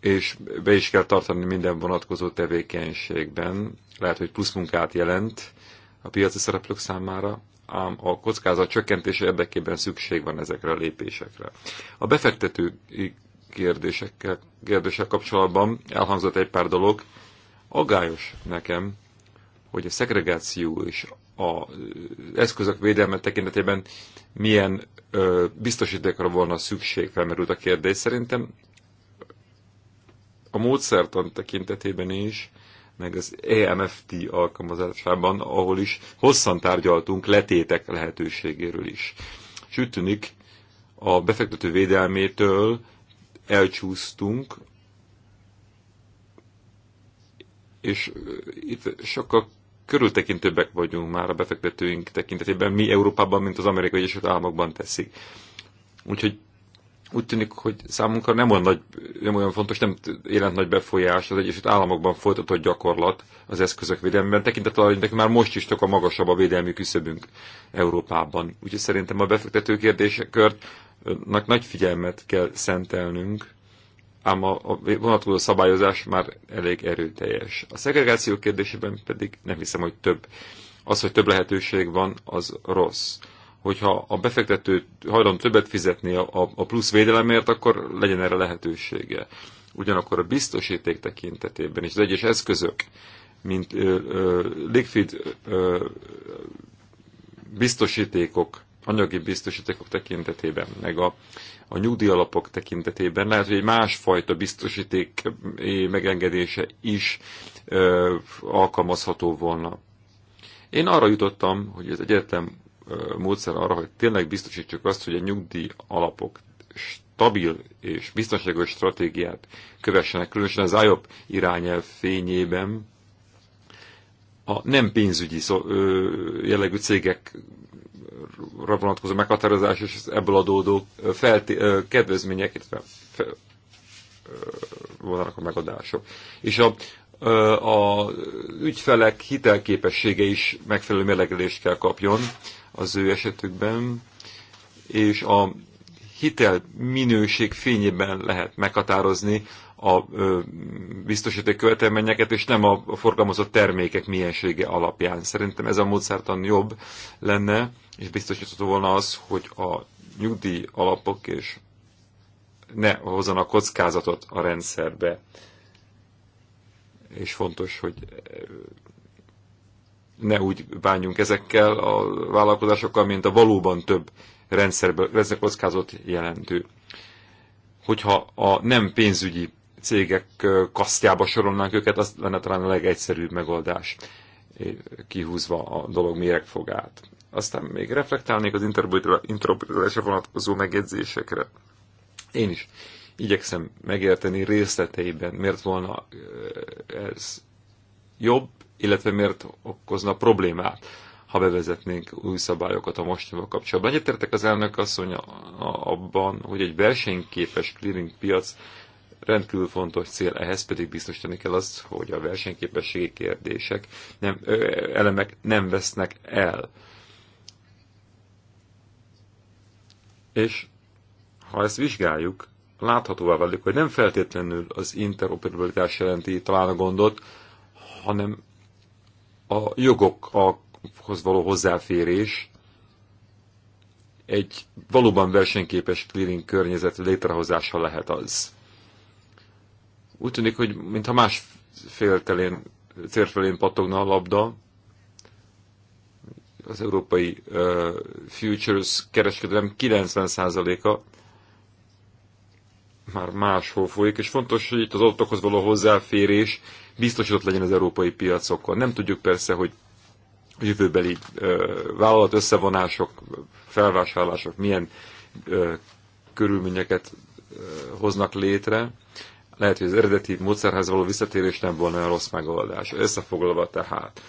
és be is kell tartani minden vonatkozó tevékenységben. Lehet, hogy plusz munkát jelent a piaci szereplők számára, ám a kockázat csökkentése érdekében szükség van ezekre a lépésekre. A befektető kérdésekkel, kérdések kapcsolatban elhangzott egy pár dolog. Agályos nekem, hogy a szegregáció és az eszközök védelme tekintetében milyen ö, biztosítékra volna szükség, felmerült a kérdés. Szerintem a módszertan tekintetében is, meg az EMFT alkalmazásában, ahol is hosszan tárgyaltunk letétek lehetőségéről is. És úgy tűnik, a befektető védelmétől elcsúsztunk, és itt sokkal körültekintőbbek vagyunk már a befektetőink tekintetében, mi Európában, mint az Amerikai Egyesült Államokban teszik. Úgyhogy úgy tűnik, hogy számunkra nem olyan, nagy, nem olyan fontos, nem jelent nagy befolyás az Egyesült Államokban folytatott gyakorlat az eszközök védelmében, tekintettel, hogy nekünk már most is csak a magasabb a védelmi küszöbünk Európában. Úgyhogy szerintem a befektető kérdésekört nagy figyelmet kell szentelnünk, ám a, a vonatkozó szabályozás már elég erőteljes. A szegregáció kérdésében pedig nem hiszem, hogy több. Az, hogy több lehetőség van, az rossz hogyha a befektető hajlandó többet fizetni a, a plusz védelemért, akkor legyen erre lehetősége. Ugyanakkor a biztosíték tekintetében is, az egyes eszközök, mint ö, ö, liquid ö, biztosítékok, anyagi biztosítékok tekintetében, meg a, a nyugdíjalapok tekintetében lehet, hogy egy másfajta biztosíték megengedése is ö, alkalmazható volna. Én arra jutottam, hogy az egyetem módszer arra, hogy tényleg biztosítsuk azt, hogy a nyugdíj alapok stabil és biztonságos stratégiát kövessenek, különösen az IOP irányel fényében a nem pénzügyi szó, ö, jellegű cégekre vonatkozó meghatározás és az ebből adódó felté, ö, kedvezmények, illetve fe, a megadások. És a, a ügyfelek hitelképessége is megfelelő mérlegelést kell kapjon, az ő esetükben, és a hitel minőség fényében lehet meghatározni a biztosíték követelményeket, és nem a forgalmazott termékek miensége alapján. Szerintem ez a módszertan jobb lenne, és biztosítható volna az, hogy a nyugdíj alapok és ne hozzanak kockázatot a rendszerbe. És fontos, hogy ne úgy bánjunk ezekkel a vállalkozásokkal, mint a valóban több rendszerből, rendszerkockázat jelentő. Hogyha a nem pénzügyi cégek kasztjába sorolnánk őket, az lenne talán a legegyszerűbb megoldás, kihúzva a dolog méregfogát. Aztán még reflektálnék az interoperatívra vonatkozó megjegyzésekre. Én is igyekszem megérteni részleteiben, miért volna ez jobb, illetve miért okozna problémát, ha bevezetnénk új szabályokat a mostanival kapcsolatban. Egyetértek az elnök asszony abban, hogy egy versenyképes clearing piac rendkívül fontos cél, ehhez pedig biztosítani kell azt, hogy a versenyképességi kérdések, nem, elemek nem vesznek el. És ha ezt vizsgáljuk, láthatóvá válik, hogy nem feltétlenül az interoperabilitás jelenti talán a gondot, hanem a jogokhoz való hozzáférés egy valóban versenyképes clearing környezet létrehozása lehet az. Úgy tűnik, hogy mintha más féltelén, célfelén patogna a labda, az európai uh, futures kereskedelem 90%-a már máshol folyik, és fontos, hogy itt az autókhoz való hozzáférés biztosított legyen az európai piacokon. Nem tudjuk persze, hogy a jövőbeli vállalat összevonások, felvásárlások milyen ö, körülményeket ö, hoznak létre. Lehet, hogy az eredeti módszerhez való visszatérés nem volna olyan rossz megoldás. Összefoglalva tehát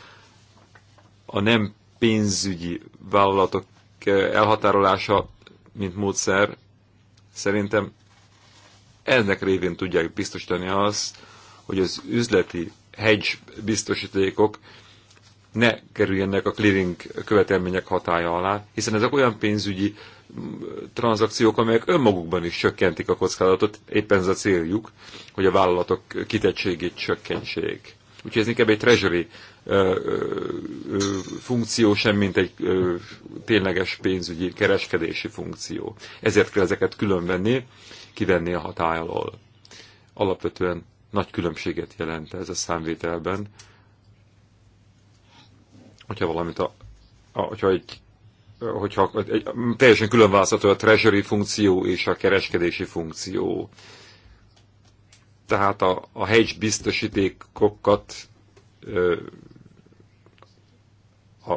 a nem pénzügyi vállalatok elhatárolása, mint módszer, szerintem ennek révén tudják biztosítani azt, hogy az üzleti hedge biztosítékok ne kerüljenek a clearing követelmények hatája alá, hiszen ezek olyan pénzügyi tranzakciók, amelyek önmagukban is csökkentik a kockázatot, éppen ez a céljuk, hogy a vállalatok kitettségét csökkentsék. Úgyhogy ez inkább egy treasury ö, ö, funkció, sem mint egy ö, tényleges pénzügyi kereskedési funkció. Ezért kell ezeket különvenni, kivenni a hatály alól. Alapvetően nagy különbséget jelent ez a számvételben, hogyha valamit a, a hogyha egy hogyha egy, teljesen külön választható a treasury funkció és a kereskedési funkció. Tehát a, a hedge biztosítékokat a,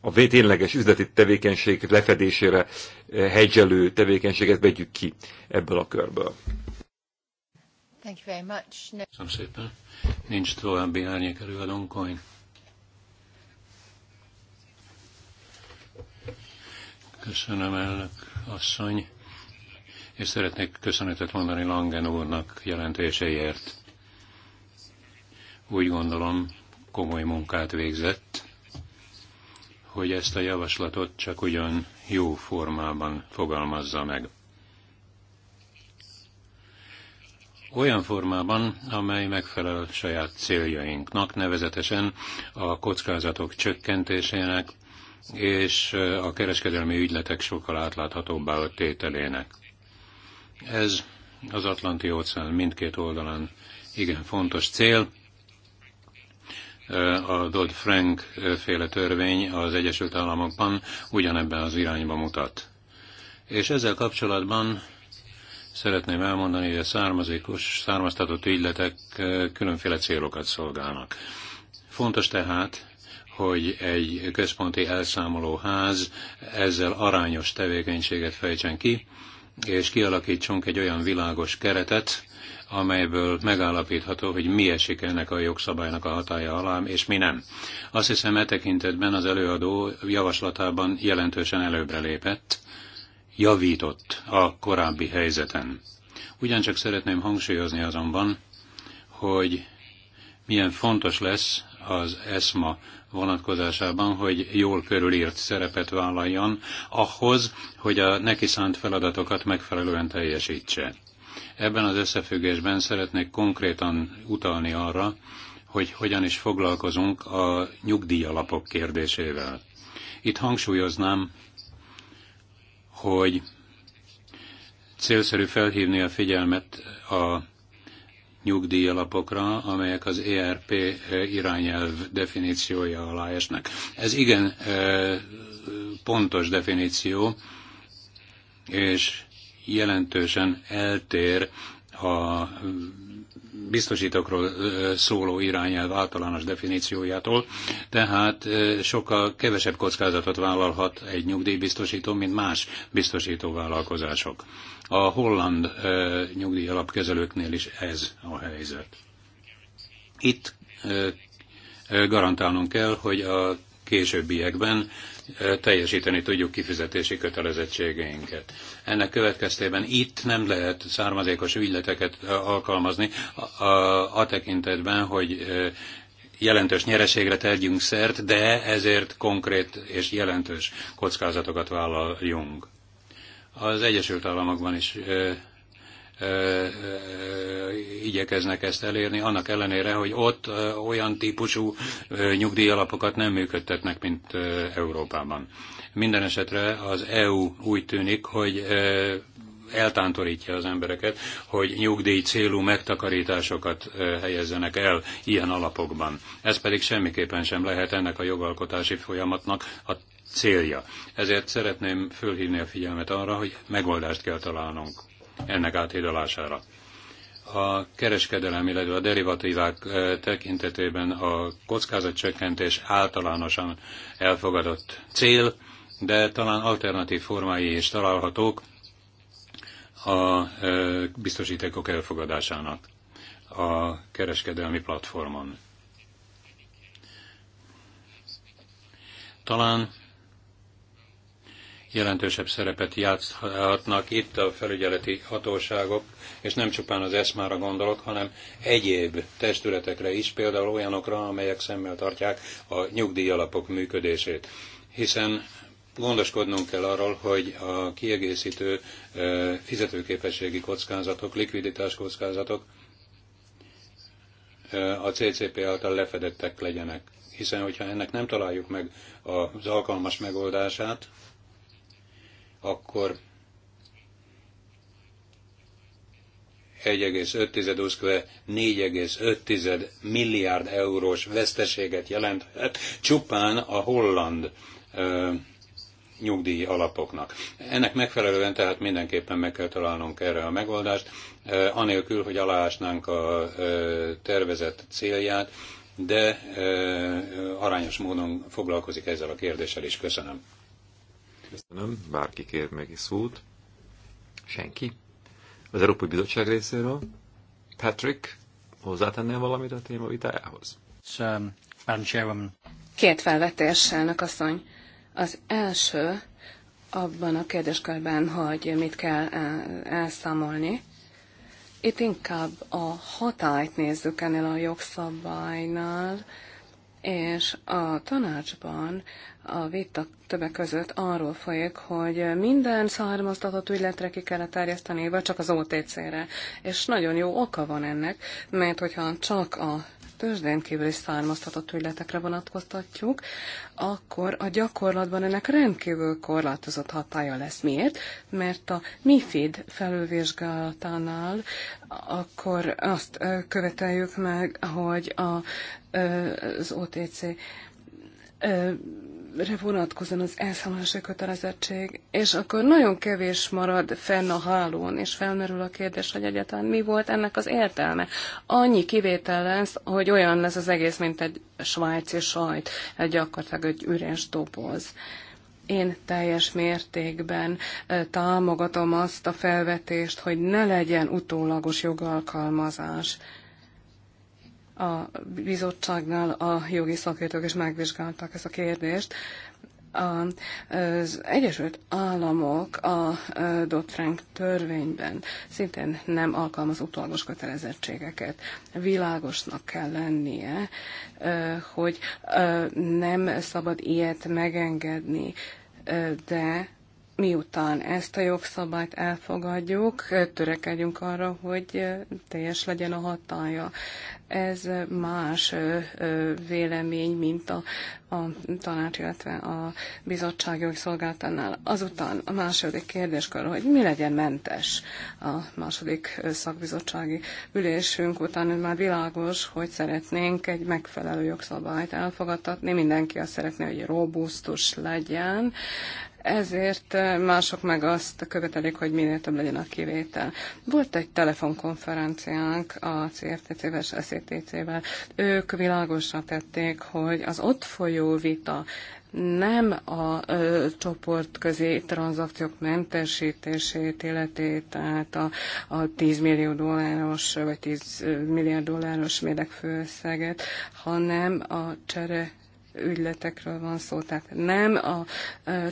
a tényleges üzleti tevékenység lefedésére hegyelő tevékenységet vegyük ki ebből a körből. Thank you very much. No. Köszönöm szépen. Nincs további árnyék előadónk, Köszönöm, elnök asszony, és szeretnék köszönetet mondani Langen úrnak jelentéseiért. Úgy gondolom, komoly munkát végzett, hogy ezt a javaslatot csak ugyan jó formában fogalmazza meg. olyan formában, amely megfelel saját céljainknak, nevezetesen a kockázatok csökkentésének és a kereskedelmi ügyletek sokkal átláthatóbbá tételének. Ez az Atlanti óceán mindkét oldalán igen fontos cél. A Dodd-Frank féle törvény az Egyesült Államokban ugyanebben az irányba mutat. És ezzel kapcsolatban Szeretném elmondani, hogy a származékos, származtatott ügyletek különféle célokat szolgálnak. Fontos tehát, hogy egy központi elszámoló ház ezzel arányos tevékenységet fejtsen ki, és kialakítsunk egy olyan világos keretet, amelyből megállapítható, hogy mi esik ennek a jogszabálynak a hatája alá, és mi nem. Azt hiszem, e tekintetben az előadó javaslatában jelentősen előbbre lépett, javított a korábbi helyzeten. Ugyancsak szeretném hangsúlyozni azonban, hogy milyen fontos lesz az ESMA vonatkozásában, hogy jól körülírt szerepet vállaljon ahhoz, hogy a neki szánt feladatokat megfelelően teljesítse. Ebben az összefüggésben szeretnék konkrétan utalni arra, hogy hogyan is foglalkozunk a nyugdíjalapok kérdésével. Itt hangsúlyoznám, hogy célszerű felhívni a figyelmet a nyugdíjalapokra, amelyek az ERP eh, irányelv definíciója alá esnek. Ez igen eh, pontos definíció, és jelentősen eltér a biztosítókról szóló irányelv általános definíciójától, tehát sokkal kevesebb kockázatot vállalhat egy nyugdíjbiztosító, mint más biztosítóvállalkozások. A holland nyugdíjalapkezelőknél is ez a helyzet. Itt garantálnunk kell, hogy a későbbiekben teljesíteni tudjuk kifizetési kötelezettségeinket. Ennek következtében itt nem lehet származékos ügyleteket alkalmazni a, a, a tekintetben, hogy jelentős nyereségre tegyünk szert, de ezért konkrét és jelentős kockázatokat vállaljunk. Az Egyesült Államokban is igyekeznek ezt elérni, annak ellenére, hogy ott olyan típusú nyugdíjalapokat nem működtetnek, mint Európában. Minden esetre az EU úgy tűnik, hogy eltántorítja az embereket, hogy nyugdíj célú megtakarításokat helyezzenek el ilyen alapokban. Ez pedig semmiképpen sem lehet ennek a jogalkotási folyamatnak a célja. Ezért szeretném fölhívni a figyelmet arra, hogy megoldást kell találnunk ennek áthidalására. A kereskedelem, illetve a derivatívák eh, tekintetében a kockázatcsökkentés általánosan elfogadott cél, de talán alternatív formái is találhatók a eh, biztosítékok elfogadásának a kereskedelmi platformon. Talán jelentősebb szerepet játszhatnak itt a felügyeleti hatóságok, és nem csupán az eszmára gondolok, hanem egyéb testületekre is, például olyanokra, amelyek szemmel tartják a nyugdíjalapok működését. Hiszen gondoskodnunk kell arról, hogy a kiegészítő e, fizetőképességi kockázatok, likviditás kockázatok e, a CCP által lefedettek legyenek. Hiszen, hogyha ennek nem találjuk meg az alkalmas megoldását, akkor 1,5 4,5 milliárd eurós veszteséget jelenthet csupán a holland ö, nyugdíj alapoknak. Ennek megfelelően tehát mindenképpen meg kell találnunk erre a megoldást, ö, anélkül, hogy aláásnánk a ö, tervezett célját, de ö, arányos módon foglalkozik ezzel a kérdéssel is. Köszönöm. Köszönöm. Bárki kér meg szót. Senki. Az Európai Bizottság részéről. Patrick, hozzátennél valamit a téma vitájához? Két felvetés, elnök asszony. Az első abban a kérdéskörben, hogy mit kell eh, elszámolni. Itt inkább a hatályt nézzük ennél a jogszabálynál, és a tanácsban a vita többek között arról folyik, hogy minden származtatott ügyletre ki kell terjeszteni, vagy csak az OTC-re. És nagyon jó oka van ennek, mert hogyha csak a tőzsdén kívüli származtató ügyletekre vonatkoztatjuk, akkor a gyakorlatban ennek rendkívül korlátozott hatája lesz. Miért? Mert a MIFID felülvizsgálatánál akkor azt követeljük meg, hogy a, az OTC vonatkozóan az elszámolási kötelezettség, és akkor nagyon kevés marad fenn a hálón, és felmerül a kérdés, hogy egyáltalán mi volt ennek az értelme. Annyi kivétel lesz, hogy olyan lesz az egész, mint egy svájci sajt, egy gyakorlatilag egy üres doboz. Én teljes mértékben támogatom azt a felvetést, hogy ne legyen utólagos jogalkalmazás a bizottságnál a jogi szakértők is megvizsgálták ezt a kérdést. Az Egyesült Államok a Dodd-Frank törvényben szintén nem alkalmaz utólagos kötelezettségeket. Világosnak kell lennie, hogy nem szabad ilyet megengedni, de miután ezt a jogszabályt elfogadjuk, törekedjünk arra, hogy teljes legyen a hatája. Ez más vélemény, mint a, a tanács, illetve a bizottság jogszolgáltánál. Azután a második kérdéskör, hogy mi legyen mentes a második szakbizottsági ülésünk után, már világos, hogy szeretnénk egy megfelelő jogszabályt elfogadtatni. Mindenki azt szeretné, hogy robusztus legyen, ezért mások meg azt követelik, hogy minél több legyen a kivétel. Volt egy telefonkonferenciánk a crtc vel és a CTC-vel. Ők világosra tették, hogy az ott folyó vita nem a ö, csoportközi tranzakciók mentesítését illeti, tehát a, a 10 millió dolláros vagy 10 milliárd dolláros mérlegfőszeget, hanem a csere ügyletekről van szó, tehát nem a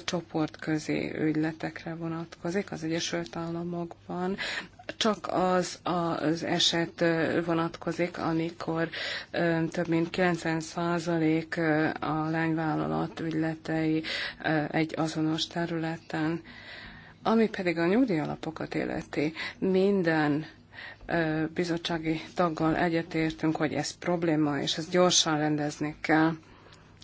csoportközi ügyletekre vonatkozik az Egyesült Államokban, csak az az eset vonatkozik, amikor több mint 90% a lányvállalat ügyletei egy azonos területen. Ami pedig a nyugdíjalapokat illeti, minden bizottsági taggal egyetértünk, hogy ez probléma, és ezt gyorsan rendezni kell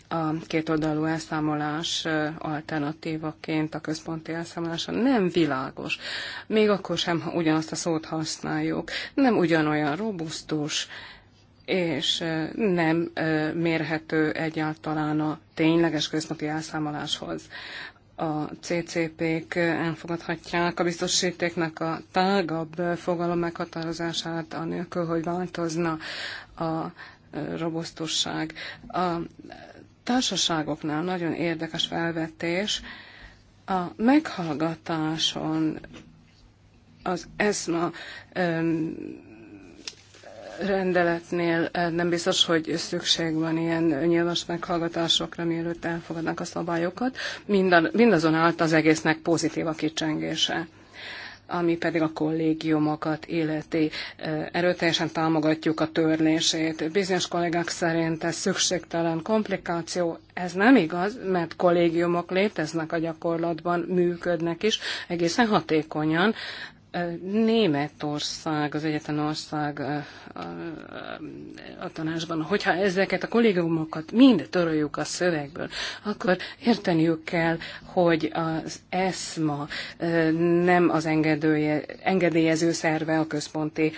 a kétoldalú elszámolás alternatívaként a központi elszámolása nem világos. Még akkor sem, ha ugyanazt a szót használjuk. Nem ugyanolyan robusztus, és nem mérhető egyáltalán a tényleges központi elszámoláshoz. A CCP-k elfogadhatják a biztosítéknak a tágabb fogalom meghatározását, anélkül, hogy változna a robosztusság. A társaságoknál nagyon érdekes felvetés. A meghallgatáson az ESMA rendeletnél nem biztos, hogy szükség van ilyen nyilvános meghallgatásokra, mielőtt elfogadnak a szabályokat. Mindazonáltal az egésznek pozitív a kicsengése ami pedig a kollégiumokat illeti. Erőteljesen támogatjuk a törlését. Bizonyos kollégák szerint ez szükségtelen komplikáció. Ez nem igaz, mert kollégiumok léteznek a gyakorlatban, működnek is egészen hatékonyan, Németország az egyetlen ország a tanásban, hogyha ezeket a kollégiumokat mind töröljük a szövegből, akkor érteniük kell, hogy az ESMA nem az engedője, engedélyező szerve a központi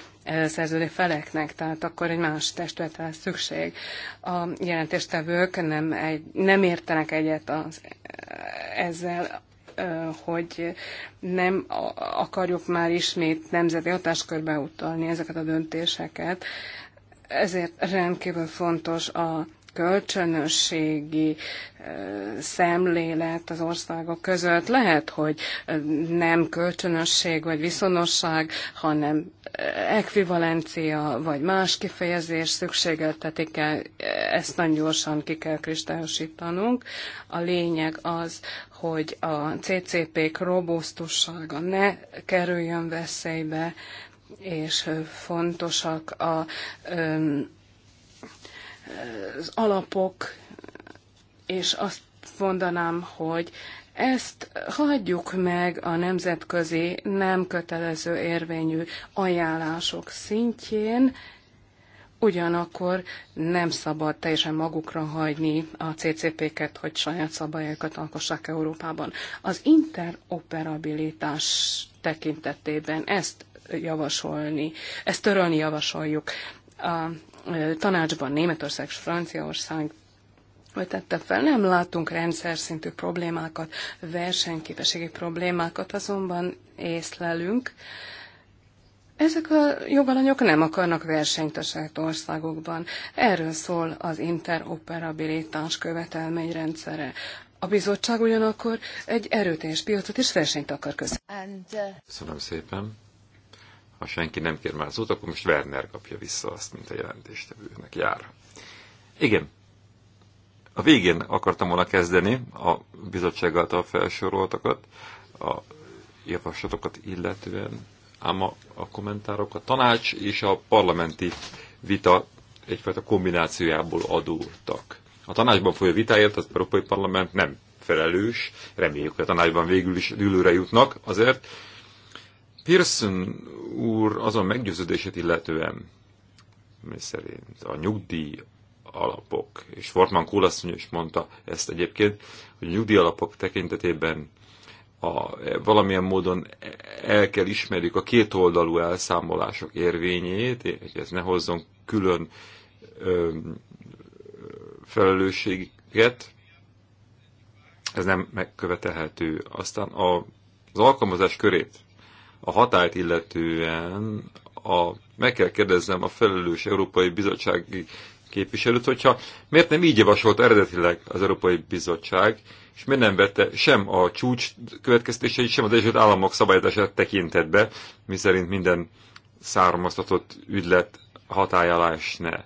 szerződő feleknek, tehát akkor egy más testületre lesz szükség. A jelentéstevők nem, egy, nem értenek egyet az, ezzel hogy nem akarjuk már ismét nemzeti hatáskörbe utalni ezeket a döntéseket. Ezért rendkívül fontos a kölcsönösségi szemlélet az országok között. Lehet, hogy nem kölcsönösség vagy viszonosság, hanem ekvivalencia vagy más kifejezés szükségeltetik el, ezt nagyon gyorsan ki kell kristályosítanunk. A lényeg az, hogy a CCP-k robusztussága ne kerüljön veszélybe, és fontosak a, az alapok, és azt mondanám, hogy ezt hagyjuk meg a nemzetközi nem kötelező érvényű ajánlások szintjén, Ugyanakkor nem szabad teljesen magukra hagyni a CCP-ket, hogy saját szabályokat alkossák Európában. Az interoperabilitás tekintetében ezt javasolni, ezt törölni javasoljuk. A tanácsban Németország és Franciaország tette fel. Nem látunk rendszer szintű problémákat, versenyképességi problémákat, azonban észlelünk, ezek a jogalanyok nem akarnak versenyt a saját országokban. Erről szól az interoperabilitás követelményrendszere. A bizottság ugyanakkor egy erőteljes piacot és versenyt akar köszönni. Uh, Köszönöm szépen. Ha senki nem kér már szót, akkor most Werner kapja vissza azt, mint a jelentéstevőnek jár. Igen. A végén akartam volna kezdeni a bizottság által felsoroltakat, a javaslatokat illetően ám a, a kommentárok a tanács és a parlamenti vita egyfajta kombinációjából adódtak. A tanácsban folyó vitáért az Európai Parlament nem felelős, reméljük, hogy a tanácsban végül is ülőre jutnak, azért Pearson úr azon meggyőződését illetően, mi szerint a nyugdíj alapok, és Fortman Kulasszony is mondta ezt egyébként, hogy a nyugdíj alapok tekintetében a, valamilyen módon el kell ismerjük a kétoldalú elszámolások érvényét, hogy ez ne hozzon külön ö, felelősséget, ez nem megkövetelhető. Aztán a, az alkalmazás körét, a hatályt illetően a, meg kell kérdeznem a felelős Európai Bizottsági képviselőt, hogyha miért nem így javasolt eredetileg az Európai Bizottság, és miért nem vette sem a csúcs következtéseit, sem az Egyesült Államok szabályozását tekintetbe, miszerint minden származtatott ügylet hatályalás ne.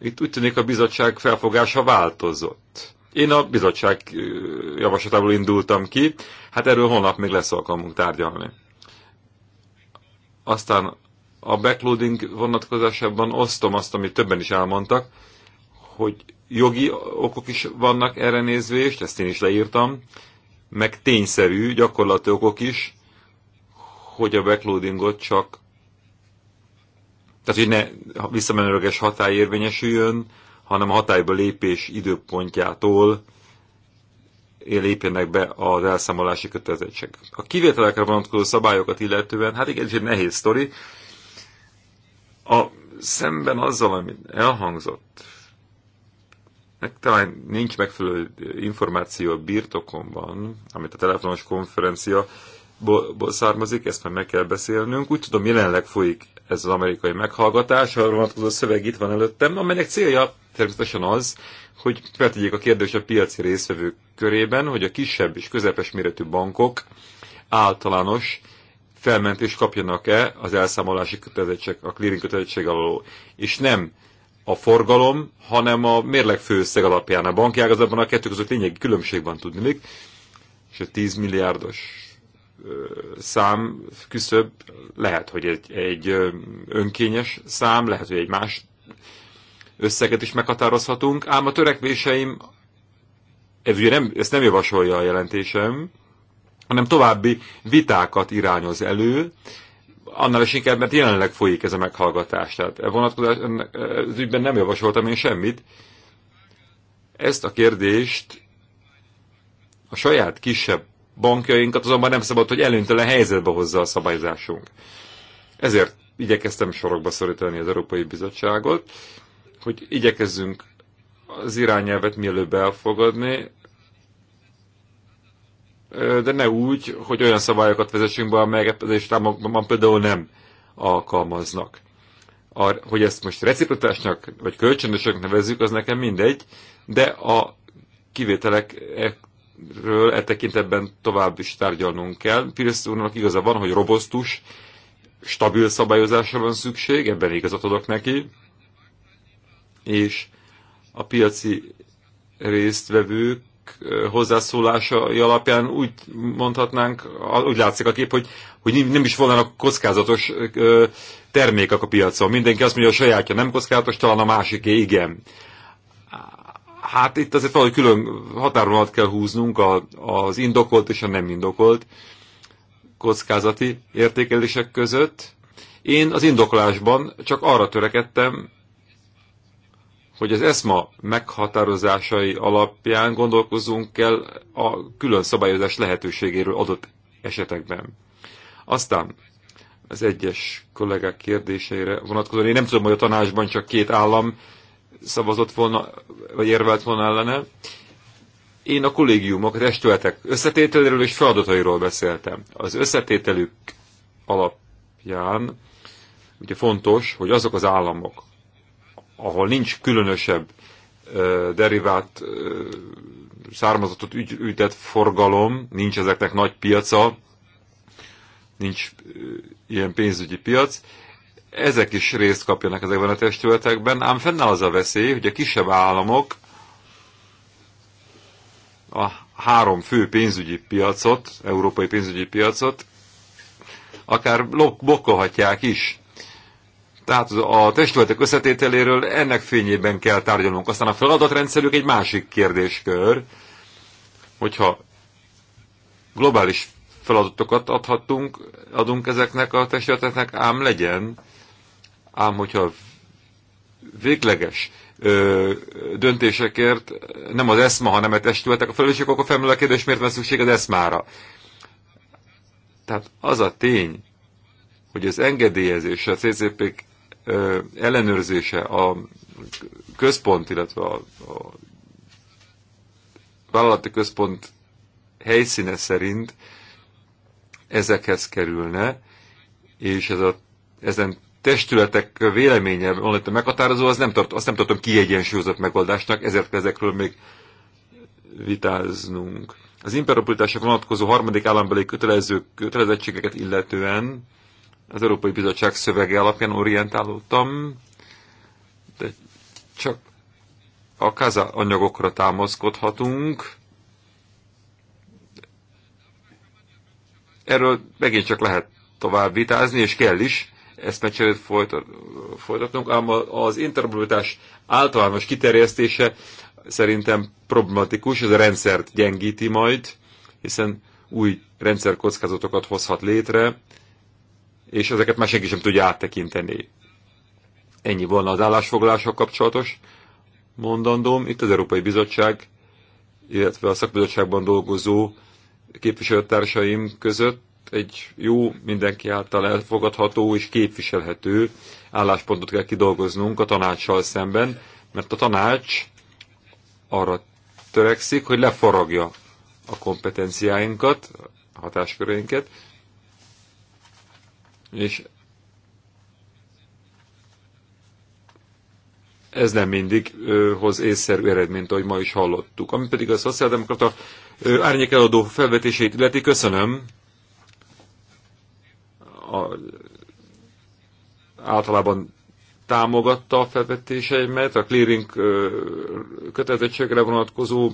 Itt úgy tűnik a bizottság felfogása változott. Én a bizottság javaslatából indultam ki, hát erről holnap még lesz alkalmunk tárgyalni. Aztán a backloading vonatkozásában osztom azt, amit többen is elmondtak, hogy jogi okok is vannak erre nézvést, ezt én is leírtam, meg tényszerű gyakorlati okok is, hogy a backloadingot csak tehát, hogy ne visszamenőleges hatály érvényesüljön, hanem a hatályba lépés időpontjától lépjenek be az elszámolási kötelezettség. A kivételekre vonatkozó szabályokat illetően, hát igen, ez egy nehéz sztori. A, szemben azzal, amit elhangzott, Hát talán nincs megfelelő információ a birtokomban, amit a telefonos konferencia származik, ezt már meg kell beszélnünk. Úgy tudom, jelenleg folyik ez az amerikai meghallgatás, arra vonatkozó szöveg itt van előttem, amelynek célja természetesen az, hogy feltegyék a kérdést a piaci részvevők körében, hogy a kisebb és közepes méretű bankok általános felmentést kapjanak-e az elszámolási kötelezettség, a clearing kötelezettség alól, és nem a forgalom, hanem a mérleg főszeg alapján. A banki ágazatban a kettő között lényegi különbség van tudni még, és a 10 milliárdos szám küszöbb lehet, hogy egy, egy önkényes szám, lehet, hogy egy más összeget is meghatározhatunk, ám a törekvéseim, ez ugye nem, ezt nem javasolja a jelentésem, hanem további vitákat irányoz elő, annál is inkább, mert jelenleg folyik ez a meghallgatás. Tehát e vonatkozás, az e, ügyben nem javasoltam én semmit. Ezt a kérdést a saját kisebb bankjainkat azonban nem szabad, hogy előnytelen helyzetbe hozza a szabályzásunk. Ezért igyekeztem sorokba szorítani az Európai Bizottságot, hogy igyekezzünk az irányelvet mielőbb elfogadni, de ne úgy, hogy olyan szabályokat vezessünk be, amelyeket az Islámban például nem alkalmaznak. A, hogy ezt most reciprocitásnak vagy kölcsönösöknek nevezzük, az nekem mindegy, de a kivételekről e tekintetben tovább is tárgyalnunk kell. Pierce úrnak igaza van, hogy robosztus, stabil szabályozásra van szükség, ebben igazat adok neki, és a piaci résztvevők hozzászólása alapján úgy mondhatnánk, úgy látszik a kép, hogy, hogy nem is a kockázatos termékek a piacon. Mindenki azt mondja, a sajátja nem kockázatos, talán a másiké igen. Hát itt azért valahogy külön határonat kell húznunk a, az indokolt és a nem indokolt kockázati értékelések között. Én az indokolásban csak arra törekedtem, hogy az ESMA meghatározásai alapján gondolkozunk kell a külön szabályozás lehetőségéről adott esetekben. Aztán az egyes kollégák kérdéseire vonatkozóan, én nem tudom, hogy a tanácsban csak két állam szavazott volna, vagy érvelt volna ellene. Én a kollégiumok, az estületek összetételéről és feladatairól beszéltem. Az összetételük alapján ugye fontos, hogy azok az államok, ahol nincs különösebb derivát származatot ütett forgalom, nincs ezeknek nagy piaca, nincs ilyen pénzügyi piac, ezek is részt kapjanak ezekben a testületekben, ám fennáll az a veszély, hogy a kisebb államok a három fő pénzügyi piacot, európai pénzügyi piacot, akár blokkolhatják is tehát a testületek összetételéről ennek fényében kell tárgyalnunk. Aztán a feladatrendszerük egy másik kérdéskör, hogyha globális feladatokat adhatunk, adunk ezeknek a testületeknek, ám legyen, ám hogyha végleges ö, döntésekért nem az eszma, hanem a testületek a felelősségek, akkor felmerül a kérdés, miért van szükség az eszmára. Tehát az a tény, hogy az engedélyezés a CCP ellenőrzése, a központ, illetve a, a vállalati központ helyszíne szerint ezekhez kerülne, és ez a, ezen testületek véleménye, a meghatározó, az nem tart, azt nem tartom kiegyensúlyozott megoldásnak, ezért ezekről még vitáznunk. Az imperopolitásra vonatkozó harmadik állambeli kötelező kötelezettségeket illetően az Európai Bizottság szövege alapján orientálódtam, de csak a kaza anyagokra támaszkodhatunk. Erről megint csak lehet tovább vitázni, és kell is, ezt mecserét folytatnunk, ám az interoperabilitás általános kiterjesztése szerintem problematikus, ez a rendszert gyengíti majd, hiszen új rendszerkockázatokat hozhat létre, és ezeket már senki sem tudja áttekinteni. Ennyi volna az állásfoglalással kapcsolatos mondandóm. Itt az Európai Bizottság, illetve a szakbizottságban dolgozó képviselőtársaim között egy jó, mindenki által elfogadható és képviselhető álláspontot kell kidolgoznunk a tanácssal szemben, mert a tanács arra törekszik, hogy lefaragja a kompetenciáinkat, hatásköreinket, és ez nem mindig ö, hoz észszerű eredményt, ahogy ma is hallottuk. Ami pedig a szociáldemokrata árnyék eladó felvetését illeti, köszönöm. A, általában támogatta a felvetéseimet, a clearing kötelezettségre vonatkozó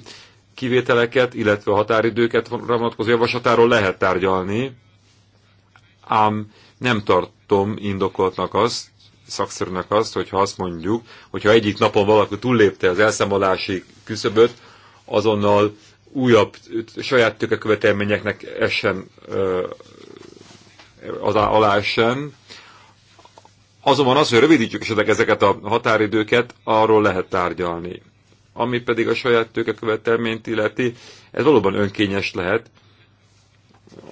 kivételeket, illetve a határidőket vonatkozó javaslatáról lehet tárgyalni, ám nem tartom indokoltnak azt, szakszerűnek azt, hogyha azt mondjuk, hogyha egyik napon valaki túllépte az elszámolási küszöböt, azonnal újabb saját tőkekövetelményeknek essen az alá essen. Azonban az, hogy rövidítjük esetleg ezeket a határidőket, arról lehet tárgyalni. Ami pedig a saját tőkekövetelményt illeti, ez valóban önkényes lehet,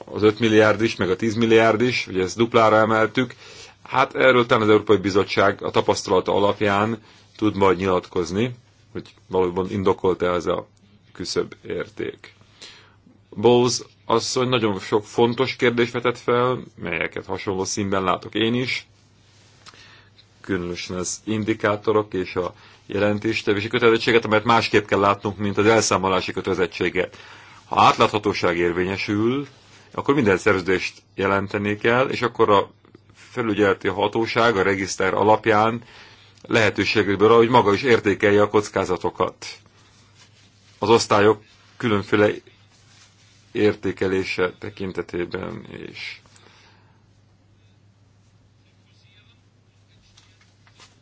az 5 milliárd is, meg a 10 milliárd is, ugye ezt duplára emeltük. Hát erről talán az Európai Bizottság a tapasztalata alapján tud majd nyilatkozni, hogy valóban indokolta ez a küszöbb érték. Bowles asszony nagyon sok fontos kérdést vetett fel, melyeket hasonló színben látok én is. Különösen az indikátorok és a jelentéstevési kötelezettséget, amelyet másképp kell látnunk, mint az elszámolási kötelezettséget. Ha átláthatóság érvényesül, akkor minden szerződést jelenteni kell, és akkor a felügyeleti hatóság a regiszter alapján lehetőségekből, ahogy maga is értékelje a kockázatokat. Az osztályok különféle értékelése tekintetében is.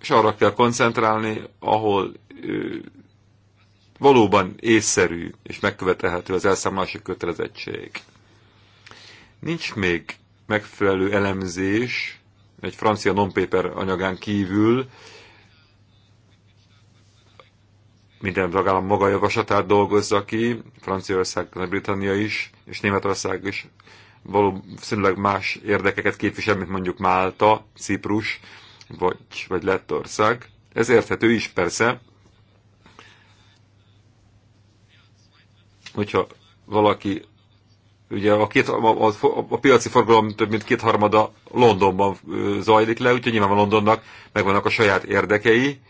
És arra kell koncentrálni, ahol valóban észszerű és megkövetelhető az elszámolási kötelezettség. Nincs még megfelelő elemzés, egy francia non-paper anyagán kívül, minden tagállam maga javaslatát dolgozza ki, Franciaország, Nagy-Britannia is, és Németország is valószínűleg más érdekeket képvisel, mint mondjuk Málta, Ciprus, vagy, vagy Lettország. Ez érthető is, persze. Hogyha valaki Ugye a, két, a, a, a piaci forgalom több mint kétharmada Londonban zajlik le, úgyhogy nyilván Londonnak megvannak a saját érdekei.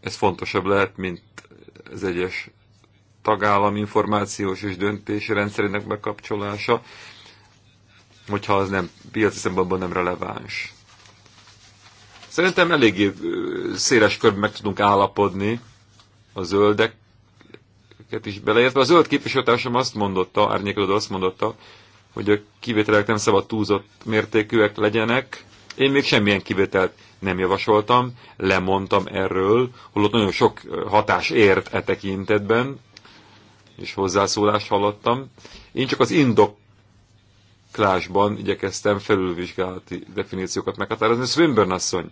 Ez fontosabb lehet, mint az egyes tagállam információs és döntési rendszerének bekapcsolása, hogyha az nem piaci szempontból nem releváns. Szerintem eléggé széles körben meg tudunk állapodni a zöldek is beleértve. A zöld képviselőtársam azt mondotta, árnyékelődő azt mondotta, hogy a kivételek nem szabad túlzott mértékűek legyenek. Én még semmilyen kivételt nem javasoltam, lemondtam erről, holott nagyon sok hatás ért e tekintetben, és hozzászólást hallottam. Én csak az indoklásban igyekeztem felülvizsgálati definíciókat meghatározni. Swinburne asszony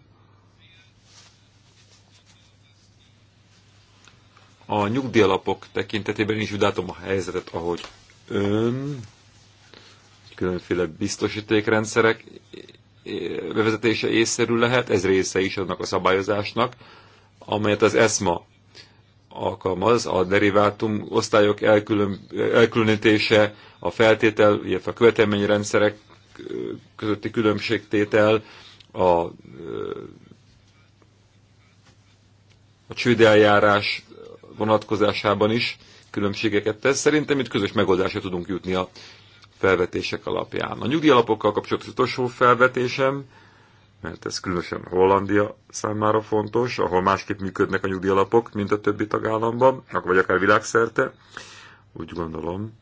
A nyugdíjalapok tekintetében is látom a helyzetet, ahogy ön, különféle biztosítékrendszerek bevezetése észszerű lehet, ez része is annak a szabályozásnak, amelyet az ESMA alkalmaz, a derivátum osztályok elkülön, elkülönítése, a feltétel, illetve a követelményrendszerek közötti különbségtétel, a, a csődeljárás vonatkozásában is különbségeket tesz. Szerintem itt közös megoldásra tudunk jutni a felvetések alapján. A nyugdíjalapokkal kapcsolatos utolsó felvetésem, mert ez különösen Hollandia számára fontos, ahol másképp működnek a nyugdíjalapok, mint a többi tagállamban, vagy akár világszerte. Úgy gondolom,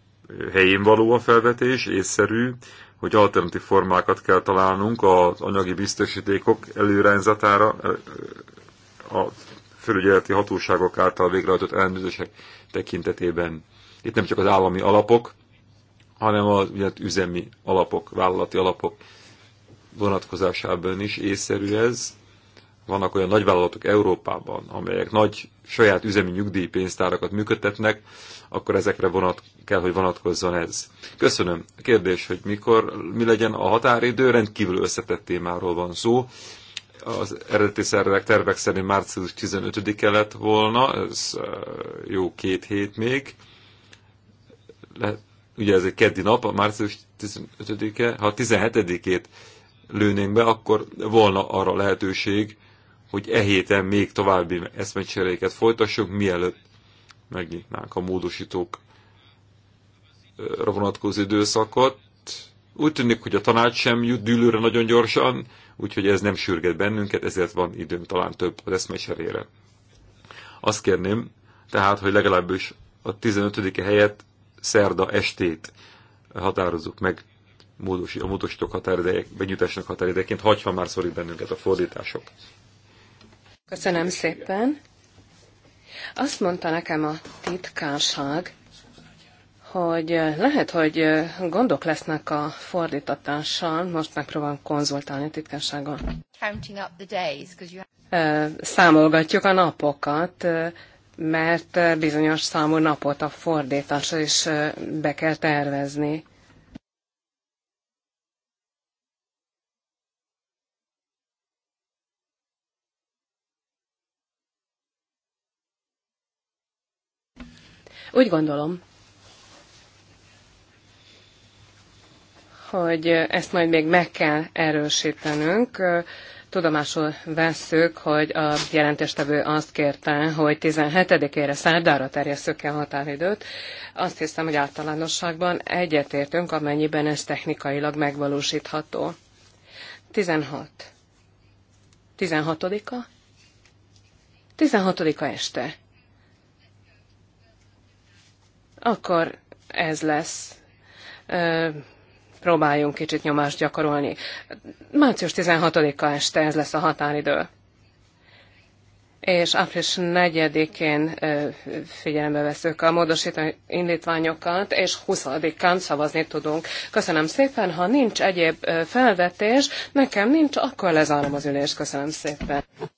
helyén való a felvetés, észszerű, hogy alternatív formákat kell találnunk az anyagi biztosítékok előrányzatára az felügyeleti hatóságok által végrehajtott ellenőrzések tekintetében. Itt nem csak az állami alapok, hanem az ugye, hát üzemi alapok, vállalati alapok vonatkozásában is észszerű ez. Vannak olyan nagyvállalatok Európában, amelyek nagy saját üzemi nyugdíjpénztárakat működtetnek, akkor ezekre vonat, kell, hogy vonatkozzon ez. Köszönöm. A kérdés, hogy mikor, mi legyen a határidő, rendkívül összetett témáról van szó az eredeti szervek, tervek szerint március 15-e lett volna, ez jó két hét még. Le, ugye ez egy keddi nap, a március 15-e, ha 17-ét lőnénk be, akkor volna arra lehetőség, hogy e héten még további eszmecseréket folytassunk, mielőtt megnyitnánk a módosítók vonatkozó időszakot. Úgy tűnik, hogy a tanács sem jut dűlőre nagyon gyorsan, úgyhogy ez nem sürget bennünket, ezért van időm talán több az eszmecserére. Azt kérném, tehát, hogy legalábbis a 15. helyet szerda estét határozzuk meg módosi, a módosítók határidejek, benyújtásnak határidejeként, hagyha már szorít bennünket a fordítások. Köszönöm szépen. Azt mondta nekem a titkárság, hogy eh, lehet, hogy eh, gondok lesznek a fordítatással. Most megpróbálom konzultálni a titkársággal. Eh, számolgatjuk a napokat, mert bizonyos számú napot a fordításra is be kell tervezni. Úgy gondolom, hogy ezt majd még meg kell erősítenünk. Tudomásul vesszük, hogy a jelentéstevő azt kérte, hogy 17-ére szerdára terjesszük el határidőt. Azt hiszem, hogy általánosságban egyetértünk, amennyiben ez technikailag megvalósítható. 16. 16-a? 16-a este. Akkor ez lesz próbáljunk kicsit nyomást gyakorolni. Március 16-a este ez lesz a határidő és április 4-én figyelembe veszük a módosító indítványokat, és 20-án szavazni tudunk. Köszönöm szépen, ha nincs egyéb felvetés, nekem nincs, akkor lezárom az ülést. Köszönöm szépen.